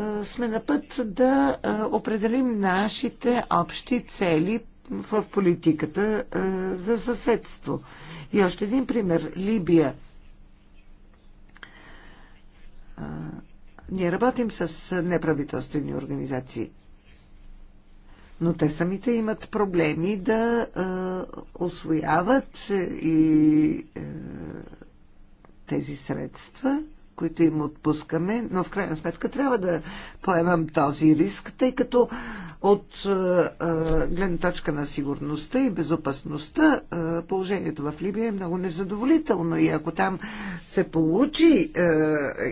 S1: е, сме на път да е, определим нашите общи цели в политиката е, за съседство. И още един пример. Либия. Ние работим с неправителствени организации. Но те самите имат проблеми да е, освояват и е, тези средства които им отпускаме, но в крайна сметка трябва да поемам този риск, тъй като от е, е, гледна точка на сигурността и безопасността е, положението в Либия е много незадоволително и ако там се получи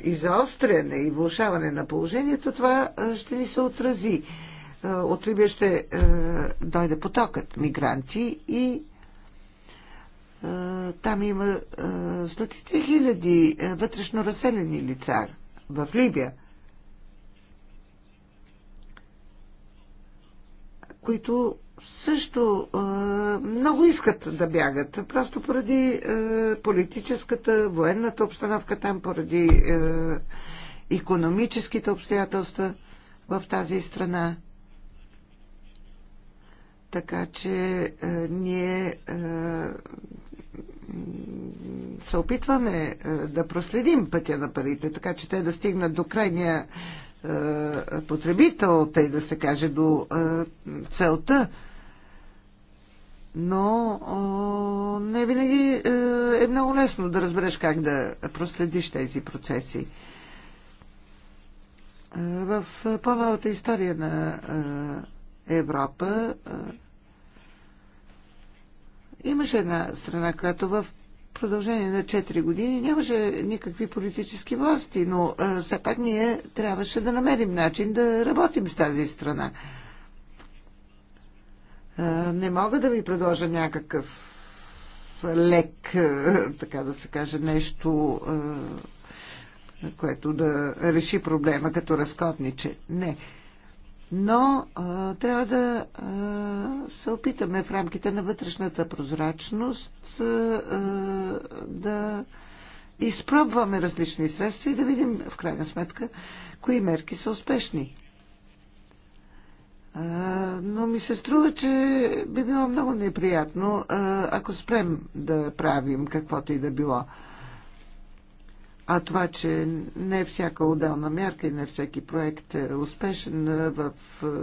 S1: изостряне и влушаване на положението, това ще ни се отрази. От Либия ще дойде потокът мигранти и там има стотици хиляди вътрешно разселени лица в Либия, които също много искат да бягат, просто поради политическата, военната обстановка там, поради економическите обстоятелства в тази страна. Така че а, ние А, се опитваме е, да проследим пътя на парите, така че те да стигнат до крайния е, потребител, тъй да се каже, до е, целта. Но не винаги е много лесно да разбереш как да проследиш тези процеси. В по-новата история на Европа Имаше една страна, която в продължение на 4 години нямаше никакви политически власти, но все пак ние трябваше да намерим начин да работим с тази страна. А, не мога да ви предложа някакъв лек, така да се каже, нещо, което да реши проблема като разкотниче. Не но а, трябва да а, се опитаме в рамките на вътрешната прозрачност а, да изпробваме различни средства и да видим в крайна сметка кои мерки са успешни. А, но ми се струва, че би било много неприятно, а, ако спрем да правим каквото и да било. А, а това, че не е всяка отделна мярка и не е всеки проект е успешен е, в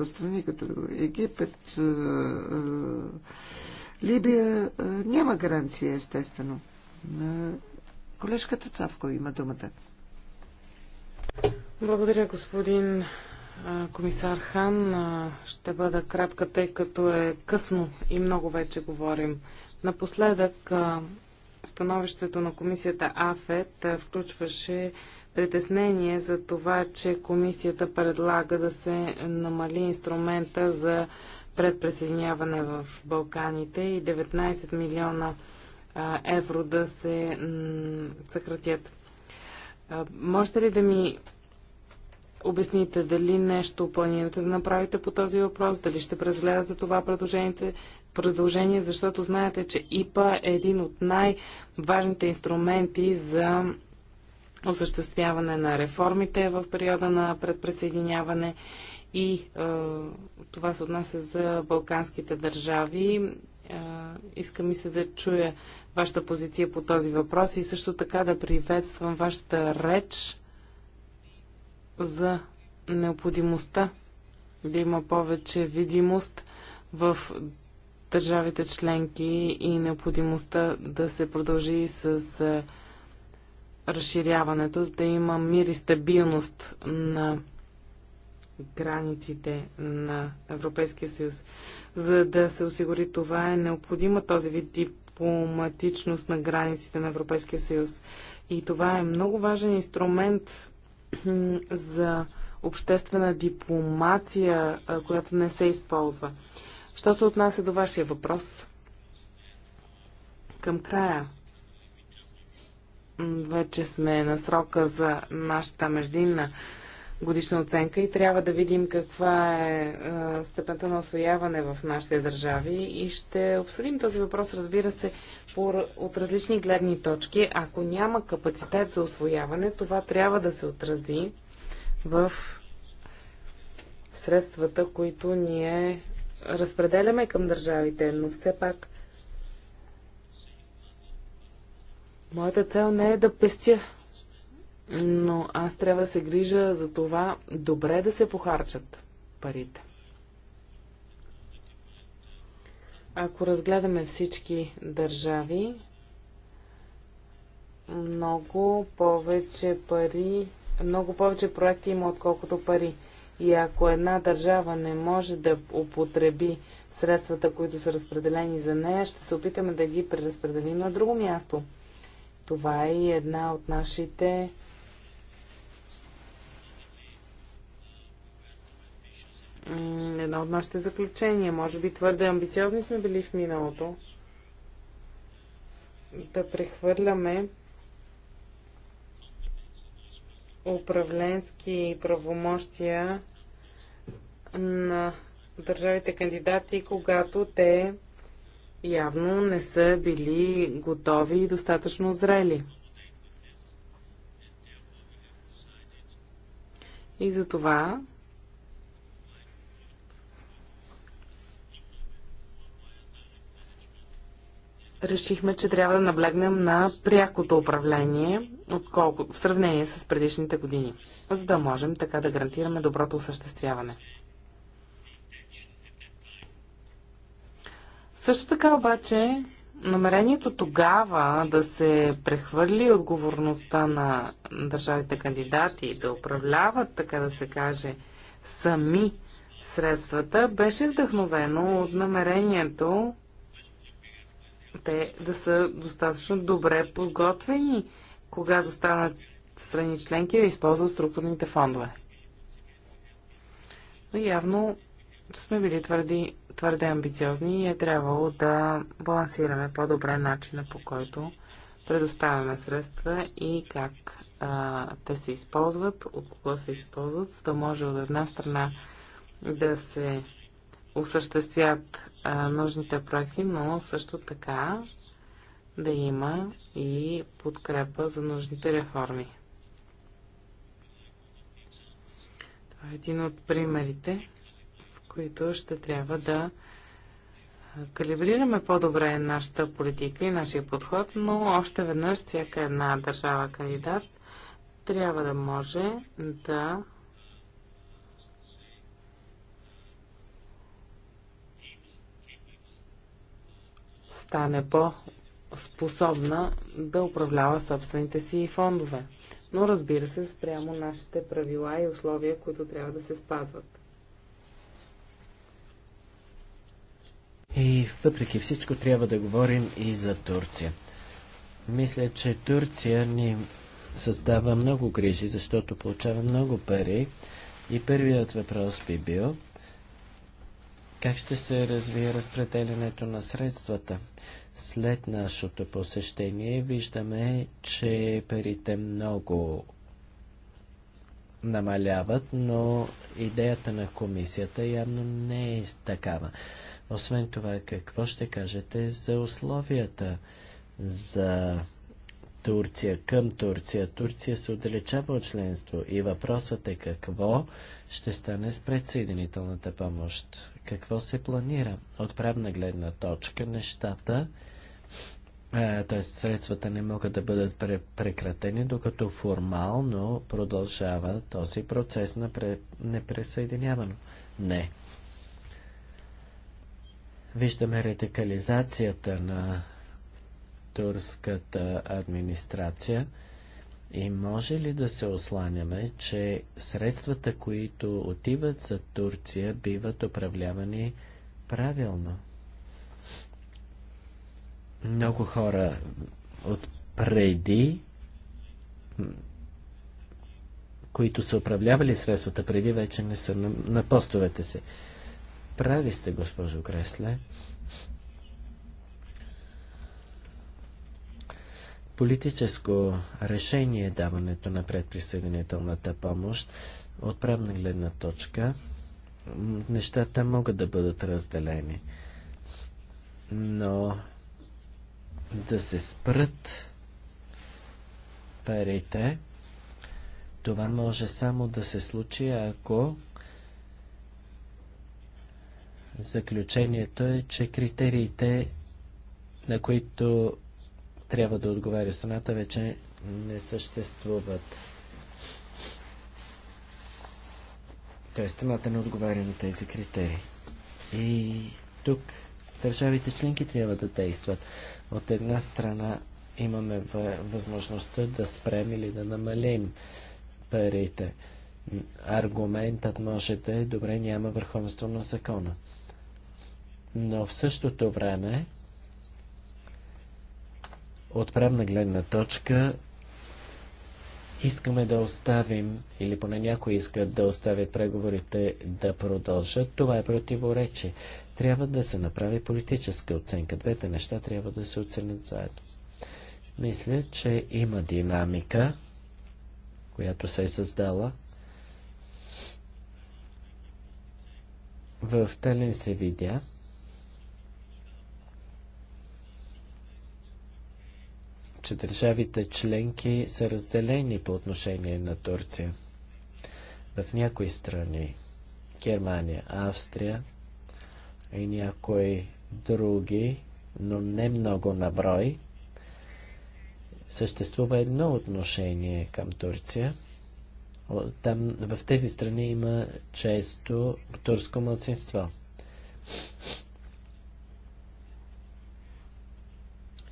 S1: страни като Египет, Либия, няма гаранция, естествено. Колежката Цавко има думата.
S2: Благодаря, господин комисар Хан. Ще бъда кратка, тъй като е късно и много вече говорим. Напоследък становището на комисията АФЕТ включваше притеснение за това, че комисията предлага да се намали инструмента за предпресъединяване в Балканите и 19 милиона евро да се съкратят. Можете ли да ми обясните дали нещо планирате да направите по този въпрос, дали ще презгледате това предложение, продължение, защото знаете, че ИПА е един от най-важните инструменти за осъществяване на реформите в периода на предпресъединяване и е, това се отнася за балканските държави. Е, иска ми се да чуя вашата позиция по този въпрос и също така да приветствам вашата реч за необходимостта да има повече видимост в държавите членки и необходимостта да се продължи с разширяването, за да има мир и стабилност на границите на Европейския съюз. За да се осигури това е необходима този вид дипломатичност на границите на Европейския съюз. И това е много важен инструмент за обществена дипломация, която не се използва. Що се отнася до вашия въпрос? Към края вече сме на срока за нашата междинна годишна оценка и трябва да видим каква е степента на освояване в нашите държави и ще обсъдим този въпрос, разбира се, по, от различни гледни точки. Ако няма капацитет за освояване, това трябва да се отрази в средствата, които ние разпределяме към държавите, но все пак моята цел не е да пестя, но аз трябва да се грижа за това добре да се похарчат парите. Ако разгледаме всички държави, много повече пари, много повече проекти има, отколкото пари. И ако една държава не може да употреби средствата, които са разпределени за нея, ще се опитаме да ги преразпределим на друго място. Това е и една от нашите едно от нашите заключения. Може би твърде амбициозни сме били в миналото да прехвърляме управленски правомощия на държавите кандидати, когато те явно не са били готови и достатъчно зрели. И за това. решихме, че трябва да наблегнем на прякото управление отколко, в сравнение с предишните години, за да можем така да гарантираме доброто осъществяване. Също така обаче намерението тогава да се прехвърли отговорността на държавите кандидати да управляват, така да се каже, сами средствата, беше вдъхновено от намерението те да са достатъчно добре подготвени, когато станат страни членки да използват структурните фондове. Но явно сме били твърди, твърде амбициозни и е трябвало да балансираме по-добре начина по който предоставяме средства и как а, те се използват, от кого се използват, за да може от една страна да се осъществят нужните проекти, но също така да има и подкрепа за нужните реформи. Това е един от примерите, в които ще трябва да калибрираме по-добре нашата политика и нашия подход, но още веднъж всяка една държава кандидат трябва да може да стане по-способна да управлява собствените си фондове. Но разбира се, спрямо нашите правила и условия, които трябва да се спазват.
S3: И въпреки всичко трябва да говорим и за Турция. Мисля, че Турция ни създава много грижи, защото получава много пари. И първият въпрос би бил, как ще се развие разпределянето на средствата? След нашето посещение виждаме, че парите много намаляват, но идеята на комисията явно не е такава. Освен това, какво ще кажете за условията за Турция към Турция? Турция се отдалечава от членство и въпросът е какво ще стане с предсъединителната помощ какво се планира. От правна гледна точка нещата, т.е. средствата не могат да бъдат прекратени, докато формално продължава този процес на пре... непресъединяване. Не. Виждаме радикализацията на турската администрация – и може ли да се осланяме, че средствата, които отиват за Турция, биват управлявани правилно? Много хора от преди, които са управлявали средствата преди, вече не са на, на постовете си. Прави сте, госпожо Кресле. политическо решение даването на предприсъединителната помощ. От правна гледна точка нещата могат да бъдат разделени. Но да се спрат парите, това може само да се случи, ако заключението е, че критериите, на които трябва да отговаря страната, вече не съществуват. Тоест, страната не отговаря на тези критерии. И тук държавите членки трябва да действат. От една страна имаме възможността да спрем или да намалим парите. Аргументът може да е добре, няма върховенство на закона. Но в същото време от правна гледна точка искаме да оставим, или поне някои искат да оставят преговорите да продължат, това е противоречие. Трябва да се направи политическа оценка. Двете неща трябва да се оценят заедно. Мисля, че има динамика, която се е създала. В Телен се видя, че държавите членки са разделени по отношение на Турция. В някои страни, Германия, Австрия и някои други, но не много на брой, съществува едно отношение към Турция. Там, в тези страни има често турско младсинство.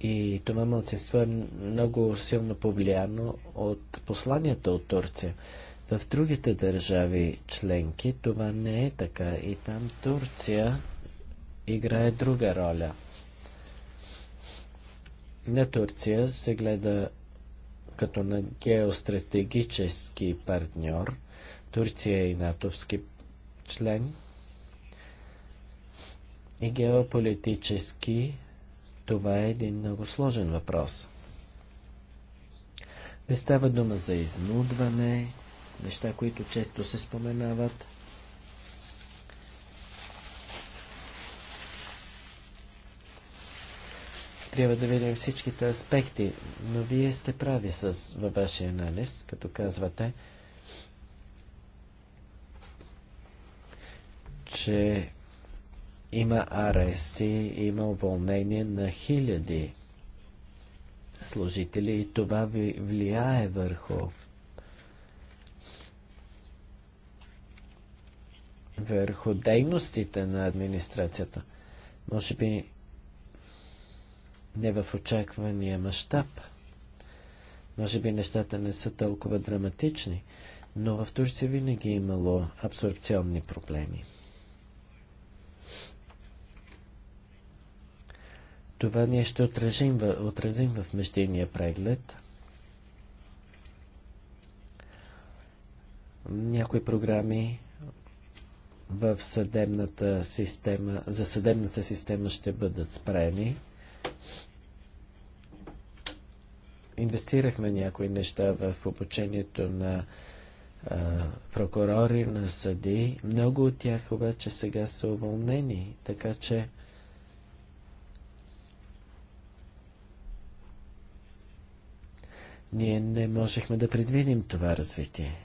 S3: И това мълцинство е много силно повлияно от посланията от Турция. В другите държави членки това не е така и там Турция играе друга роля. На Турция се гледа като на геостратегически партньор. Турция е и натовски член и геополитически това е един много сложен въпрос. Не става дума за изнудване, неща, които често се споменават. Трябва да видим всичките аспекти, но вие сте прави с, във вашия анализ, като казвате, че има арести, има уволнение на хиляди служители и това ви влияе върху върху дейностите на администрацията. Може би не в очаквания мащаб. Може би нещата не са толкова драматични, но в Турция винаги е имало абсорбционни проблеми. Това ние ще отразим, отразим в междинния преглед. Някои програми в съдебната система, за съдебната система ще бъдат спрени. Инвестирахме някои неща в обучението на а, прокурори, на съди. Много от тях обаче сега са уволнени, така че Ние не можехме да предвидим това развитие.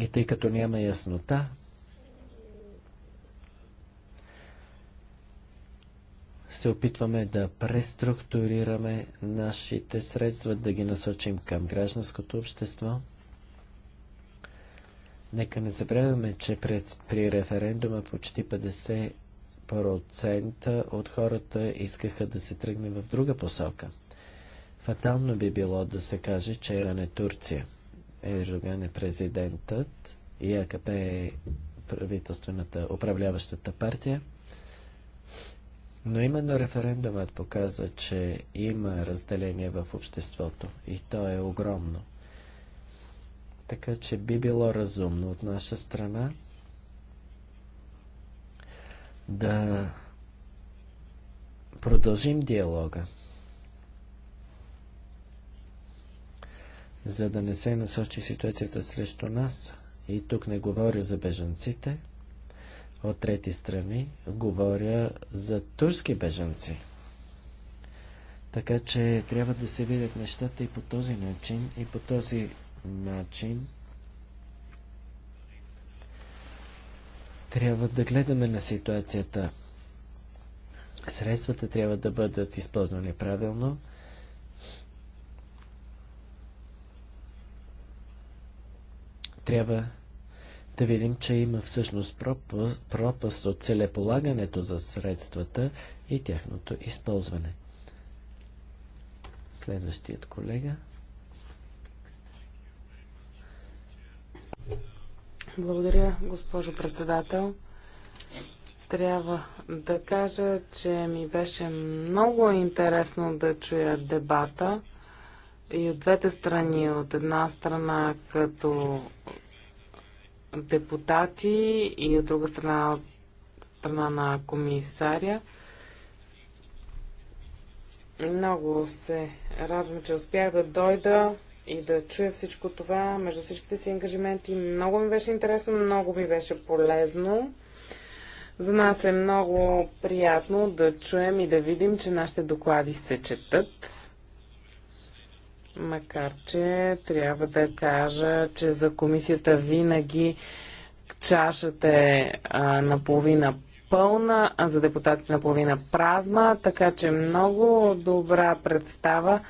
S3: И тъй като няма яснота, се опитваме да преструктурираме нашите средства, да ги насочим към гражданското общество. Нека не забравяме, че при референдума почти 50 процента от хората искаха да се тръгне в друга посока. Фатално би било да се каже, че Ердоган е Турция. Ердоган е президентът и АКП е правителствената управляващата партия. Но именно референдумът показа, че има разделение в обществото и то е огромно. Така че би било разумно от наша страна да продължим диалога, за да не се насочи ситуацията срещу нас. И тук не говоря за бежанците от трети страни, говоря за турски бежанци. Така че трябва да се видят нещата и по този начин, и по този начин трябва да гледаме на ситуацията. Средствата трябва да бъдат използвани правилно. Трябва да видим, че има всъщност пропаст от целеполагането за средствата и тяхното използване. Следващият колега.
S2: Благодаря, госпожо председател. Трябва да кажа, че ми беше много интересно да чуя дебата и от двете страни. От една страна като депутати и от друга страна от страна на комисаря. Много се радвам, че успях да дойда и да чуя всичко това между всичките си ангажименти. Много ми беше интересно, много ми беше полезно. За нас е много приятно да чуем и да видим, че нашите доклади се четат. Макар, че трябва да кажа, че за комисията винаги чашата е а, наполовина пълна, а за депутатите наполовина празна, така че много добра представа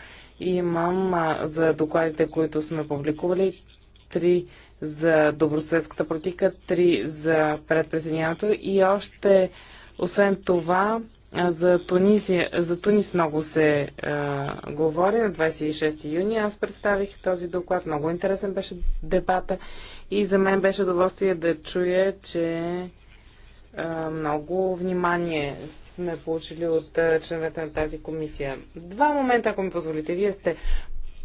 S2: Имам а, за докладите, които сме публикували, три за добросъветската политика, три за предприсъединяването и още, освен това, за Тунис, за Тунис много се а, говори. На 26 юни аз представих този доклад. Много интересен беше дебата и за мен беше удоволствие да чуя, че а, много внимание сме получили от членовете на тази комисия. Два момента, ако ми позволите. Вие сте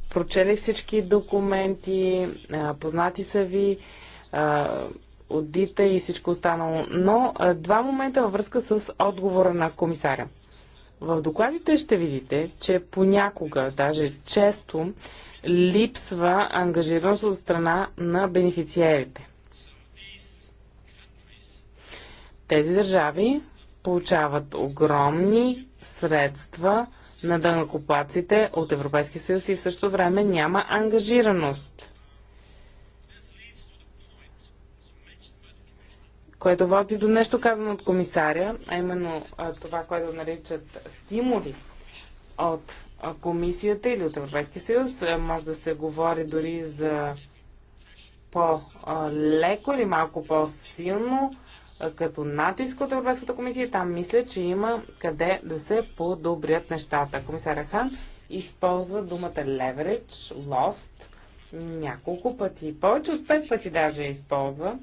S2: прочели всички документи, познати са ви одита и всичко останало. Но два момента във връзка с отговора на комисаря. В докладите ще видите, че понякога, даже често, липсва ангажираност от страна на бенефициерите. Тези държави получават огромни средства на дънакопаците от Европейския съюз и в същото време няма ангажираност. Което води до нещо казано от комисаря, а именно това, което наричат стимули от комисията или от Европейския съюз. Може да се говори дори за по-леко или малко по-силно като натиск от Европейската комисия. Там мисля, че има къде да се подобрят нещата. Комисаря Хан използва думата leverage, lost, няколко пъти, повече от пет пъти даже използва.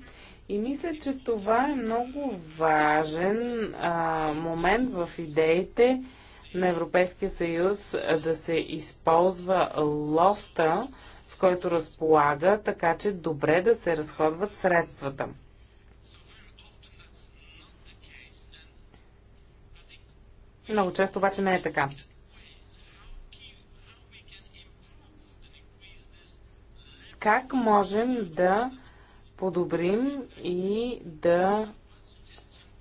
S2: И мисля, че това е много важен а, момент в идеите на Европейския съюз да се използва лоста, с който разполага, така че добре да се разходват средствата. Много често обаче не е така. Как можем да подобрим и да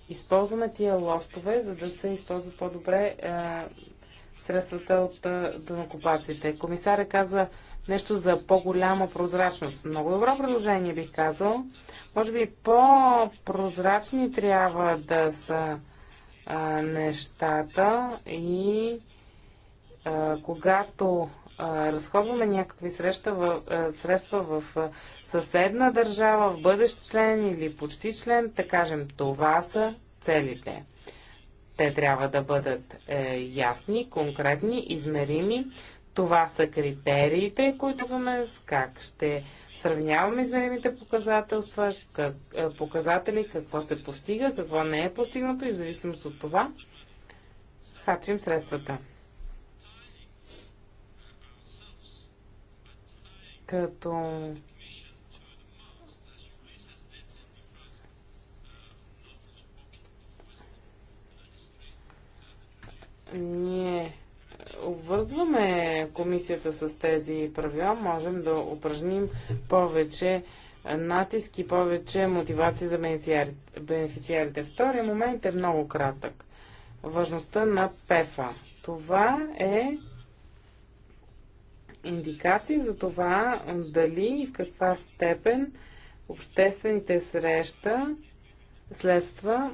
S2: използваме тия лостове, за да се използват по-добре е, средствата от е, дънокопаците. Комисаря каза нещо за по-голяма прозрачност. Много добро предложение бих казал. Може би по-прозрачни трябва да са нещата и а, когато а, разходваме някакви среща в, а, средства в а, съседна държава, в бъдещ член или почти член, да кажем, това са целите. Те трябва да бъдат е, ясни, конкретни,
S3: измерими,
S2: това са критериите, които имаме, как ще сравняваме измерените показателства, как, е, показатели, какво се постига, какво не е постигнато и в зависимост от това хачим средствата. Като ние обвързваме комисията с тези правила, можем да упражним повече натиск и повече мотивации за бенефициарите. Втория момент е много кратък. Важността на ПЕФА. Това е индикации за това дали и в каква степен обществените среща следства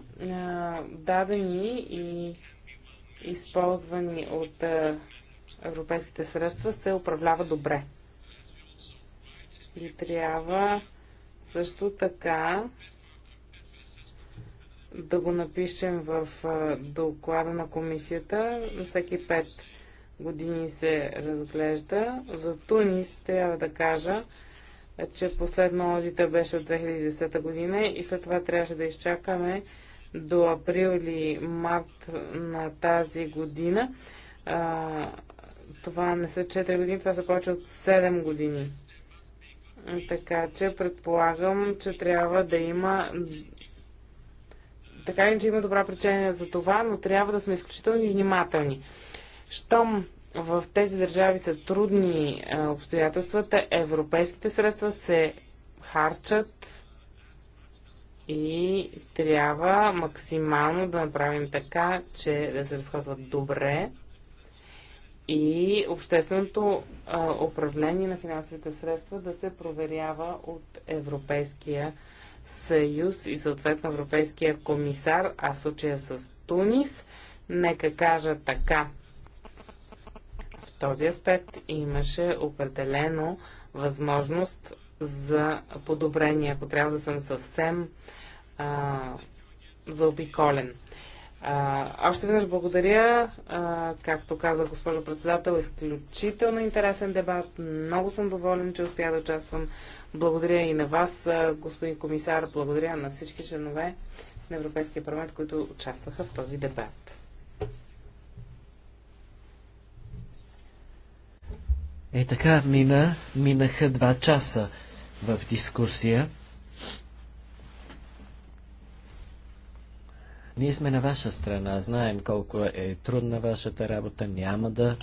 S2: дадени и използвани от европейските средства, се управлява добре. И трябва също така да го напишем в доклада на комисията. всеки пет години се разглежда. За Тунис трябва да кажа, че последно одита беше от 2010 година и след това трябваше да изчакаме до април или март на тази година. А, това не са 4 години, това са повече от 7 години. Така че предполагам, че трябва да има. Така ли, че има добра причина за това, но трябва да сме изключително внимателни. Щом в тези държави са трудни обстоятелствата, европейските средства се харчат и трябва максимално да направим така, че да се разходват добре и общественото а, управление на финансовите средства да се проверява от Европейския съюз и съответно Европейския комисар, а в случая с Тунис, нека кажа така. В този аспект имаше определено възможност за подобрение, ако трябва да съм съвсем а, заобиколен. А, още веднъж благодаря. А, както каза госпожо председател, изключително интересен дебат. Много съм доволен, че успя да участвам. Благодаря и на вас, господин комисар. Благодаря на всички членове на Европейския парламент, които участваха в този дебат.
S3: Е така, мина, минаха два часа в дискусия. Ние сме на ваша страна, знаем колко е трудна вашата работа, няма да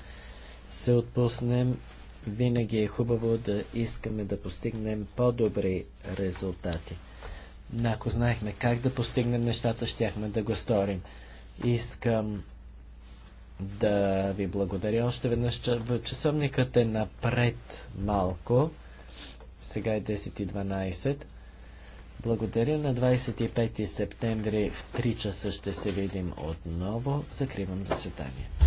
S3: се отпуснем. Винаги е хубаво да искаме да постигнем по-добри резултати. Но ако знаехме как да постигнем нещата, щяхме да го сторим. Искам да ви благодаря още веднъж. Часовникът е напред малко. Сега е 10.12. Благодаря. На 25 септември в 3 часа ще се видим отново. Закривам заседанието.